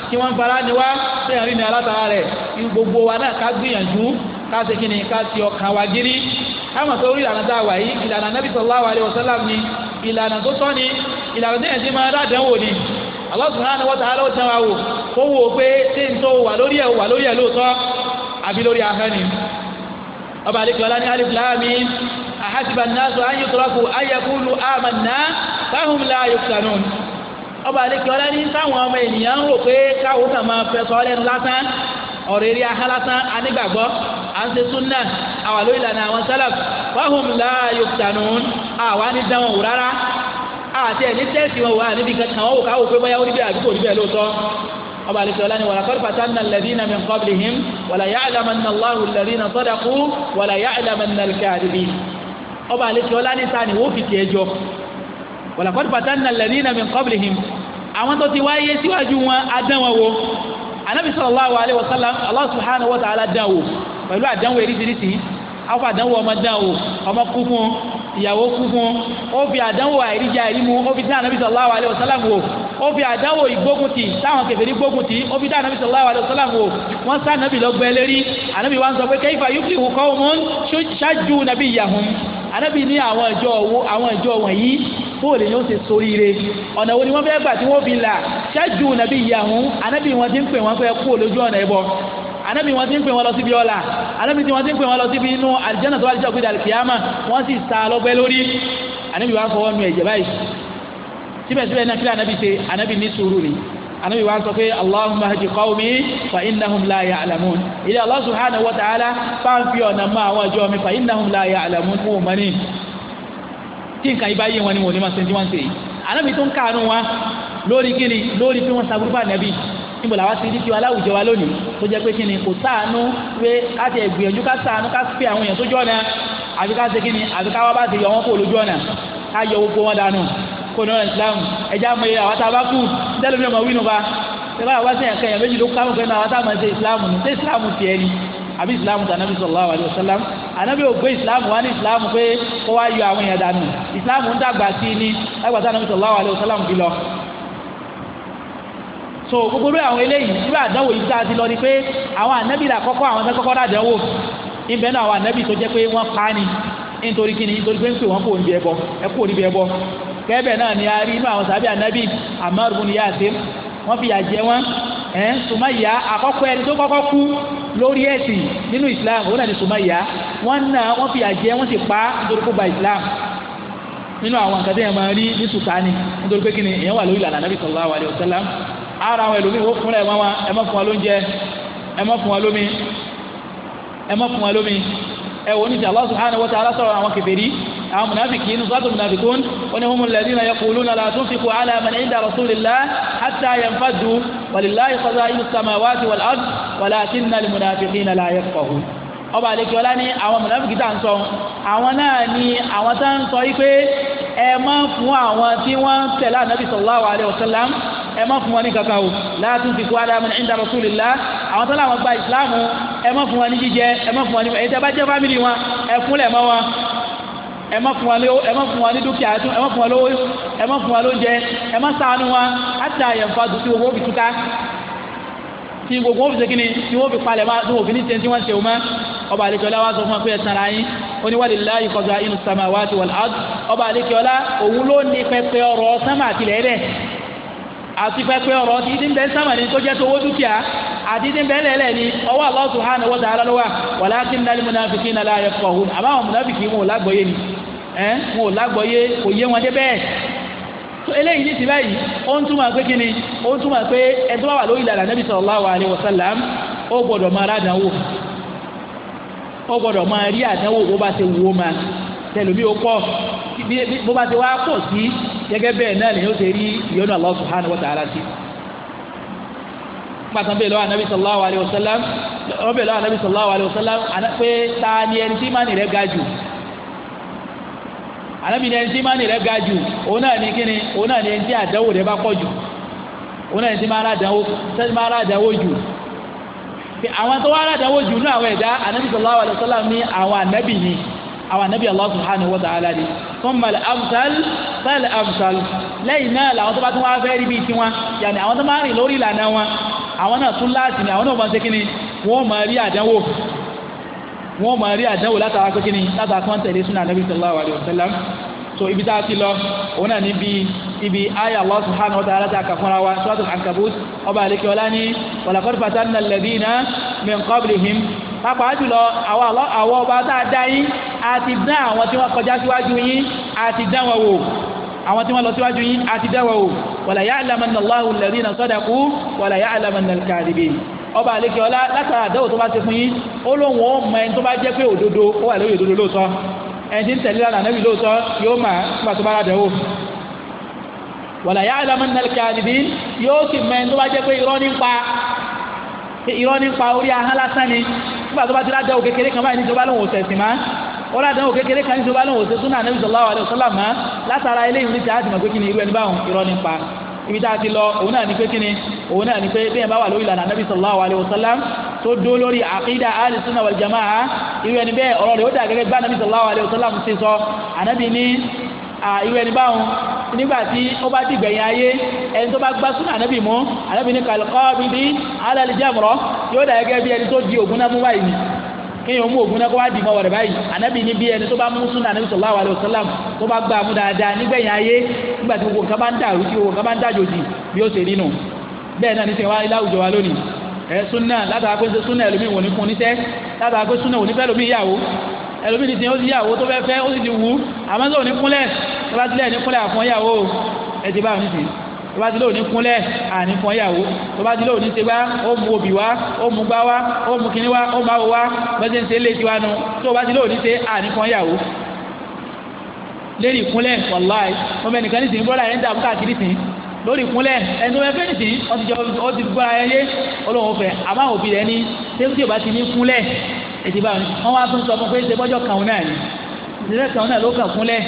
kí wọ́n fara ni wá sẹ́yìn rí mi alátara rẹ̀ gbogbo wa náà ká gbìyànjú ká ṣe kíni ká ti ọkàn wa gírí káwọn tó rí ìlànà tá a wà yìí ìlànà nàbì sallallahu alaihi wasallam ni ìlànà tó tọ́ ni ìlànà tó yẹn ti máa dáadẹ́wò ni Allah subhanahu wa ta'ala ó tẹ́ wa wò kó wò pé tí n tó wà lórí ẹ̀ wà lórí ẹ̀ lóòótọ́ àbí lórí ahọ́n ni ọba àdìgbọ́lá ní alif lam mim ahasiba an-nasu an ọba àlekè ọlá ní táwọn ọmọ ènìyàn ń rò pé káwọn kàn máa fẹ́ sọ lẹ́nu lásán ọ̀rọ̀ eré aha lásán anígbàgbọ́ à ń ṣe súnà àwà lórí ìlànà àwọn sálàf fáwọn láàyò tànù àwa ní dáwọn wò rárá àti ẹni tẹ́sí wọn wò á níbi kankan wọn wò káwọ pé bóyá oníbẹ̀ àdúgbò níbẹ̀ lóòótọ́ ọba àlekè ọlá ní wàlá kọ́ fatanna alladhina min qablihim wàlá ya'lamanna Allahu alladhina sadaqu wàlá ya'lamanna al-kadhibin ọba àlekè ọlá ní àwọn tó ti wáyé síwájú wọn adánwò wo anabi sallallahu alayhi wa sallam allah subhanahu wa ta'ala dánwò pẹ̀lú àdánwò eríṣiríṣi afọ àdánwò ọmọ dánwò ọmọ kú fún ìyàwó kú fún ó fi àdánwò àìríjà ìrímu ó fi dán anabi sallallahu alayhi wa sallam wò ó fi àdánwò ìgbógunti táwọn kèfèrí gbógunti ó fi dán anabi sallallahu alayhi wa sallam wò wọ́n sá anabi lọ gbẹ lérí anabi wa ń sọ pé kayfa yuflihu qawmun shajju nabiyyahum anabi ní àwọn ìjọ wọ̀nyí bóòlù yóò ṣe soríire ọ̀nà wo ni wọ́n fẹ́ gbà tí wọ́n fi là ṣáájú nàbí ìyàhún anábì wọn ti ń pè wọ́n fẹ́ kú olójú ọ̀nà ẹ̀bọ anábì wọn ti ń pè wọ́n lọ síbi ọ̀la anábì tí wọ́n ti ń pè wọ́n lọ síbi inú àlìjẹ́nà tó wà lìjọ́ gbéra àlìkìyàmà wọ́n sì sa lọ́gbẹ́ lórí anábì wọn fọwọ́ nu ẹ̀jẹ̀ báyìí síbẹ̀síbẹ̀ náà kílẹ̀ tí nǹkan yìí bá yé wọn ni wọn ò ní máa ṣe tí wọ́n ń ṣe yìí anábì tó ń káàánú wa lórí kíni lórí bí wọ́n saburú bá nàbì níbo làwa ti di tiwa láwùjọ wa lónìí tó jẹ́ pé kíni kò sáànú pé ká ti gbìyànjú ká sáànú ká pé àwọn èèyàn tó jọ́ náà àbí ká ṣe kíni àbí ká wá bá ti yọ wọn kó lójú ọ̀nà ká yọ gbogbo wọn dànù kó ní ọ̀nà Islam ẹja mọ iye àwọn tá a bá kú dẹ́lu mi ọmọ wínú ba ṣe báyà wá sí ẹ̀ka èèyàn méjì ló ká mọ̀ pé àwọn tá a mọ̀ ṣe Islam ní ṣe Islam tiẹ̀ ni àbí islam tí anabi sallallahu alayhi wa sallam anabi ò gbé islam wá ní islam pé kó wá yọ àwọn èèyàn dànù islam ń dàgbà sí ni lágbà tí anabi sallallahu alayhi wa sallam fi lọ. so gbogbo bí àwọn eléyìí nígbà àdánwò yìí tá a ti lọ ni pé àwọn anabi là kọ́kọ́ àwọn tó kọ́kọ́ dàdánwò ibẹ̀ náà àwọn anabi tó jẹ́ pé wọ́n pa á ni nítorí kíni nítorí pé ń pè wọ́n kò níbi ẹbọ ẹ kò níbi ẹbọ kẹ́bẹ̀ náà ni a rí inú àwọn sàbí anabi Ammar ibn Yasir wọ́n fi yà jẹ wọ́n ẹ̀ Sumayya àkọ́kọ́ ẹni tó kọ́kọ́ kú lórí ẹ̀sìn nínú islam òun náà ni Sumayya wọ́n nà wọ́n fi àjẹ́ wọ́n sì pa nítorí kó ba islam nínú àwọn nǹkan tí yẹn máa rí ní sùtánì nítorí pé kí ni èèyàn wà lórí ìlànà nàbì sallallahu alaihi wasallam ara àwọn ẹlòmíì wọ́n fúnra ẹ̀ wọ́n wá fún wa lóúnjẹ ẹ fún wa lómi ẹ fún wa lómi ẹ ní ti Allah subhanahu wa ta'ala àwọn kèfèrí àwọn munafiki inú sọ́tò munafikun wọn ni humul ladina yaquluna la tunfiqu ala man inda rasulillah hatta yanfadu walillahi khaza'inu samawati wal ard walakinna al-munafiqina la yafqahun ọba àlekíọ́lá ní àwọn mùnàfíkì tá à ń sọ àwọn náà ni àwọn tá à ń sọ wípé ẹ má fún àwọn tí wọ́n ń tẹ̀lé ànábì sallallahu alaihi wasallam ẹ má fún wọn ní kankan o la tunfiqu ala man inda rasulillah àwọn tó láwọn gba ìsìláàmù ẹ má fún wọn ní jíjẹ ẹ má fún wọn ní ẹ̀yìn tẹ́ bá jẹ́ fámìlì wọn ẹ fúnlẹ̀ mọ́ wọn ẹ má fún wa lówó ẹ má fún wa ní dúkìá tún ẹ má fún wa lówó ẹ má fún wa lóúnjẹ ẹ má ṣàánú wa àti àyẹ̀fọ́ àdùsí owó fi túká tí gbogbo wọn fi ṣe kí ni tí wọn fi palẹ̀ máa tí wọn fi ní tiẹ̀ tí wọ́n ṣe o mọ́ ọba àlekẹ́lá wa sọ fún wa pé ẹ sanra yín ó ní walillahi khazainu samawati wal ard ọba àlekẹ́lá òun ló ní pẹpẹ ọrọ̀ sánmà àtìlẹ̀ ẹ̀dẹ̀ àti pẹpẹ ọrọ̀ títí ń bẹ sánmà ní tó jẹ́ tó owó dúkìá àti títí bẹ lẹ́lẹ̀ ni ọwọ́ Allah subhanahu wa ta'ala ló wà walakinnal munafiqina la yafqahun àbáwọn munafiki ele ní ti báyìí ó ń túmọ̀ pé kíni ó ń túmọ̀ pé ẹni tó bá wà lórí ìlànà Nabi sallallahu alaihi wasallam ó gbọ́dọ̀ máa rádànwò ó gbọ́dọ̀ máa rí àdánwò bó bá ṣe máa ó pọ̀ bó bá wá pọ̀ sí gẹ́gẹ́ bẹ́ẹ̀ náà rí wa ta'ala sí pàtàkì bẹ́ẹ̀ lọ́wọ́ ọbẹ̀ lọ́wọ́ pé ta ni ẹni tí ànábì ní ẹni tí ìmánì rẹ̀ ga jù òun náà ní kíni òun náà ní ẹni tí àdánwò rẹ̀ bá pọ̀ jù òun náà ní tí máa aládánwò jù àwọn tó wá aládánwò jù ní àwọn ẹ̀dá ànábì sallallahu alaihi wasallam ní àwọn ànábì ni àwọn ànábì Allah subhanahu wa ta'ala ni thumma al-amthal fal-amthal lẹ́yìn náà làwọn tó bá tún wá fẹ́ rí bíi tiwọn yàní àwọn tó máa rìn lórí ìlànà wọn àwọn náà tún láti ní àwọn náà wọn máa rí àdánwò látara pé kíni látara kí wọ́n tẹ̀lé súnà nàbí sallallahu alayhi wa sallam so ibi tá a ti lọ òun náà níbi ibi ayé allah subhanahu wa ta'ala ta kàfúnra wa suratul ankabut ọba àlekè ọlá ní walaqad fatanna alladhina min qablihim pàápàá jùlọ àwọn ọba tá a dá yín àti dán àwọn tí wọ́n kọjá síwájú yín àti dán wọn wò àwọn tí wọ́n lọ síwájú yín àti dán wọn wò wala ya'lamanna allahu alladhina sadaqu wala ya'lamanna al-kadhibin ọba àlekè ọlá látara àdáwò tó bá ti fún yín ó lóun ó mọ ẹni tó bá jẹ́ pé òdodo ó wà lórí òdodo lóòótọ́ ẹni tí ń tẹ̀lé lánàá níbi lóòótọ́ yóò mà nígbà tó bá rà dẹ̀wò wàlà yà á lámà nàlẹ́kẹ́ àdìbí yóò sì mọ ẹni tó bá jẹ́ pé irọ́ nípa irọ́ nípa orí ahọ́n lásán ni nígbà tó bá ti ládàwò kékeré kan báyìí ní tó bá lóun ò sẹ̀sìn má ó kékeré kan ní tó bá lóun ò sẹ̀sùn náà nàbì sallallahu alaihi wasallam látara eléyìí ní ti àdìmọ̀ pé kí ni irú ẹni báwọn irọ́ nípa ibi tá a ti lọ òun náà ni pé kíni òun náà ni pé bí ẹ bá wà lórí ìlànà nabi sallallahu alayhi wa sallam tó dó lórí àkídà ahli sunna wal jamaa irú ẹni bẹ́ẹ̀ ọ̀rọ̀ rẹ̀ ó dà gẹ́gẹ́ bá nabi sallallahu alayhi wa sallam ti sọ ànábì ní irú ẹni báwọn nígbà tí ó bá dìgbẹ̀yìn ayé ẹni tó bá gbá súnà ànábì mú ànábì ní kal qabidi ala al jamra yóò dà gẹ́gẹ́ bí ẹni tó di ògùn náà mú báyìí kéèyàn mú ògùn náà kó wá dì mọ́ wọ̀rẹ̀ báyìí ànábì ní bí ẹni tó bá mú súnà ànábì sallallahu alaihi wasallam tó bá gbà mú dáadáa nígbẹ̀yìn ayé nígbà tí gbogbo nǹkan bá ń dàrú tí gbogbo nǹkan bá ń dàjòjì bí ó ṣe rí nù bẹ́ẹ̀ náà ní sẹ́wọ́n wá láwùjọ wa lónìí ẹ súnà látara pé súnà ẹlòmíì wò ní fún oníṣẹ́ látara pé súnà òní fẹ́ ẹlòmíì yàwó ẹlòmíì nìsín ó sì yàwó tó fẹ́ fẹ́ ó sì ti wù ú àmọ́ sọ òní kúnlẹ̀ tó bá tilẹ̀ ní kúnlẹ̀ tó bá ti lóò ní kúnlẹ̀ àní fún ìyàwó tó bá ti lóò ní segbá ó mu obì wá ó mu gbá wá ó mu kíní wá ó mu awò wá bẹ́sẹ̀ ń ṣe lé tiwa nu tó bá ti lóò ní se àní fún ìyàwó lérí ìkúnlẹ̀ wàláì ọmọ ẹnìkan ní sìn bọ́lá ẹ̀ ń dààmú káàkiri sìn lórí ìkúnlẹ̀ ẹni tó fẹ́ nìsín wọ́n ti jọ ó ti gbọ́ra ẹ yé olóhùn fẹ́ àmọ́ àwọn òbí rẹ ní tẹ́kùtì ò bá ti ní kúnlẹ̀ ètí bá wọn wá tún sọ fún pé ṣe bọ́jọ́ kàún náà ni ìṣẹ́fẹ́ kàún náà ló kàn kúnlẹ̀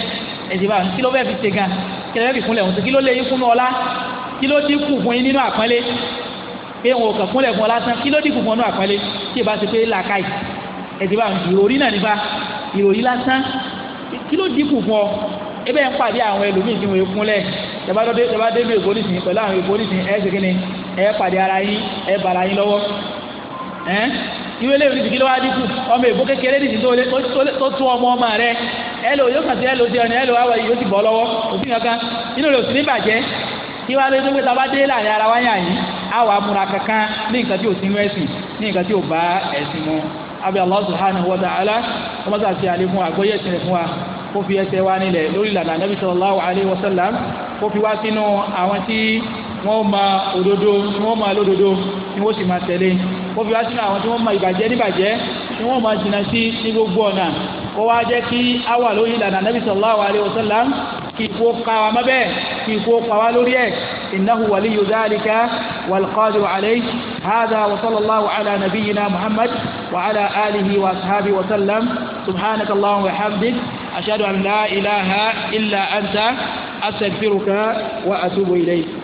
ètí bá kí ló fẹ́ fi ṣe gan kílẹ̀ kì fúnlẹ̀ ọ̀hún kí ló lé yín fún ọlá kí ló dínkù fún yín nínú àpọ́nlé pé wọn ò kàn fúnlẹ̀ fún ọlá sán kí ló dínkù fún ọnú àpọ́nlé tí ìbá ti pé làákàyè ẹ̀sìn bá ìròyìn náà nípa ìròyìn lásán kí ló dínkù fún ọ ebe ń pàdé àwọn ẹlòmíì tí wọn fúnlẹ̀ tẹ̀bá dé bí èkó nísìnyí pẹ̀lú àwọn èkó nísìnyí ẹ̀ ṣe kí ni ẹ̀ pàdé ara yín ẹ̀ bàrà yín lọ́wọ́ ẹ́ irú eléyìí ní ìdíkí ló wá dínkù ọmọ èbó kékeré ní tó tún ọmọ ọmọ rẹ ẹlò yóò kàn sí ẹlò sí ọ̀nà ẹlò àwọn yóò ti bọ̀ lọ́wọ́ òsì kankan inú a òsì ní bàjẹ́ kí wàá lóyún pé tábà dé láàrin ara wáyà yìí á wà á múra kankan ní nǹkan tí ò ẹ̀sìn ní nǹkan tí ò wa wa kó fi ẹsẹ̀ wọ́n ma òdodo wọ́n ma lódodo ni wọ́n sì ma tẹ̀lé wọ́n fi wá sínú àwọn tí wọ́n ma ìbàjẹ́ níbàjẹ́ ni wọ́n ma jìnnà sí ní gbogbo ọ̀nà kó wá jẹ́ kí awa lórí ìlànà nabi sallallahu alayhi wa sallam kí ikú ká wa má bẹ́ẹ̀ kí ikú pa wá lórí ẹ̀ innahu waliyu dhalika wal qadiru alayhi hadha wa sallallahu ala nabiyyina muhammad wa ala alihi wa ashabihi wa wa hamdik wa atubu